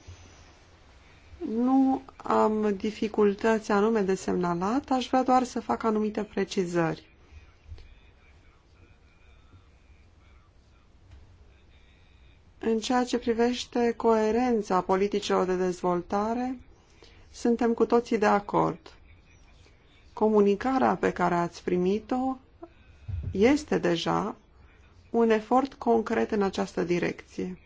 nu am dificultăți anume de semnalat, aș vrea doar să fac anumite precizări. În ceea ce privește coerența politicilor de dezvoltare, suntem cu toții de acord. Comunicarea pe care ați primit-o este deja un efort concret în această direcție.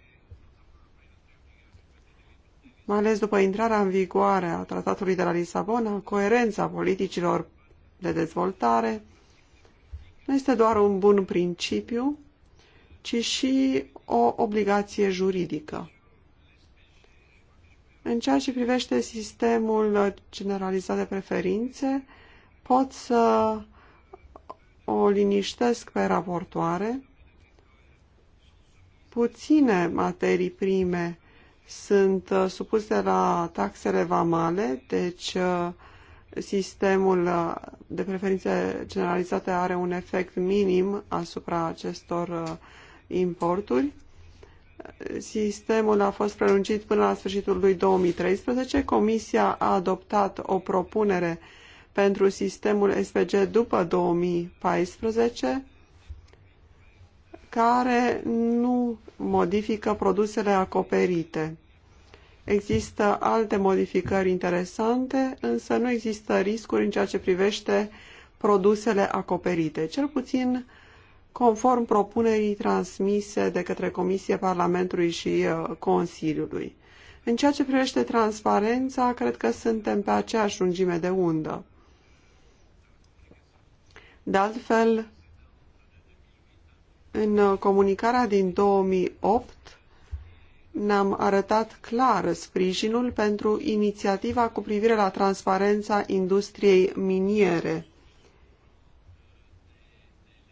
Mai ales după intrarea în vigoare a Tratatului de la Lisabona, coerența politicilor de dezvoltare nu este doar un bun principiu, ci și o obligație juridică. În ceea ce privește sistemul generalizat de preferințe, pot să o liniștesc pe raportoare. Puține materii prime sunt uh, supuse la taxele vamale, deci uh, sistemul uh, de preferințe generalizate are un efect minim asupra acestor importuri. Sistemul a fost prelungit până la sfârșitul lui 2013. Comisia a adoptat o propunere pentru sistemul SPG după 2014 care nu modifică produsele acoperite. Există alte modificări interesante, însă nu există riscuri în ceea ce privește produsele acoperite. Cel puțin conform propunerii transmise de către Comisia Parlamentului și uh, Consiliului. În ceea ce privește transparența, cred că suntem pe aceeași lungime de undă. De altfel, în uh, comunicarea din 2008 ne-am arătat clar sprijinul pentru inițiativa cu privire la transparența industriei miniere.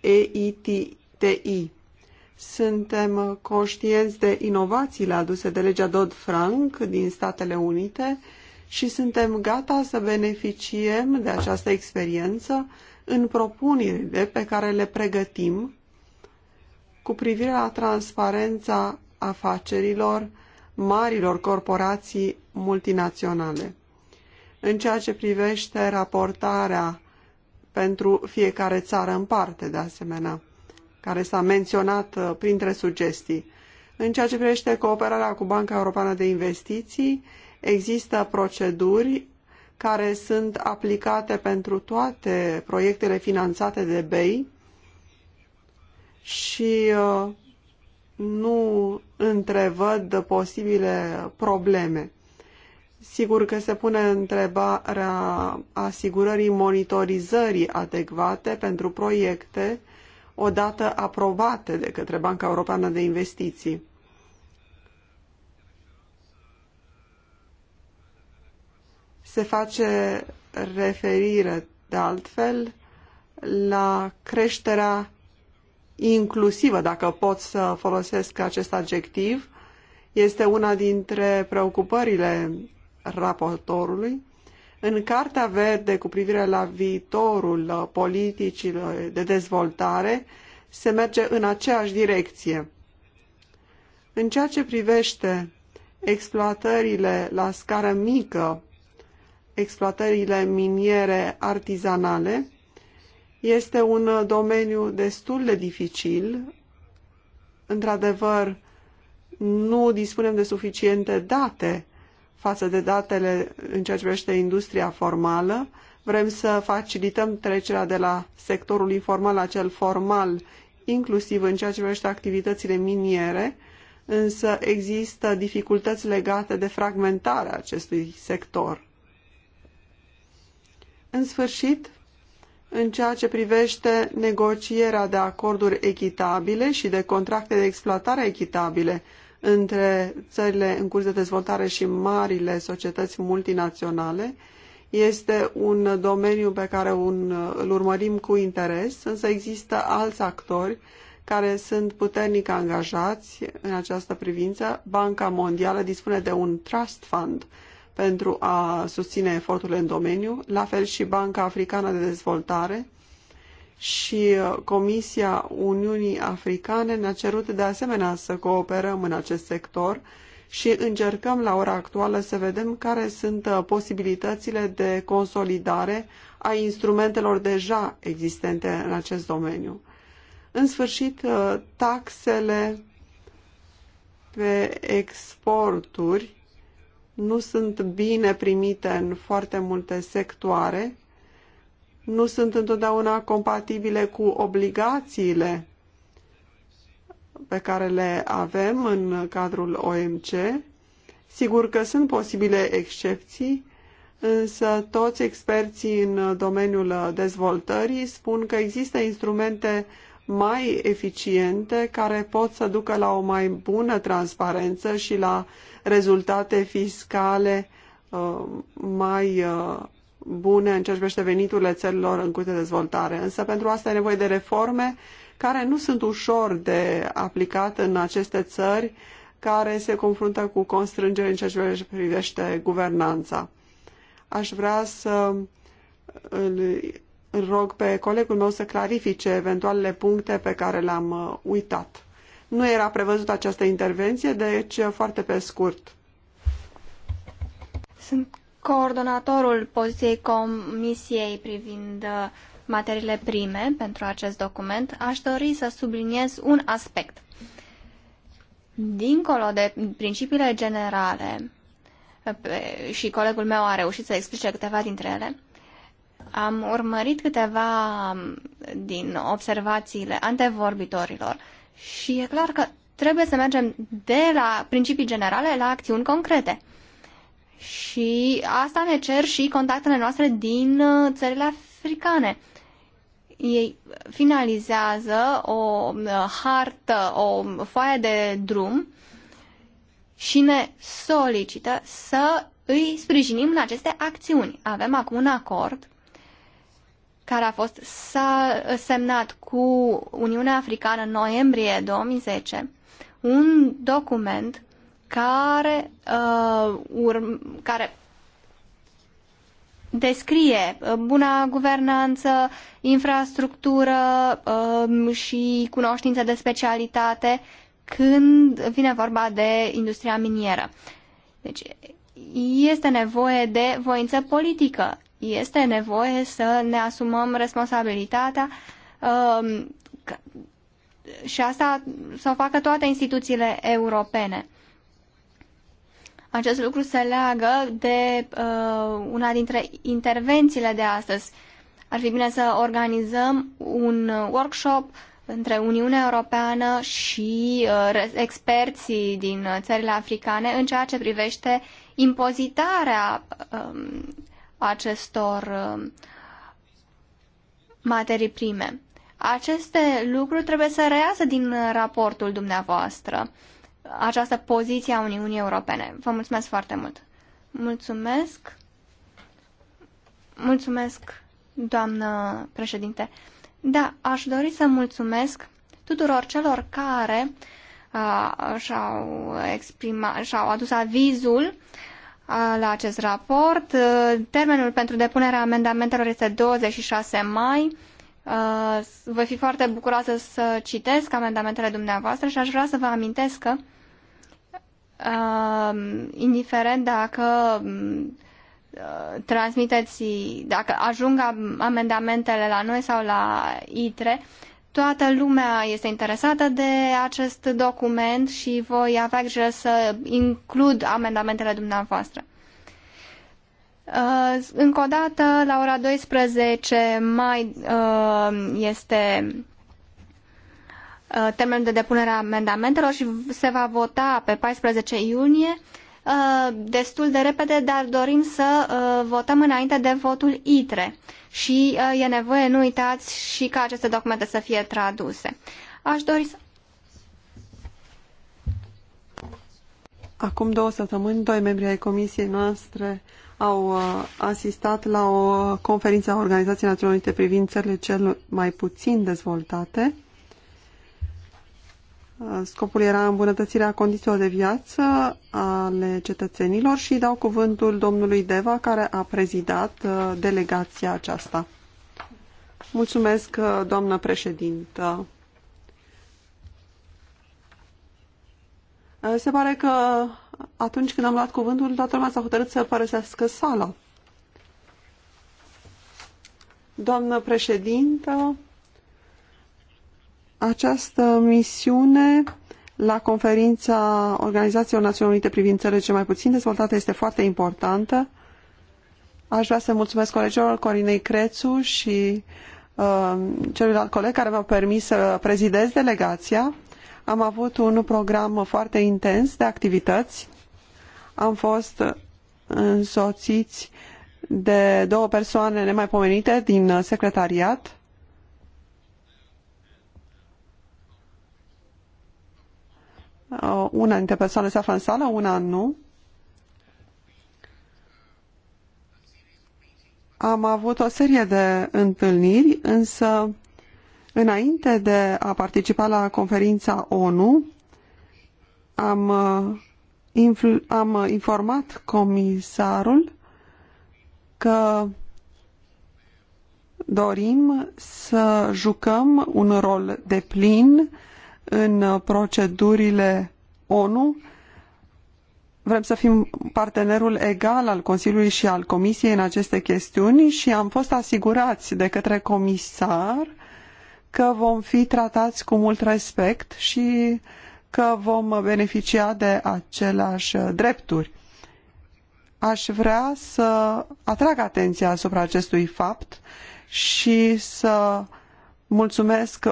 EITTI. Suntem uh, conștienți de inovațiile aduse de legea Dodd-Frank din Statele Unite și suntem gata să beneficiem de această experiență în propunerile pe care le pregătim cu privire la transparența afacerilor marilor corporații multinaționale. În ceea ce privește raportarea pentru fiecare țară în parte, de asemenea, care s-a menționat uh, printre sugestii. În ceea ce privește cooperarea cu Banca Europeană de Investiții, există proceduri care sunt aplicate pentru toate proiectele finanțate de BEI și uh, nu întrevăd posibile probleme. Sigur că se pune întrebarea asigurării monitorizării adecvate pentru proiecte odată aprobate de către Banca Europeană de Investiții. Se face referire de altfel la creșterea inclusivă, dacă pot să folosesc acest adjectiv, este una dintre preocupările raportorului. În Cartea Verde cu privire la viitorul uh, politicilor de dezvoltare se merge în aceeași direcție. În ceea ce privește exploatările la scară mică, exploatările miniere artizanale, este un uh, domeniu destul de dificil. Într-adevăr, nu dispunem de suficiente date față de datele în ceea ce privește industria formală. Vrem să facilităm trecerea de la sectorul informal la cel formal, inclusiv în ceea ce privește activitățile miniere, însă există dificultăți legate de fragmentarea acestui sector. În sfârșit, în ceea ce privește negocierea de acorduri echitabile și de contracte de exploatare echitabile între țările în curs de dezvoltare și marile societăți multinaționale este un domeniu pe care un, îl urmărim cu interes, însă există alți actori care sunt puternic angajați în această privință. Banca Mondială dispune de un trust fund pentru a susține eforturile în domeniu, la fel și Banca Africană de Dezvoltare, și Comisia Uniunii Africane ne-a cerut de asemenea să cooperăm în acest sector și încercăm la ora actuală să vedem care sunt uh, posibilitățile de consolidare a instrumentelor deja existente în acest domeniu. În sfârșit, uh, taxele pe exporturi nu sunt bine primite în foarte multe sectoare nu sunt întotdeauna compatibile cu obligațiile pe care le avem în cadrul OMC. Sigur că sunt posibile excepții, însă toți experții în domeniul dezvoltării spun că există instrumente mai eficiente care pot să ducă la o mai bună transparență și la rezultate fiscale uh, mai uh, bune în ce privește veniturile țărilor în curte de dezvoltare. Însă pentru asta e nevoie de reforme care nu sunt ușor de aplicat în aceste țări care se confruntă cu constrângeri în ceea ce privește guvernanța. Aș vrea să îl, rog pe colegul meu să clarifice eventualele puncte pe care le-am uh, uitat. Nu era prevăzută această intervenție, deci uh, foarte pe scurt. Sunt coordonatorul poziției Comisiei privind uh, materiile prime pentru acest document, aș dori să subliniez un aspect. Dincolo de principiile generale, uh, și colegul meu a reușit să explice câteva dintre ele, am urmărit câteva um, din observațiile antevorbitorilor și e clar că trebuie să mergem de la principii generale la acțiuni concrete. Și asta ne cer și contactele noastre din uh, țările africane. Ei finalizează o uh, hartă, o foaie de drum și ne solicită să îi sprijinim în aceste acțiuni. Avem acum un acord care a fost semnat cu Uniunea Africană în noiembrie 2010, un document care, uh, urm, care descrie uh, buna guvernanță, infrastructură uh, și cunoștință de specialitate când vine vorba de industria minieră. Deci este nevoie de voință politică, este nevoie să ne asumăm responsabilitatea uh, și asta să o facă toate instituțiile europene. Acest lucru se leagă de uh, una dintre intervențiile de astăzi. Ar fi bine să organizăm un workshop între Uniunea Europeană și uh, experții din țările africane în ceea ce privește impozitarea uh, acestor uh, materii prime. Aceste lucruri trebuie să reiasă din raportul dumneavoastră această poziție a Uniunii Europene. Vă mulțumesc foarte mult! Mulțumesc! Mulțumesc, doamnă președinte! Da, aș dori să mulțumesc tuturor celor care uh, și-au, exprima, și-au adus avizul uh, la acest raport. Uh, termenul pentru depunerea amendamentelor este 26 mai. Uh, voi fi foarte bucuroasă să citesc amendamentele dumneavoastră și aș vrea să vă amintesc că Um, indiferent dacă um, uh, transmiteți, dacă ajung amendamentele la noi sau la ITRE, toată lumea este interesată de acest document și voi avea grijă să includ amendamentele dumneavoastră. Uh, încă o dată, la ora 12 mai uh, este Uh, termenul de depunere a amendamentelor și se va vota pe 14 iunie uh, destul de repede, dar dorim să uh, votăm înainte de votul ITRE. Și e nevoie, nu uitați, și ca aceste documente să fie traduse. Aș dori să... Acum două săptămâni, doi membri ai comisiei noastre au asistat la o conferință a Organizației Națiunilor Unite privind țările cel mai puțin dezvoltate. Scopul era îmbunătățirea condițiilor de viață ale cetățenilor și dau cuvântul domnului Deva, care a prezidat uh, delegația aceasta. Mulțumesc, uh, doamnă președintă. Uh, se pare că atunci când am luat cuvântul, toată lumea s-a hotărât să părăsească sala. Doamnă președintă, această misiune la conferința Organizației Națiunilor Unite privind țările cele mai puțin dezvoltate este foarte importantă. Aș vrea să mulțumesc colegilor Corinei Crețu și uh, celuilalt coleg care mi-au permis să prezidez delegația. Am avut un program foarte intens de activități. Am fost însoțiți de două persoane nemaipomenite din secretariat Uh, una dintre persoane se află în sală, una nu. Am avut o serie de întâlniri, însă înainte de a participa la conferința ONU, am, uh, am uh, informat comisarul că dorim să jucăm un rol de plin în uh, procedurile ONU. Vrem să fim partenerul egal al Consiliului și al Comisiei în aceste chestiuni și am fost asigurați de către comisar că vom fi tratați cu mult respect și că vom beneficia de aceleași drepturi. Aș vrea să atrag atenția asupra acestui fapt și să mulțumesc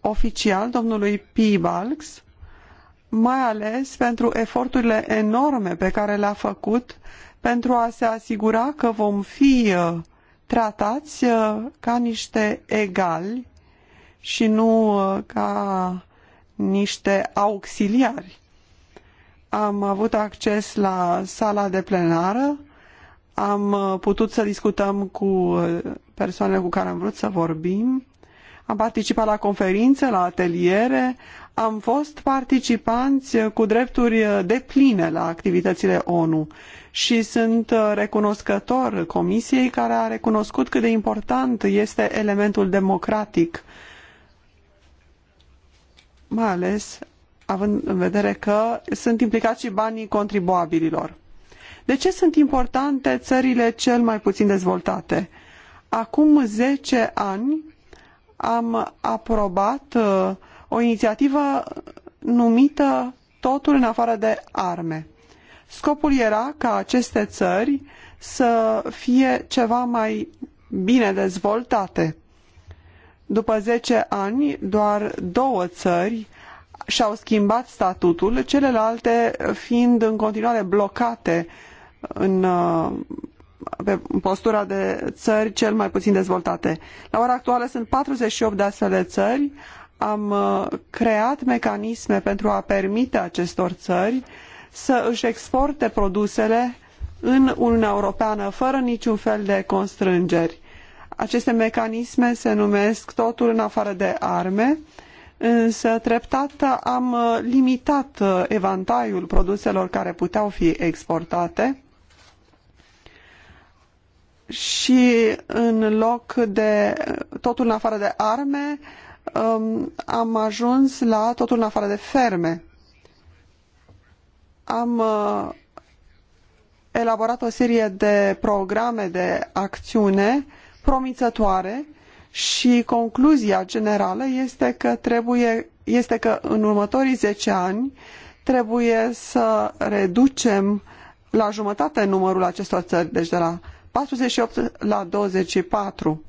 oficial domnului Pibalks, mai ales pentru eforturile enorme pe care le-a făcut pentru a se asigura că vom fi uh, tratați uh, ca niște egali și nu uh, ca niște auxiliari. Am avut acces la sala de plenară, am putut să discutăm cu persoanele cu care am vrut să vorbim, am participat la conferințe, la ateliere, am fost participanți cu drepturi depline la activitățile ONU și sunt recunoscător Comisiei care a recunoscut cât de important este elementul democratic, mai ales având în vedere că sunt implicați și banii contribuabililor. De ce sunt importante țările cel mai puțin dezvoltate? Acum zece ani, am aprobat uh, o inițiativă numită Totul în afară de arme. Scopul era ca aceste țări să fie ceva mai bine dezvoltate. După zece ani, doar două țări și-au schimbat statutul, celelalte fiind în continuare blocate în uh, pe postura de țări cel mai puțin dezvoltate. La ora actuală sunt 48 de astfel de țări. Am uh, creat mecanisme pentru a permite acestor țări să își exporte produsele în Uniunea Europeană fără niciun fel de constrângeri. Aceste mecanisme se numesc totul în afară de arme, însă treptat am uh, limitat uh, evantaiul produselor care puteau fi exportate și în loc de totul în afară de arme, um, am ajuns la totul în afară de ferme. Am uh, elaborat o serie de programe de acțiune promițătoare și concluzia generală este că, trebuie, este că în următorii zece ani trebuie să reducem la jumătate numărul acestor țări, deci de la 48 la 24.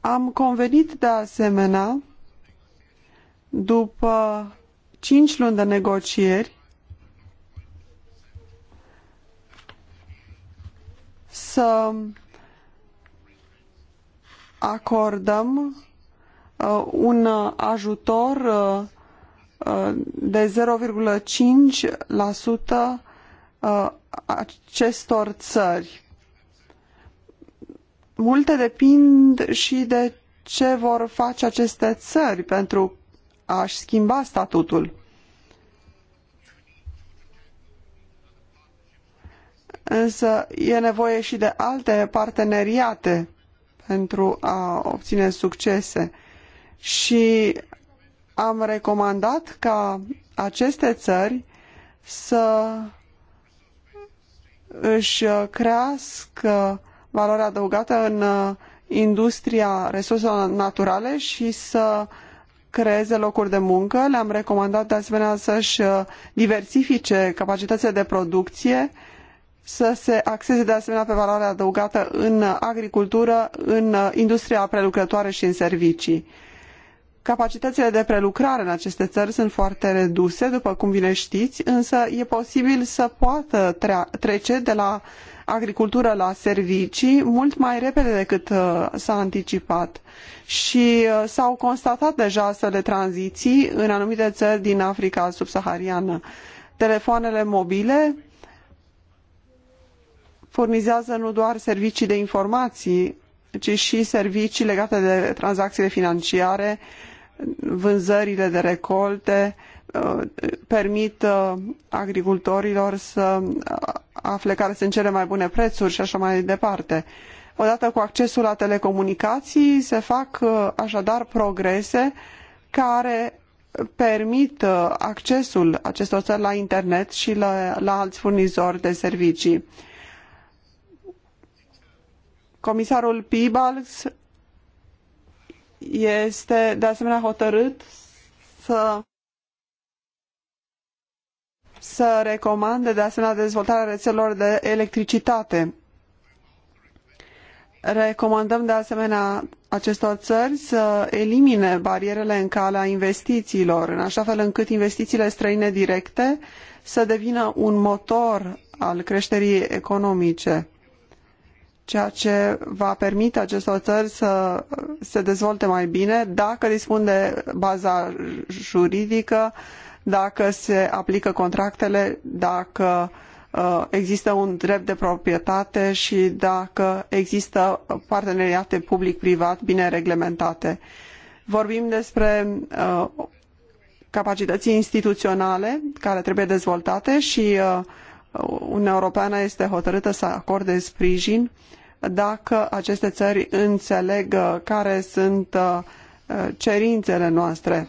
Am convenit de asemenea, după 5 luni de negocieri, să acordăm uh, un ajutor uh, uh de 0,5% Uh, acestor țări. Multe depind și de ce vor face aceste țări pentru a-și schimba statutul. Însă e nevoie și de alte parteneriate pentru a obține succese. Și am recomandat ca aceste țări să își uh, crească valoarea adăugată în uh, industria resurselor naturale și să creeze locuri de muncă. Le-am recomandat de asemenea să-și uh, diversifice capacitățile de producție, să se axeze de asemenea pe valoarea adăugată în agricultură, în industria prelucrătoare și în servicii. Capacitățile de prelucrare în aceste țări sunt foarte reduse, după cum bine știți, însă e posibil să poată trece de la agricultură la servicii mult mai repede decât uh, s-a anticipat. Și uh, s-au constatat deja astfel de tranziții în anumite țări din Africa subsahariană. Telefoanele mobile furnizează nu doar servicii de informații, ci și servicii legate de tranzacțiile financiare, uh, vânzările de recolte uh, permit uh, agricultorilor să uh, afle care sunt cele mai bune prețuri și așa mai departe. Odată cu accesul la telecomunicații se fac așadar progrese care permit accesul acestor țări la internet și la, la alți furnizori de servicii. Comisarul Peebles este de asemenea hotărât să să recomande de asemenea dezvoltarea rețelor de electricitate. Recomandăm de asemenea acestor țări să elimine barierele în calea investițiilor, în așa fel încât investițiile străine directe să devină un motor al creșterii economice ceea ce va permite acestor țări să se dezvolte mai bine dacă dispun de baza juridică, dacă se aplică contractele, dacă uh, există un drept de proprietate și dacă există parteneriate public-privat bine reglementate. Vorbim despre uh, capacități instituționale care trebuie dezvoltate și uh, Uniunea Europeană este hotărâtă să acorde sprijin dacă aceste țări înțeleg uh, care sunt uh, cerințele noastre.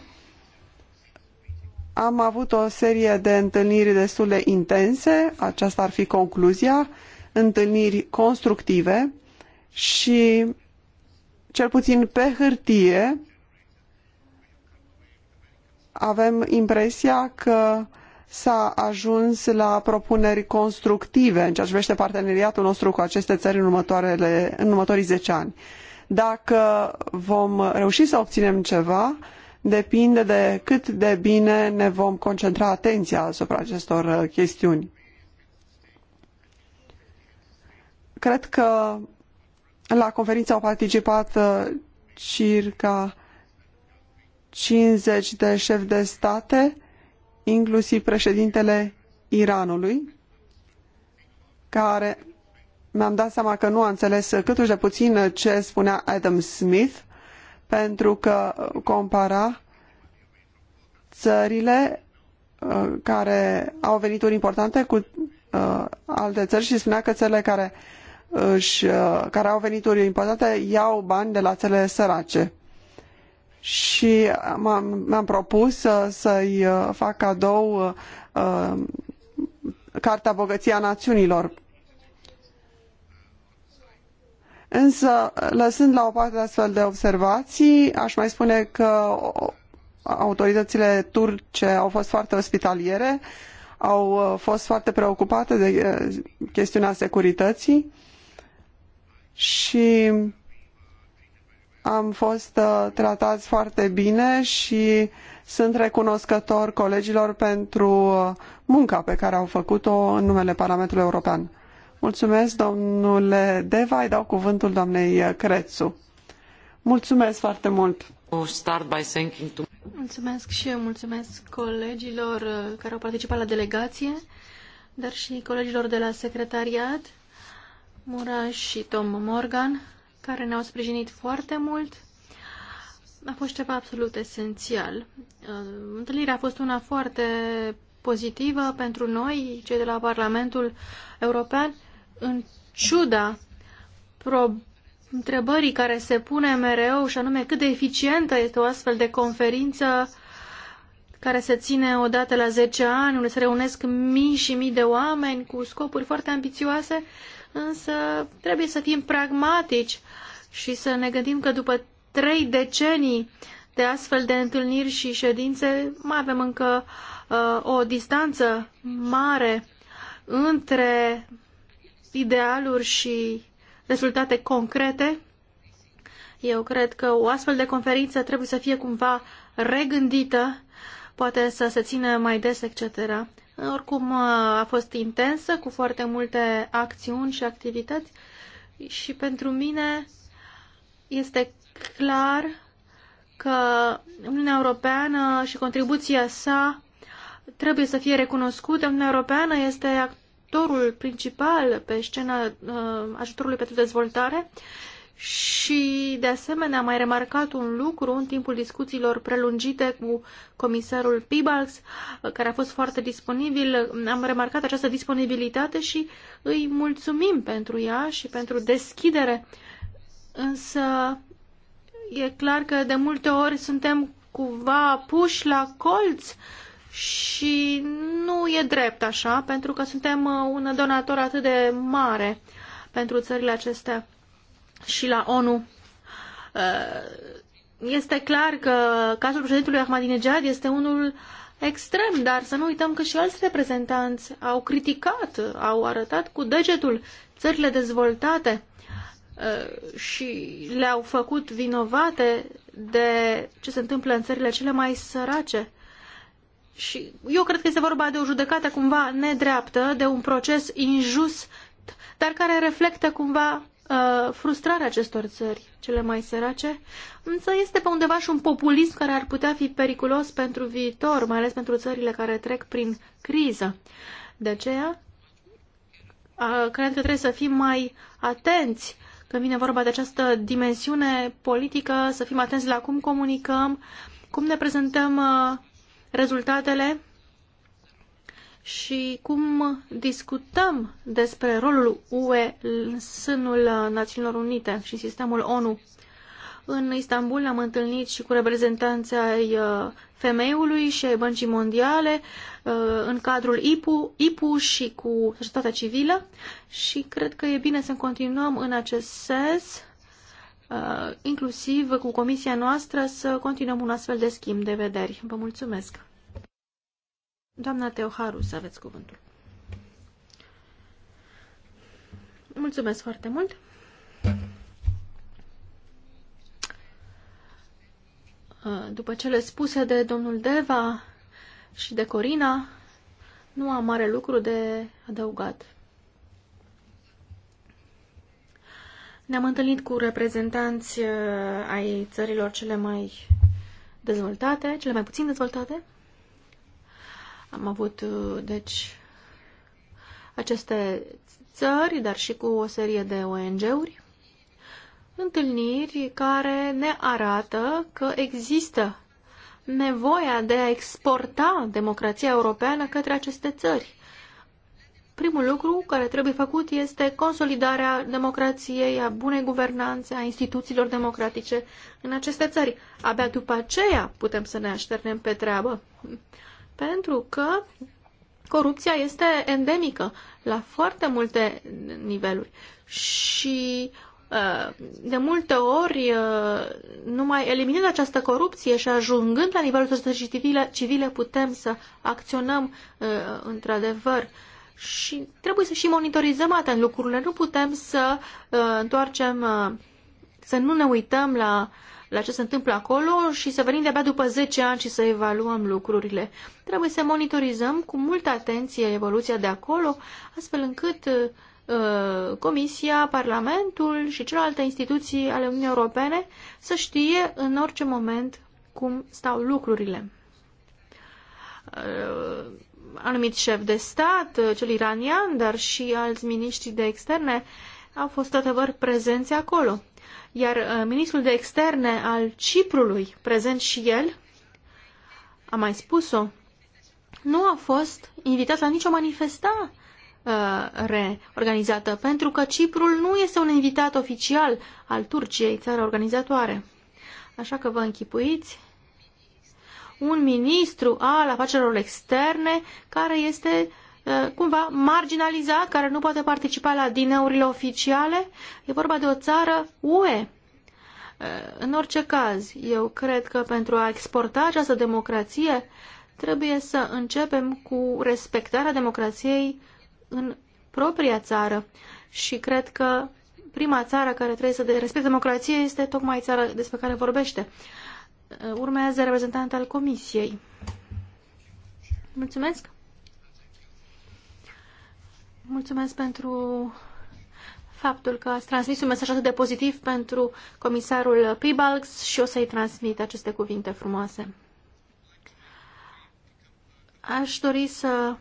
Am avut o serie de întâlniri destul de intense, aceasta ar fi concluzia, întâlniri constructive și cel puțin pe hârtie avem impresia că s-a ajuns la propuneri constructive în ceea ce privește parteneriatul nostru cu aceste țări în, următoarele, în următorii 10 ani. Dacă vom reuși să obținem ceva, depinde de cât de bine ne vom concentra atenția asupra acestor uh, chestiuni. Cred că la conferință au participat uh, circa 50 de șefi de state inclusiv președintele Iranului, care mi-am dat seama că nu a înțeles câtuși de puțin ce spunea Adam Smith, pentru că compara țările uh, care au venituri importante cu uh, alte țări și spunea că țările care, își, uh, care au venituri importante iau bani de la țările sărace și mi-am propus să, să-i uh, fac cadou uh, uh, Cartea Bogăția Națiunilor. Însă, lăsând la o parte astfel de observații, aș mai spune că autoritățile turce au fost foarte ospitaliere, au uh, fost foarte preocupate de chestiunea securității și am fost uh, tratați foarte bine și sunt recunoscător colegilor pentru uh, munca pe care au făcut-o în numele Parlamentului European. Mulțumesc, domnule Deva, îi dau cuvântul doamnei Crețu. Mulțumesc foarte mult! Mulțumesc și eu mulțumesc colegilor uh, care au participat la delegație, dar și colegilor de la secretariat, Mura și Tom Morgan care ne-au sprijinit foarte mult. A fost ceva absolut esențial. Uh, întâlnirea a fost una foarte pozitivă pentru noi, cei de la Parlamentul European, în ciuda întrebării care se pune mereu, și anume cât de eficientă este o astfel de conferință care se ține odată la 10 ani, unde se reunesc mii și mii de oameni cu scopuri foarte ambițioase, însă trebuie să fim pragmatici și să ne gândim că după trei decenii de astfel de întâlniri și ședințe mai avem încă uh, o distanță mare între idealuri și rezultate concrete. Eu cred că o astfel de conferință trebuie să fie cumva regândită, poate să se țină mai des, etc. Oricum uh, a fost intensă, cu foarte multe acțiuni și activități și pentru mine este clar că Uniunea Europeană și contribuția sa trebuie să fie recunoscută. Uniunea Europeană este actorul principal pe scena uh, ajutorului pentru dezvoltare și, de asemenea, am mai remarcat un lucru în timpul discuțiilor prelungite cu comisarul Pibalx, care a fost foarte disponibil. Am remarcat această disponibilitate și îi mulțumim pentru ea și pentru deschidere. Însă, e clar că de multe ori suntem cumva puși la colț și nu e drept așa, pentru că suntem uh, un donator atât de mare pentru țările acestea și la ONU. Uh, este clar că cazul președintelui Ahmadinejad este unul extrem, dar să nu uităm că și alți reprezentanți au criticat, au arătat cu degetul țările dezvoltate uh, și le-au făcut vinovate de ce se întâmplă în țările cele mai sărace. Și eu cred că este vorba de o judecată cumva nedreaptă, de un proces injust, dar care reflectă cumva Uh, frustrarea acestor țări, cele mai sărace, însă este pe undeva și un populism care ar putea fi periculos pentru viitor, mai ales pentru țările care trec prin criză. De aceea, uh, cred că trebuie să fim mai atenți când vine vorba de această dimensiune politică, să fim atenți la cum comunicăm, cum ne prezentăm uh, rezultatele și cum discutăm despre rolul UE în sânul Națiunilor Unite și sistemul ONU. În Istanbul am întâlnit și cu reprezentanții ai uh, femeiului și ai Băncii Mondiale uh, în cadrul IPU, IPU și cu societatea civilă și cred că e bine să continuăm în acest sens, uh, inclusiv cu comisia noastră, să continuăm un astfel de schimb de vederi. Vă mulțumesc! Doamna Teoharu, să aveți cuvântul. Mulțumesc foarte mult! După cele spuse de domnul Deva și de Corina, nu am mare lucru de adăugat. Ne-am întâlnit cu reprezentanți uh, ai țărilor cele mai dezvoltate, cele mai puțin dezvoltate, am avut, uh, deci, aceste țări, dar și cu o serie de ONG-uri, întâlniri care ne arată că există nevoia de a exporta democrația europeană către aceste țări. Primul lucru care trebuie făcut este consolidarea democrației, a bunei guvernanțe, a instituțiilor democratice în aceste țări. Abia după aceea putem să ne așternem pe treabă pentru că corupția este endemică la foarte multe niveluri și uh, de multe ori, uh, numai eliminând această corupție și ajungând la nivelul societății civile, civile putem să acționăm uh, într-adevăr. Și trebuie să și monitorizăm atent lucrurile. Nu putem să întoarcem să nu ne uităm la, la ce se întâmplă acolo și să venim de-abia după 10 ani și să evaluăm lucrurile. Trebuie să monitorizăm cu multă atenție evoluția de acolo, astfel încât uh, Comisia, Parlamentul și celelalte instituții ale Uniunii Europene să știe în orice moment cum stau lucrurile. Uh, anumit șef de stat, uh, cel iranian, dar și alți miniștri de externe, au fost într-adevăr prezenți acolo. Iar uh, ministrul de externe al Ciprului, prezent și el, a mai spus-o, nu a fost invitat la nicio manifestare uh, organizată, pentru că Ciprul nu este un invitat oficial al Turciei, țara organizatoare. Așa că vă închipuiți un ministru al afacerilor externe care este Uh, cumva marginalizat, care nu poate participa la dineurile oficiale. E vorba de o țară UE. Uh, în orice caz, eu cred că pentru a exporta această democrație trebuie să începem cu respectarea democrației în propria țară și cred că prima țară care trebuie să respecte democrație este tocmai țara despre care vorbește. Uh, urmează reprezentant al Comisiei. Mulțumesc. Mulțumesc pentru faptul că ați transmis un mesaj atât de pozitiv pentru comisarul Pibalgs și o să-i transmit aceste cuvinte frumoase. Aș dori să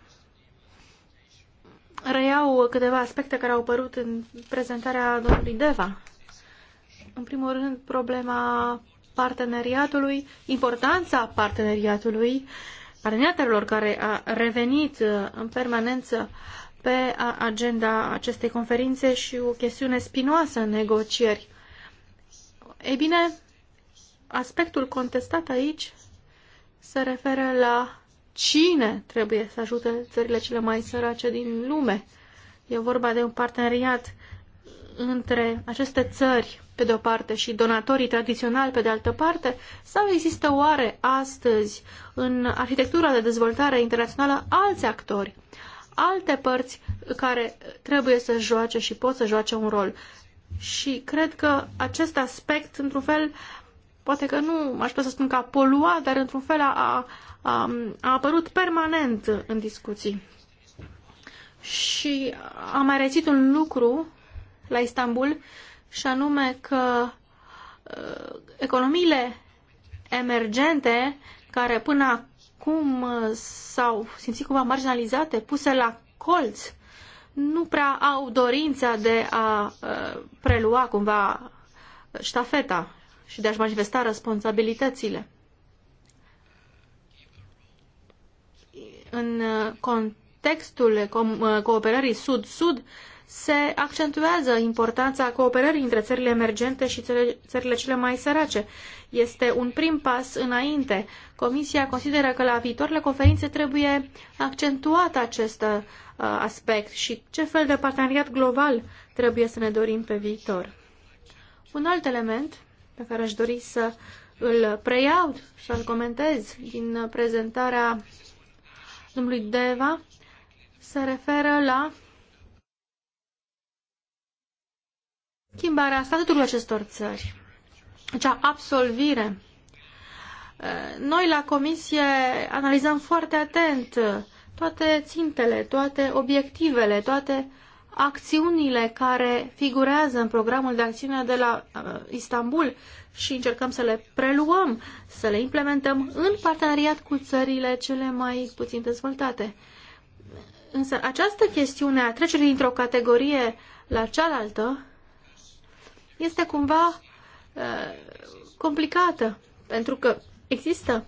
reiau câteva aspecte care au apărut în prezentarea domnului Deva. În primul rând, problema parteneriatului, importanța parteneriatului, parteneriatelor care a revenit în permanență uh, pe agenda acestei conferințe și o chestiune spinoasă în negocieri. Ei bine, aspectul contestat aici se referă la cine trebuie să ajute țările cele mai sărace din lume. E vorba de un parteneriat între aceste țări, pe de o parte, și donatorii tradiționali, pe de altă parte, sau există oare astăzi în arhitectura de dezvoltare internațională alți actori alte părți care trebuie să joace și pot să joace un rol. Și cred că acest aspect, într-un fel, poate că nu aș putea să spun că a poluat, dar într-un fel a, a, a apărut permanent în discuții. Și am mai rețit un lucru la Istanbul, și anume că uh, economiile emergente, care până cum uh, s-au simțit cumva marginalizate, puse la colț, nu prea au dorința de a uh, prelua cumva ștafeta și de a-și manifesta responsabilitățile. În uh, contextul cooperării sud-sud, se accentuează importanța cooperării între țările emergente și țările cele mai sărace. Este un prim pas înainte. Comisia consideră că la viitoarele conferințe trebuie accentuat acest uh, aspect și ce fel de parteneriat global trebuie să ne dorim pe viitor. Un alt element pe care aș dori să îl preiau, să îl comentez din prezentarea domnului Deva, se referă la schimbarea statutului acestor țări, acea absolvire. Noi la comisie analizăm foarte atent toate țintele, toate obiectivele, toate acțiunile care figurează în programul de acțiune de la uh, Istanbul și încercăm să le preluăm, să le implementăm în parteneriat cu țările cele mai puțin dezvoltate. Însă această chestiune a trecerii dintr-o categorie la cealaltă este cumva uh, complicată, pentru că există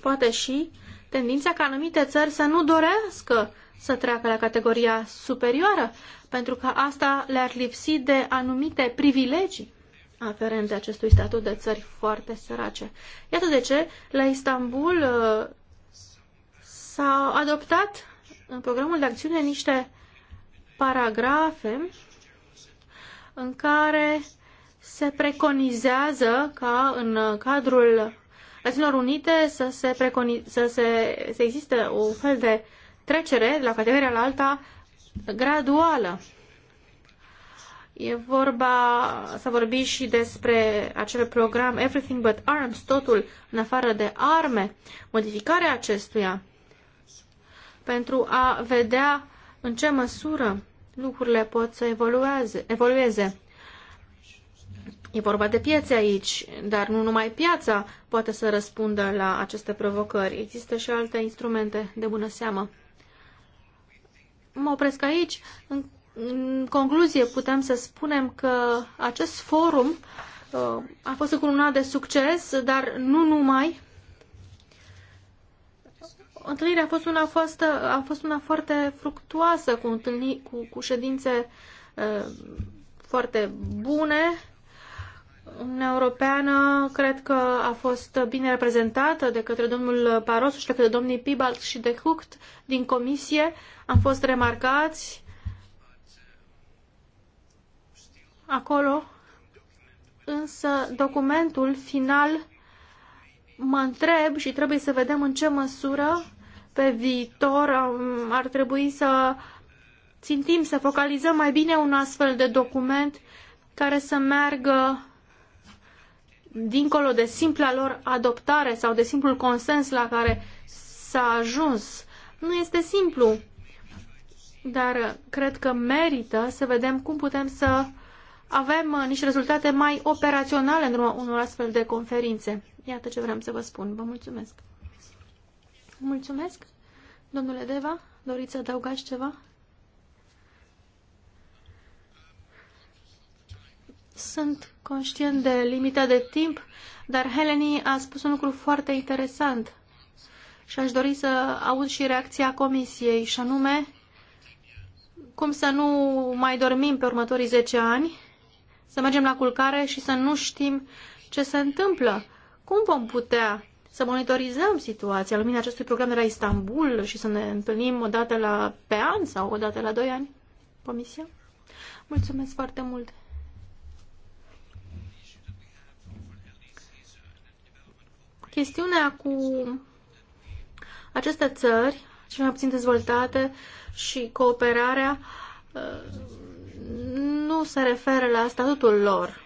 poate și tendința ca anumite țări să nu dorească să treacă la categoria superioară, pentru că asta le-ar lipsi de anumite privilegii aferente acestui statut de țări foarte sărace. Iată de ce la Istanbul uh, s-au adoptat în programul de acțiune niște paragrafe în care se preconizează ca în cadrul Națiunilor Unite să se, preconi, să se să existe un fel de trecere de la categoria la alta graduală. E vorba, să vorbi și despre acel program Everything But Arms, totul în afară de arme, modificarea acestuia pentru a vedea în ce măsură lucrurile pot să evolueze. evolueze. E vorba de piețe aici, dar nu numai piața poate să răspundă la aceste provocări. Există și alte instrumente de bună seamă. Mă opresc aici. În, în concluzie, putem să spunem că acest forum uh, a fost încununat de succes, dar nu numai Întâlnirea a fost una, foastă, a fost una foarte fructuoasă, cu, întâlni, cu, cu ședințe uh, foarte bune. Uniunea Europeană cred că a fost bine reprezentată de către domnul Paros, și de către domnii Pibalt și de Hucht din comisie. Am fost remarcați acolo, însă documentul final mă întreb și trebuie să vedem în ce măsură pe viitor ar trebui să țintim, să focalizăm mai bine un astfel de document care să meargă dincolo de simpla lor adoptare sau de simplul consens la care s-a ajuns. Nu este simplu, dar cred că merită să vedem cum putem să avem niște rezultate mai operaționale în urma unor astfel de conferințe. Iată ce vreau să vă spun. Vă mulțumesc! Mulțumesc. Domnule Deva, doriți să adăugați ceva? Sunt conștient de limita de timp, dar Heleni a spus un lucru foarte interesant și aș dori să aud și reacția comisiei, și anume cum să nu mai dormim pe următorii 10 ani, să mergem la culcare și să nu știm ce se întâmplă. Cum vom putea să monitorizăm situația lumina acestui program de la Istanbul și să ne întâlnim o dată la, pe an sau o dată la doi ani? Comisia? Mulțumesc foarte mult! Chestiunea cu aceste țări, cele mai puțin dezvoltate, și cooperarea uh, nu se referă la statutul lor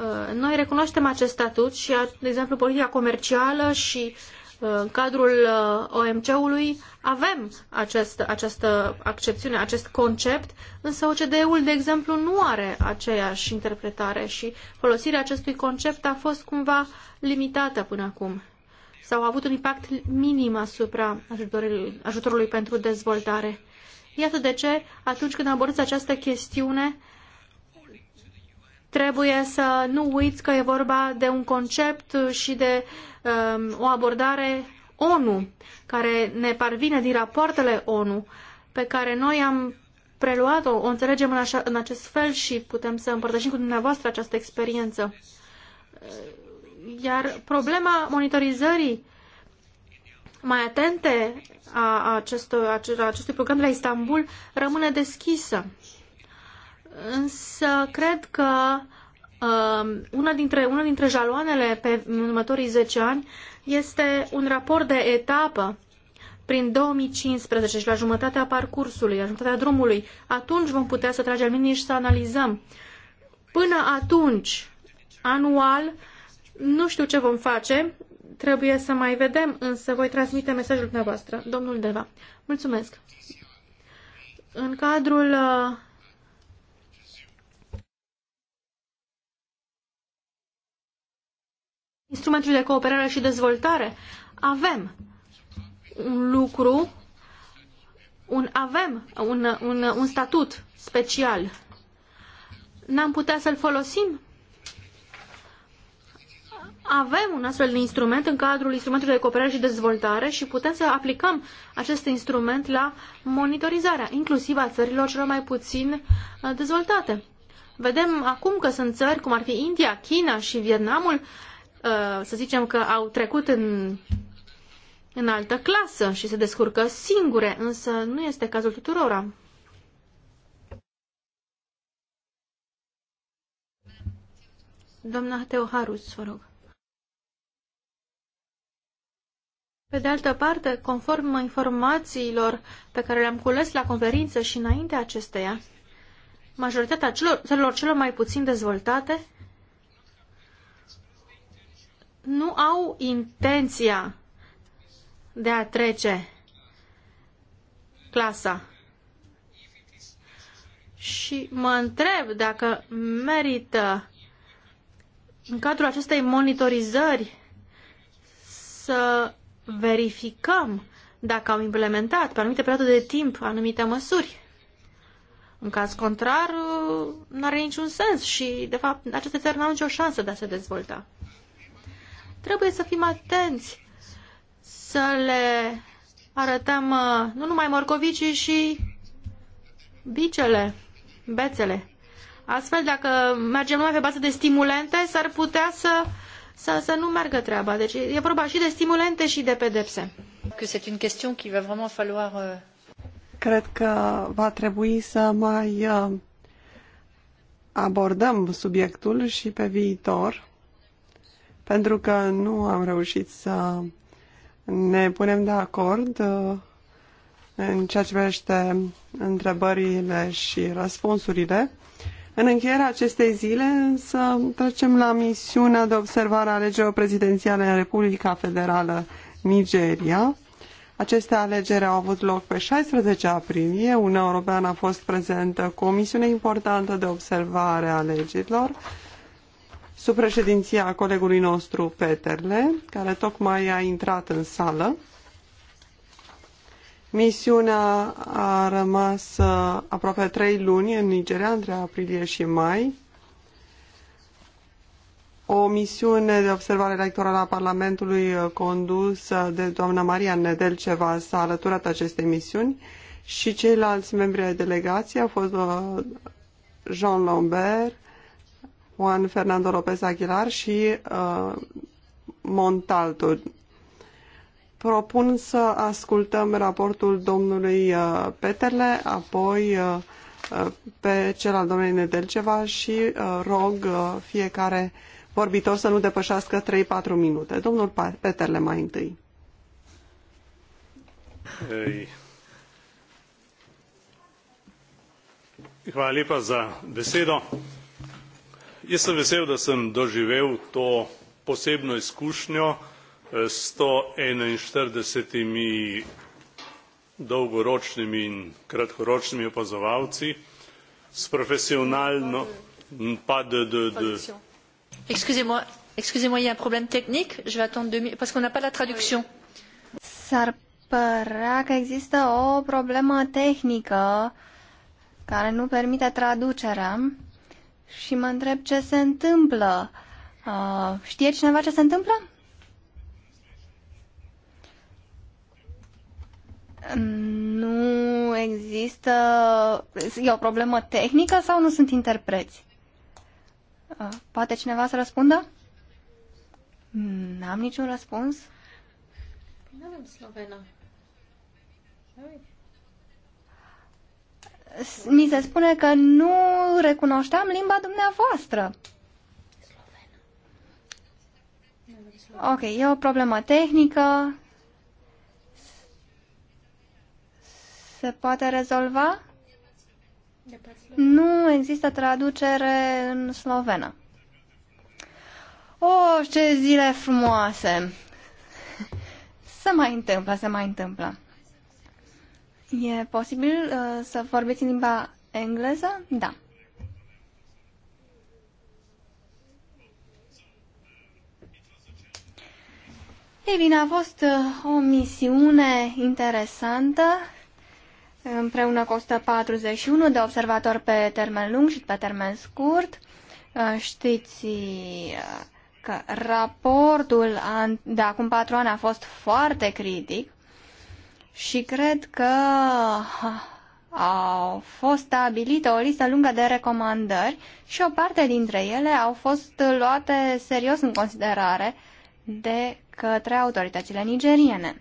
Uh, noi recunoaștem acest statut și, de exemplu, politica comercială și uh, în cadrul uh, OMC-ului avem acest, această accepțiune, acest concept, însă OCDE-ul, de exemplu, nu are aceeași interpretare și folosirea acestui concept a fost cumva limitată până acum sau a avut un impact minim asupra ajutorului, ajutorului pentru dezvoltare. Iată de ce, atunci când abordați această chestiune, uh, trebuie să nu uiți că e vorba de un concept și de um, o abordare ONU, care ne parvine din rapoartele ONU, pe care noi am preluat-o, o înțelegem în, așa, în acest fel și putem să împărtășim cu dumneavoastră această experiență. Iar problema monitorizării mai atente a, acestui, a acestui program de la Istanbul rămâne deschisă. Însă cred că um, una dintre, una dintre jaloanele pe următorii 10 ani este un raport de etapă prin 2015 și la jumătatea parcursului, la jumătatea drumului. Atunci vom putea să tragem linii și să analizăm. Până atunci, anual, nu știu ce vom face, trebuie să mai vedem, însă voi transmite mesajul dumneavoastră, domnul Deva. Mulțumesc! În cadrul uh, instrumentul de cooperare și dezvoltare. Avem un lucru, un, avem un, un, un statut special. N-am putea să-l folosim? Avem un astfel de instrument în cadrul instrumentului de cooperare și dezvoltare și putem să aplicăm acest instrument la monitorizarea, inclusiv a țărilor celor mai puțin uh, dezvoltate. Vedem acum că sunt țări cum ar fi India, China și Vietnamul Uh, să zicem că au trecut în, în altă clasă și se descurcă singure, însă nu este cazul tuturora. Doamna Teoharus, vă rog. Pe de altă parte, conform informațiilor pe care le-am cules la conferință și înainte acesteia, majoritatea celor, celor, celor mai puțin dezvoltate nu au intenția de a trece clasa. Și mă întreb dacă merită în cadrul acestei monitorizări să verificăm dacă au implementat pe anumite perioade de timp anumite măsuri. În caz contrar, nu are niciun sens și, de fapt, aceste țări nu au nicio șansă de a se dezvolta. Trebuie să fim atenți, să le arătăm uh, nu numai morcovicii și bicele, bețele. Astfel, dacă mergem numai pe bază de stimulente, s-ar putea să, să, să nu meargă treaba. Deci e vorba și de stimulente și de pedepse. Uh, Cred că va trebui să mai uh, abordăm subiectul și pe viitor pentru că nu am reușit să ne punem de acord uh, în ceea ce privește întrebările și răspunsurile. În încheierea acestei zile să trecem la misiunea de observare a alegerilor prezidențiale în Republica Federală Nigeria. Aceste alegeri au avut loc pe 16 aprilie. Uniunea Europeană a fost prezentă cu o misiune importantă de observare a alegerilor sub președinția colegului nostru Peterle, care tocmai a intrat în sală. Misiunea a rămas uh, aproape trei luni în Nigeria, între aprilie și mai. O misiune de observare electorală a Parlamentului uh, condusă uh, de doamna Maria Nedelceva s-a alăturat acestei misiuni și ceilalți membri ai delegației au fost Jean Lambert, Juan Fernando López Aguilar și uh, Montalto. Propun să ascultăm raportul domnului uh, Peterle, apoi uh, uh pe cel al domnului Nedelceva și uh, rog uh, fiecare vorbitor să nu depășească 3-4 minute. Domnul Peterle mai întâi. Ei. Hvala lepa za besedo. Jaz sem vesel, da sem doživel to posebno izkušnjo eh, s sto enainštirideset dolgoročnimi in kratkoročnimi opazovalci s profesionalno pas de, de, de. moi moi un s-ar părea că există o problemă tehnică care nu permite traducerea și mă întreb ce se întâmplă. Uh, știe cineva ce se întâmplă? Nu există... E o problemă tehnică sau nu sunt interpreți? Uh, poate cineva să răspundă? N-am niciun răspuns. Păi nu avem slovena ni se spune că nu recunoșteam limba dumneavoastră. Ok, e o problemă tehnică. Se poate rezolva? Nu există traducere în slovenă. Oh, ce zile frumoase! Se mai întâmplă, se mai întâmplă. E posibil uh, să vorbiți în limba engleză? Da. Ei bine, a fost uh, o misiune interesantă împreună cu 141 de observatori pe termen lung și pe termen scurt. Uh, știți uh, că raportul de acum patru ani a fost foarte critic și cred că a fost stabilită o listă lungă de recomandări și o parte dintre ele au fost luate serios în considerare de către autoritățile nigeriene.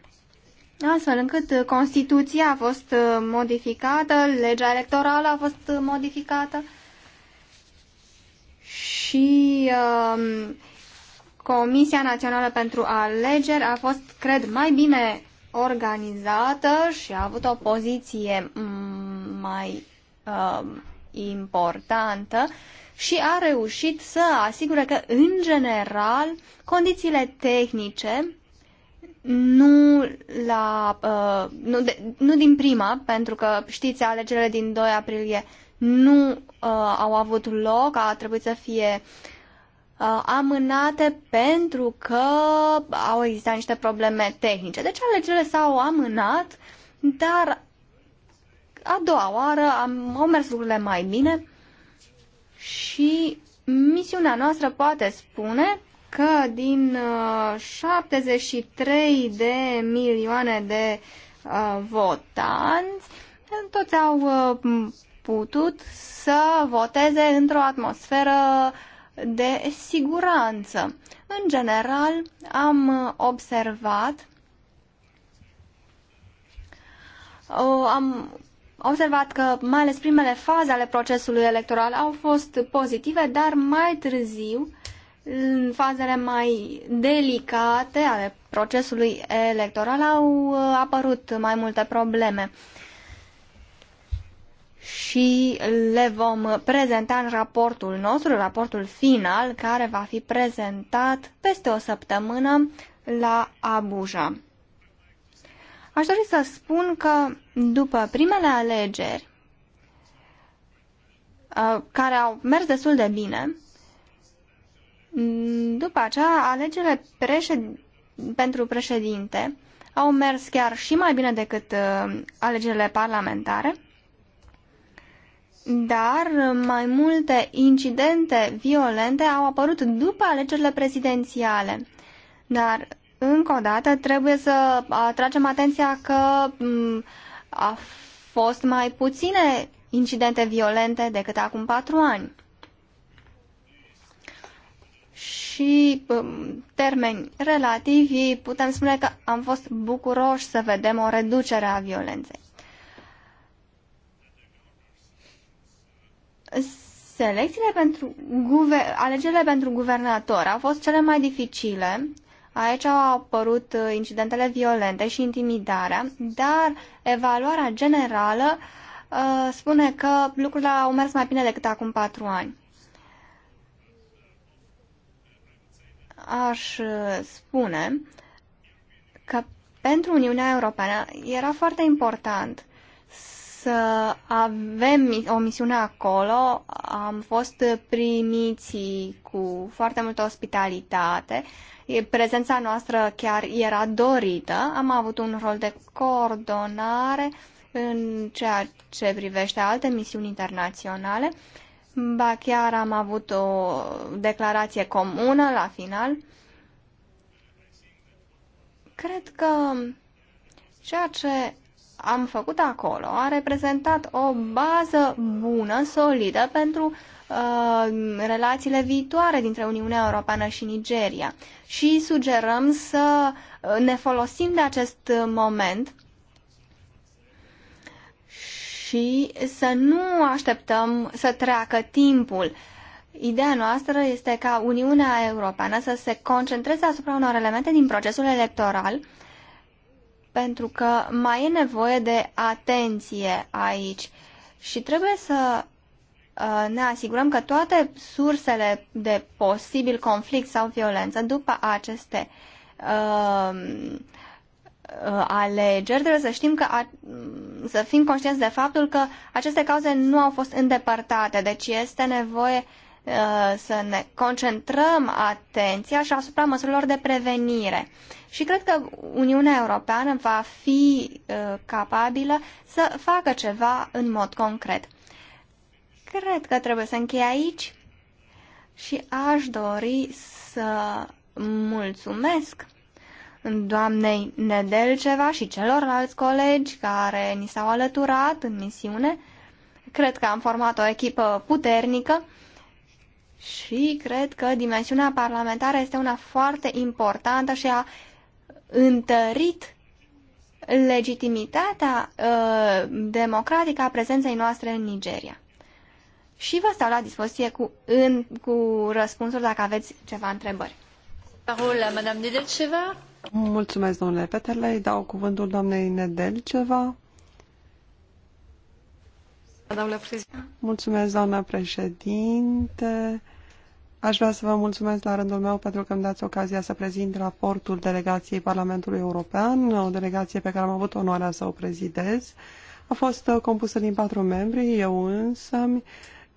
Astfel încât Constituția a fost modificată, legea electorală a fost modificată și uh, Comisia Națională pentru Alegeri a fost, cred, mai bine organizată și a avut o poziție mai uh, importantă și a reușit să asigure că, în general, condițiile tehnice nu, la, uh, nu, de, nu din prima, pentru că știți, alegerile din 2 aprilie nu uh, au avut loc, a trebuit să fie uh, Uh, amânate pentru că au existat niște probleme tehnice. Deci alegerile s-au amânat, dar a doua oară am, au mers lucrurile mai bine și misiunea noastră poate spune că din 73 uh, de milioane de uh, votanți, toți au uh, putut să voteze într-o atmosferă uh, de siguranță. În general, am observat uh, am observat că mai ales primele faze ale procesului electoral au fost pozitive, dar mai târziu, în fazele mai delicate ale procesului electoral, au uh, apărut mai multe probleme. Uh, și le vom prezenta în raportul nostru, raportul final, care va fi prezentat peste o săptămână la Abuja. Aș dori să spun că după primele alegeri, uh, care au mers destul de bine, după aceea alegerile președ... pentru președinte au mers chiar și mai bine decât uh, alegerile parlamentare dar mai multe incidente violente au apărut după alegerile prezidențiale. Dar, încă o dată, trebuie să atragem atenția că mm, a fost mai puține incidente violente decât acum patru ani. Și mm, termeni relativi, putem spune că am fost bucuroși să vedem o reducere a violenței. selecțiile pentru guver- alegerile pentru guvernator au fost cele mai dificile. Aici au apărut uh, incidentele violente și intimidarea, dar evaluarea generală uh, spune că lucrurile au mers mai bine decât acum patru ani. Aș uh, spune că pentru Uniunea Europeană era foarte important să avem o misiune acolo. Am fost primiți cu foarte multă ospitalitate. Prezența noastră chiar era dorită. Am avut un rol de coordonare în ceea ce privește alte misiuni internaționale. Ba chiar am avut o declarație comună la final. Cred că ceea ce am făcut acolo a reprezentat o bază bună, solidă pentru uh, relațiile viitoare dintre Uniunea Europeană și Nigeria și sugerăm să uh, ne folosim de acest moment și să nu așteptăm să treacă timpul. Ideea noastră este ca Uniunea Europeană să se concentreze asupra unor elemente din procesul electoral uh, pentru că mai e nevoie de atenție aici și trebuie să uh, ne asigurăm că toate sursele de posibil conflict sau violență după aceste uh, uh, alegeri, trebuie să știm că a, să fim conștienți de faptul că aceste cauze nu au fost îndepărtate, deci este nevoie uh, să ne concentrăm atenția și asupra măsurilor de prevenire. Și cred că Uniunea Europeană va fi uh, capabilă să facă ceva în mod concret. Cred că trebuie să închei aici și aș dori să mulțumesc doamnei Nedelceva și celorlalți colegi care ni s-au alăturat în misiune. Cred că am format o echipă puternică și cred că dimensiunea parlamentară este una foarte importantă și a întărit legitimitatea uh, democratică a prezenței noastre în Nigeria. Și vă stau la dispoziție cu, în, cu răspunsuri dacă aveți ceva întrebări. Parola, Madame Nedelceva. Mulțumesc, domnule Peterle. Îi dau cuvântul doamnei Nedelceva. Mulțumesc, doamna președinte. Aș vrea să vă mulțumesc la rândul meu pentru că îmi dați ocazia să prezint raportul delegației Parlamentului European, o delegație pe care am avut onoarea să o prezidez. A fost uh, compusă din patru membri, eu însă,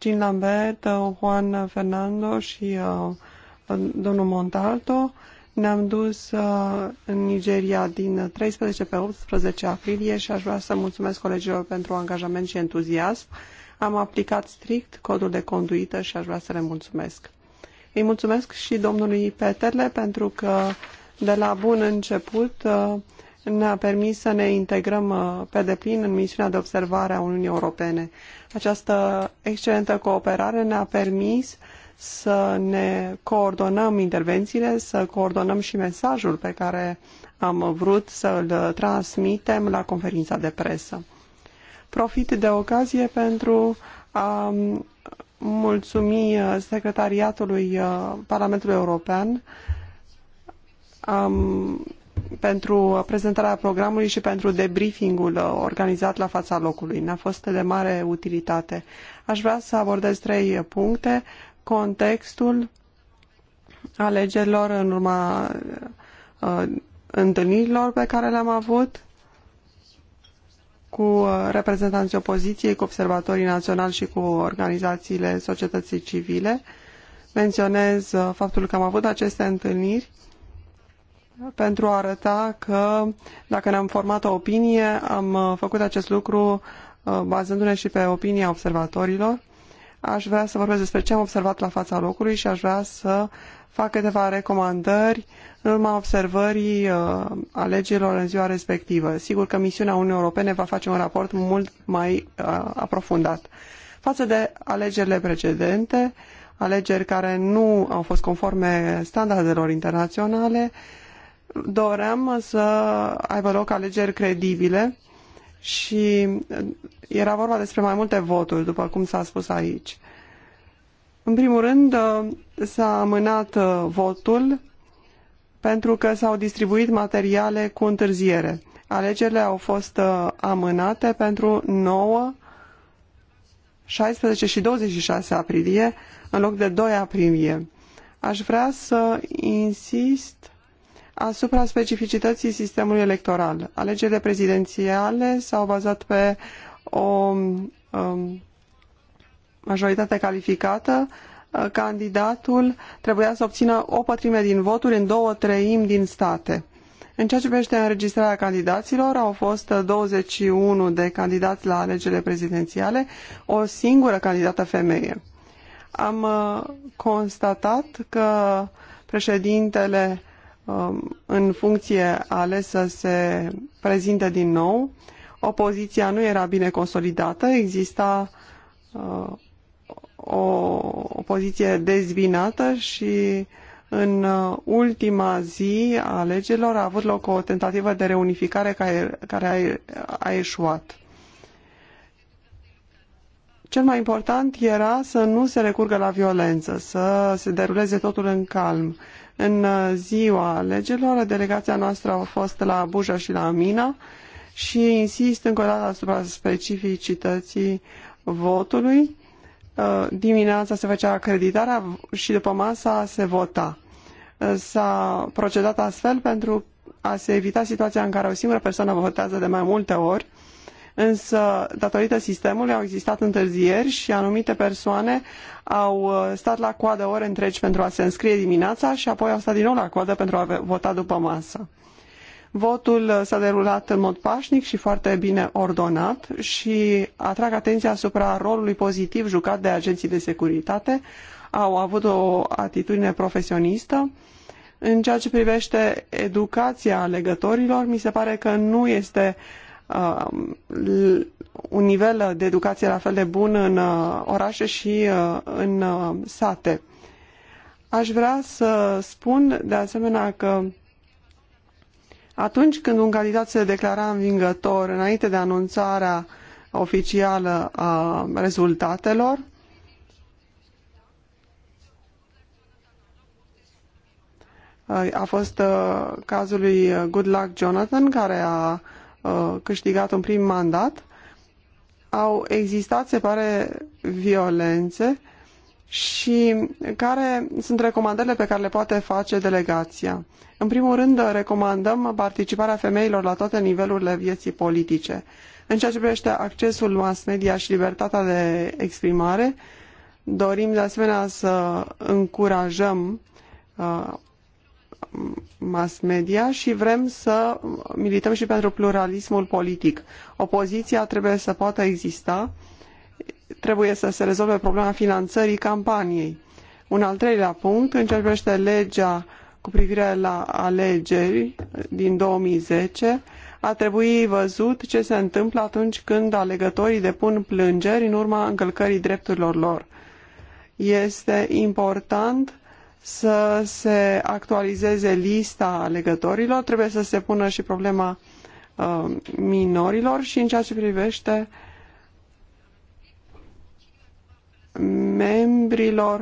Jean Lambert, uh, Juan Fernando și uh, domnul Montalto. Ne-am dus în Nigeria din 13 pe 18 aprilie și aș vrea să mulțumesc colegilor pentru angajament și entuziasm. Am aplicat strict codul de conduită și aș vrea să le mulțumesc. Îi mulțumesc și domnului Peterle pentru că de la bun început uh, ne-a permis să ne integrăm uh, pe deplin în misiunea de observare a Uniunii Europene. Această excelentă cooperare ne-a permis să ne coordonăm intervențiile, să coordonăm și mesajul pe care am vrut să-l transmitem la conferința de presă. Profit de ocazie pentru a mulțumi uh, secretariatului uh, Parlamentului European um, pentru prezentarea programului și pentru debriefingul uh, organizat la fața locului. Ne-a fost de mare utilitate. Aș vrea să abordez trei puncte. Contextul alegerilor în urma uh, întâlnirilor pe care le-am avut, cu uh, reprezentanții opoziției, cu observatorii naționali și cu organizațiile societății civile. Menționez uh, faptul că am avut aceste întâlniri pentru a arăta că dacă ne-am format o opinie, am uh, făcut acest lucru bazându-ne și pe opinia observatorilor. Aș vrea să vorbesc despre ce am observat la fața locului și aș vrea să fac câteva recomandări în urma observării uh, alegerilor în ziua respectivă. Sigur că misiunea Uniunii Europene va face un raport mult mai uh, aprofundat. Față de alegerile precedente, alegeri care nu au fost conforme standardelor internaționale, doream să aibă loc alegeri credibile și uh, era vorba despre mai multe voturi, după cum s-a spus aici. În primul rând, s-a amânat votul pentru că s-au distribuit materiale cu întârziere. Alegerile au fost uh, amânate pentru 9, 16 și 26 aprilie, în loc de 2 aprilie. Aș vrea să insist asupra specificității sistemului electoral. Alegerile prezidențiale s-au bazat pe o um, majoritate calificată Uh, candidatul trebuia să obțină o pătrime din voturi în două treimi din state. În ceea ce privește înregistrarea candidaților, au fost 21 de candidați la alegerile prezidențiale, o singură candidată femeie. Am uh, constatat că președintele um, în funcție ales să se prezinte din nou. Opoziția nu era bine consolidată, exista uh, o, o poziție dezbinată și în ultima zi a alegerilor a avut loc o tentativă de reunificare care, care a, a eșuat. Cel mai important era să nu se recurgă la violență, să se deruleze totul în calm. În ziua alegerilor, delegația noastră a fost la Buja și la Mina și insist încă o dată asupra specificității votului Uh, dimineața se făcea acreditarea și după masa se vota. Uh, s-a procedat astfel pentru a se evita situația în care o singură persoană votează de mai multe ori, însă datorită sistemului au existat întârzieri și anumite persoane au uh, stat la coadă ore întregi pentru a se înscrie dimineața și apoi au stat din nou la coadă pentru a vota după masă. Votul s-a derulat în mod pașnic și foarte bine ordonat și atrag atenția asupra rolului pozitiv jucat de agenții de securitate. Au avut o atitudine profesionistă. În ceea ce privește educația legătorilor, mi se pare că nu este uh, un nivel de educație la fel de bun în uh, orașe și uh, în uh, sate. Aș vrea să spun de asemenea că atunci când un candidat se declara învingător înainte de anunțarea oficială a rezultatelor, a fost uh, cazul lui Good Luck Jonathan, care a uh, câștigat un prim mandat. Au existat, se pare, violențe și care sunt recomandările pe care le poate face delegația. În primul rând, recomandăm participarea femeilor la toate nivelurile vieții politice. În ceea ce privește accesul mass media și libertatea de exprimare, dorim de asemenea să încurajăm uh, mass media și vrem să milităm și pentru pluralismul politic. Opoziția trebuie să poată exista uh, trebuie să se rezolve problema finanțării campaniei. Un al treilea punct, în ceea ce privește legea cu privire la alegeri din 2010, a trebui văzut ce se întâmplă atunci când alegătorii depun plângeri în urma încălcării drepturilor lor. Este important să se actualizeze lista alegătorilor, trebuie să se pună și problema uh, minorilor și în ceea ce privește uh, membrilor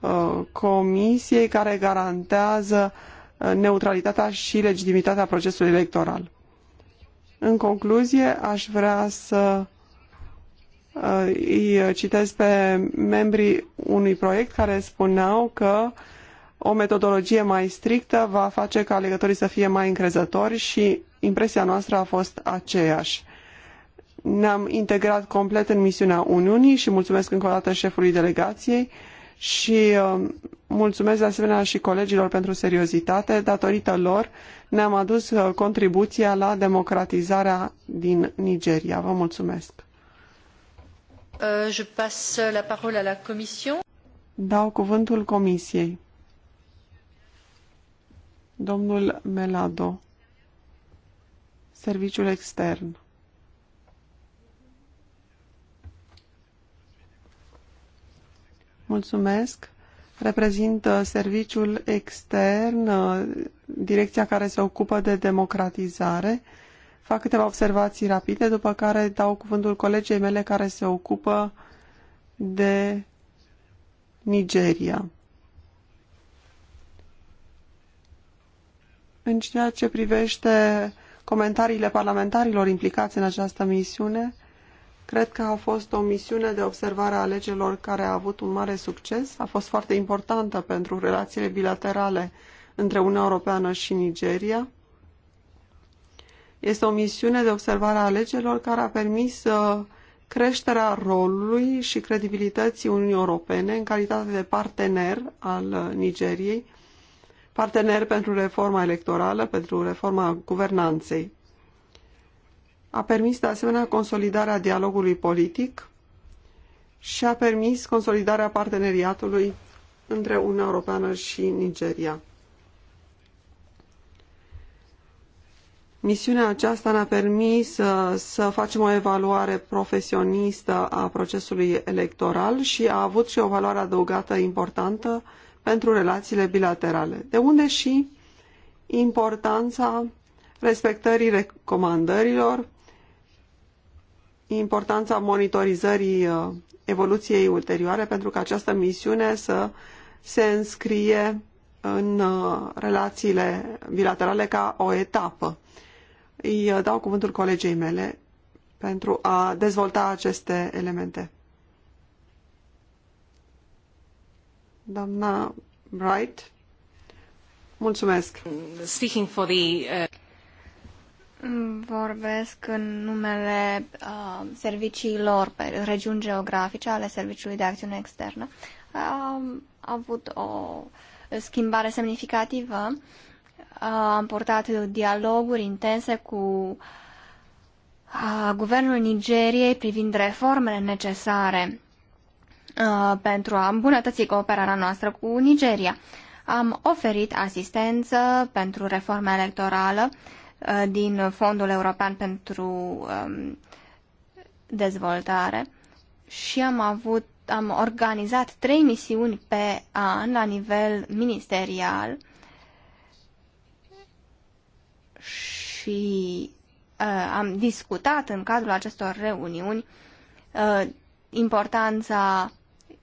uh, comisiei care garantează uh, neutralitatea și legitimitatea procesului electoral. În concluzie, aș vrea să uh, îi citesc pe membrii unui proiect care spuneau că o metodologie mai strictă va face ca alegătorii să fie mai încrezători și impresia noastră a fost aceeași. Ne-am integrat complet în misiunea Uniunii și mulțumesc încă o dată șefului delegației și uh, mulțumesc de asemenea și colegilor pentru seriozitate. Datorită lor ne-am adus uh, contribuția la democratizarea din Nigeria. Vă mulțumesc. Uh, je passe la parole à la commission. Dau cuvântul comisiei. Domnul Melado. Serviciul extern. Mulțumesc. Reprezint uh, serviciul extern, uh, direcția care se ocupă de democratizare. Fac câteva observații rapide, după care dau cuvântul colegei mele care se ocupă de Nigeria. În ceea ce privește comentariile parlamentarilor implicați în această misiune, Cred că a fost o misiune de observare a alegerilor care a avut un mare succes, a fost foarte importantă pentru relațiile bilaterale între Uniunea Europeană și Nigeria. Este o misiune de observare a alegerilor care a permis uh, creșterea rolului și credibilității Uniunii Europene în calitate de partener al uh, Nigeriei, partener pentru reforma electorală, pentru reforma guvernanței a permis de asemenea consolidarea dialogului politic și a permis consolidarea parteneriatului între Uniunea Europeană și Nigeria. Misiunea aceasta ne-a permis să, uh, să facem o evaluare profesionistă a procesului electoral și a avut și o valoare adăugată importantă pentru relațiile bilaterale, de unde și importanța respectării recomandărilor importanța monitorizării uh, evoluției ulterioare pentru că această misiune să se înscrie în uh, relațiile bilaterale ca o etapă. Îi uh, dau cuvântul colegei mele pentru a dezvolta aceste elemente. Doamna Bright, mulțumesc. Speaking for the, uh... Vorbesc în numele uh, serviciilor pe regiuni geografice ale Serviciului de Acțiune Externă. Am avut o schimbare semnificativă. Am portat dialoguri intense cu uh, guvernul Nigeriei privind reformele necesare uh, pentru a îmbunătăți cooperarea noastră cu Nigeria. Am oferit asistență pentru reforma electorală uh, Uh, din Fondul European pentru um, Dezvoltare și am avut am organizat trei misiuni pe an la nivel ministerial și uh, am discutat în cadrul acestor reuniuni uh, importanța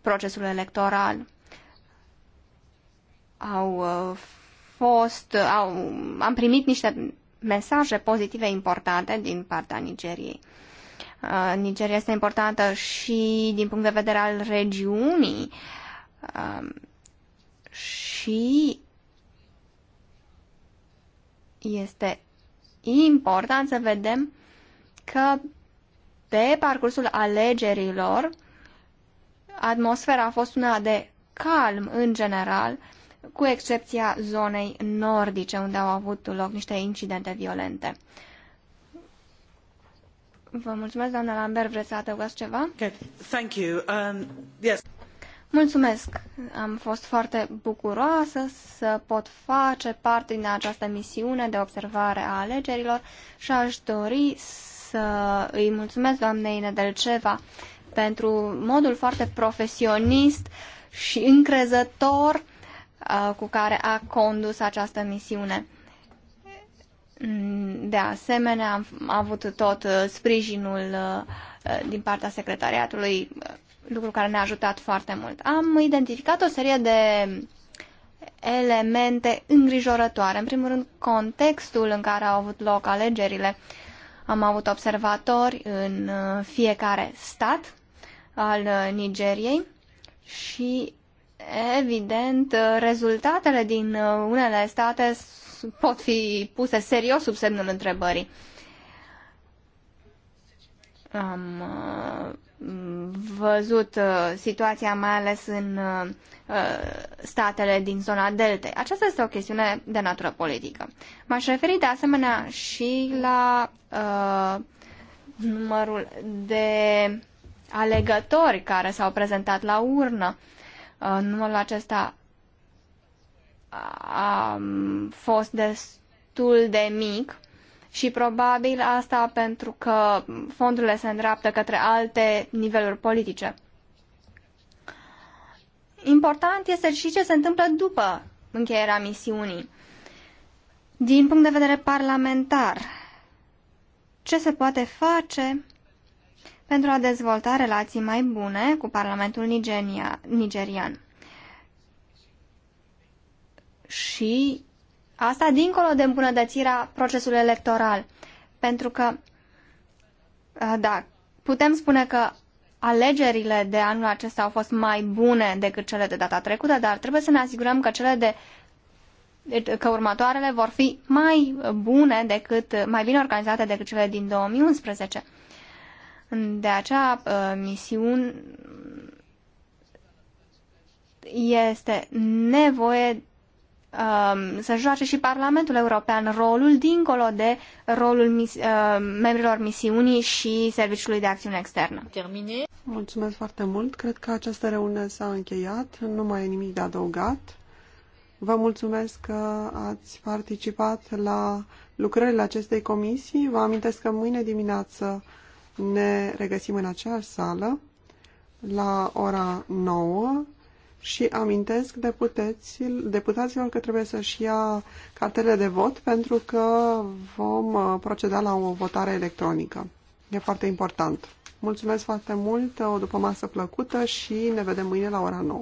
procesului electoral. Au uh, fost, au, am primit niște mesaje pozitive importante din partea Nigeriei. Uh, Nigeria este importantă și din punct de vedere al regiunii um, și este important să vedem că pe parcursul alegerilor atmosfera a fost una de calm în general cu excepția zonei nordice, unde au avut loc niște incidente violente. Vă mulțumesc, doamna Lambert. Vreți să adăugați ceva? Okay. Thank you. Um, yes. Mulțumesc. Am fost foarte bucuroasă să pot face parte din această misiune de observare a alegerilor și aș dori să îi mulțumesc doamnei Nedelceva pentru modul foarte profesionist și încrezător Uh, cu care a condus această misiune. Mm, de asemenea, am avut tot uh, sprijinul uh, din partea secretariatului, lucru care ne-a ajutat foarte mult. Am identificat o serie de elemente îngrijorătoare. În primul rând, contextul în care au avut loc alegerile. Am avut observatori în fiecare stat al Nigeriei și evident, rezultatele din uh, unele state pot fi puse serios sub semnul întrebării. Am uh, văzut uh, situația mai ales în statele din zona deltei. Aceasta este o chestiune de natură politică. M-aș referi de asemenea și la uh, numărul de alegători care s-au prezentat la urnă. Uh, numărul acesta a fost destul de mic și probabil asta pentru că fondurile se îndreaptă către alte niveluri politice. Important este și ce se întâmplă după încheierea misiunii. Din punct de vedere parlamentar, ce se poate face pentru a dezvolta relații mai bune cu Parlamentul Nigeria, nigerian. Și asta dincolo de îmbunătățirea procesului electoral. Pentru că, uh, da, putem spune că alegerile de anul acesta au fost mai bune decât cele de data trecută, dar trebuie să ne asigurăm că cele de deci, că următoarele vor fi mai bune decât, mai bine organizate decât cele din 2011. De acea uh, misiune este nevoie um, să joace și Parlamentul European rolul dincolo de rolul mis uh, membrilor misiunii și Serviciului de Acțiune Externă. Terminie. Mulțumesc foarte mult. Cred că această reuniune s-a încheiat. Nu mai e nimic de adăugat. Vă mulțumesc că ați participat la lucrările acestei comisii. Vă amintesc că mâine dimineață ne regăsim în aceeași sală la ora 9 și amintesc deputaților că trebuie să-și ia cartele de vot pentru că vom uh, proceda la o votare electronică. E foarte important. Mulțumesc foarte mult, o după masă plăcută și ne vedem mâine la ora 9.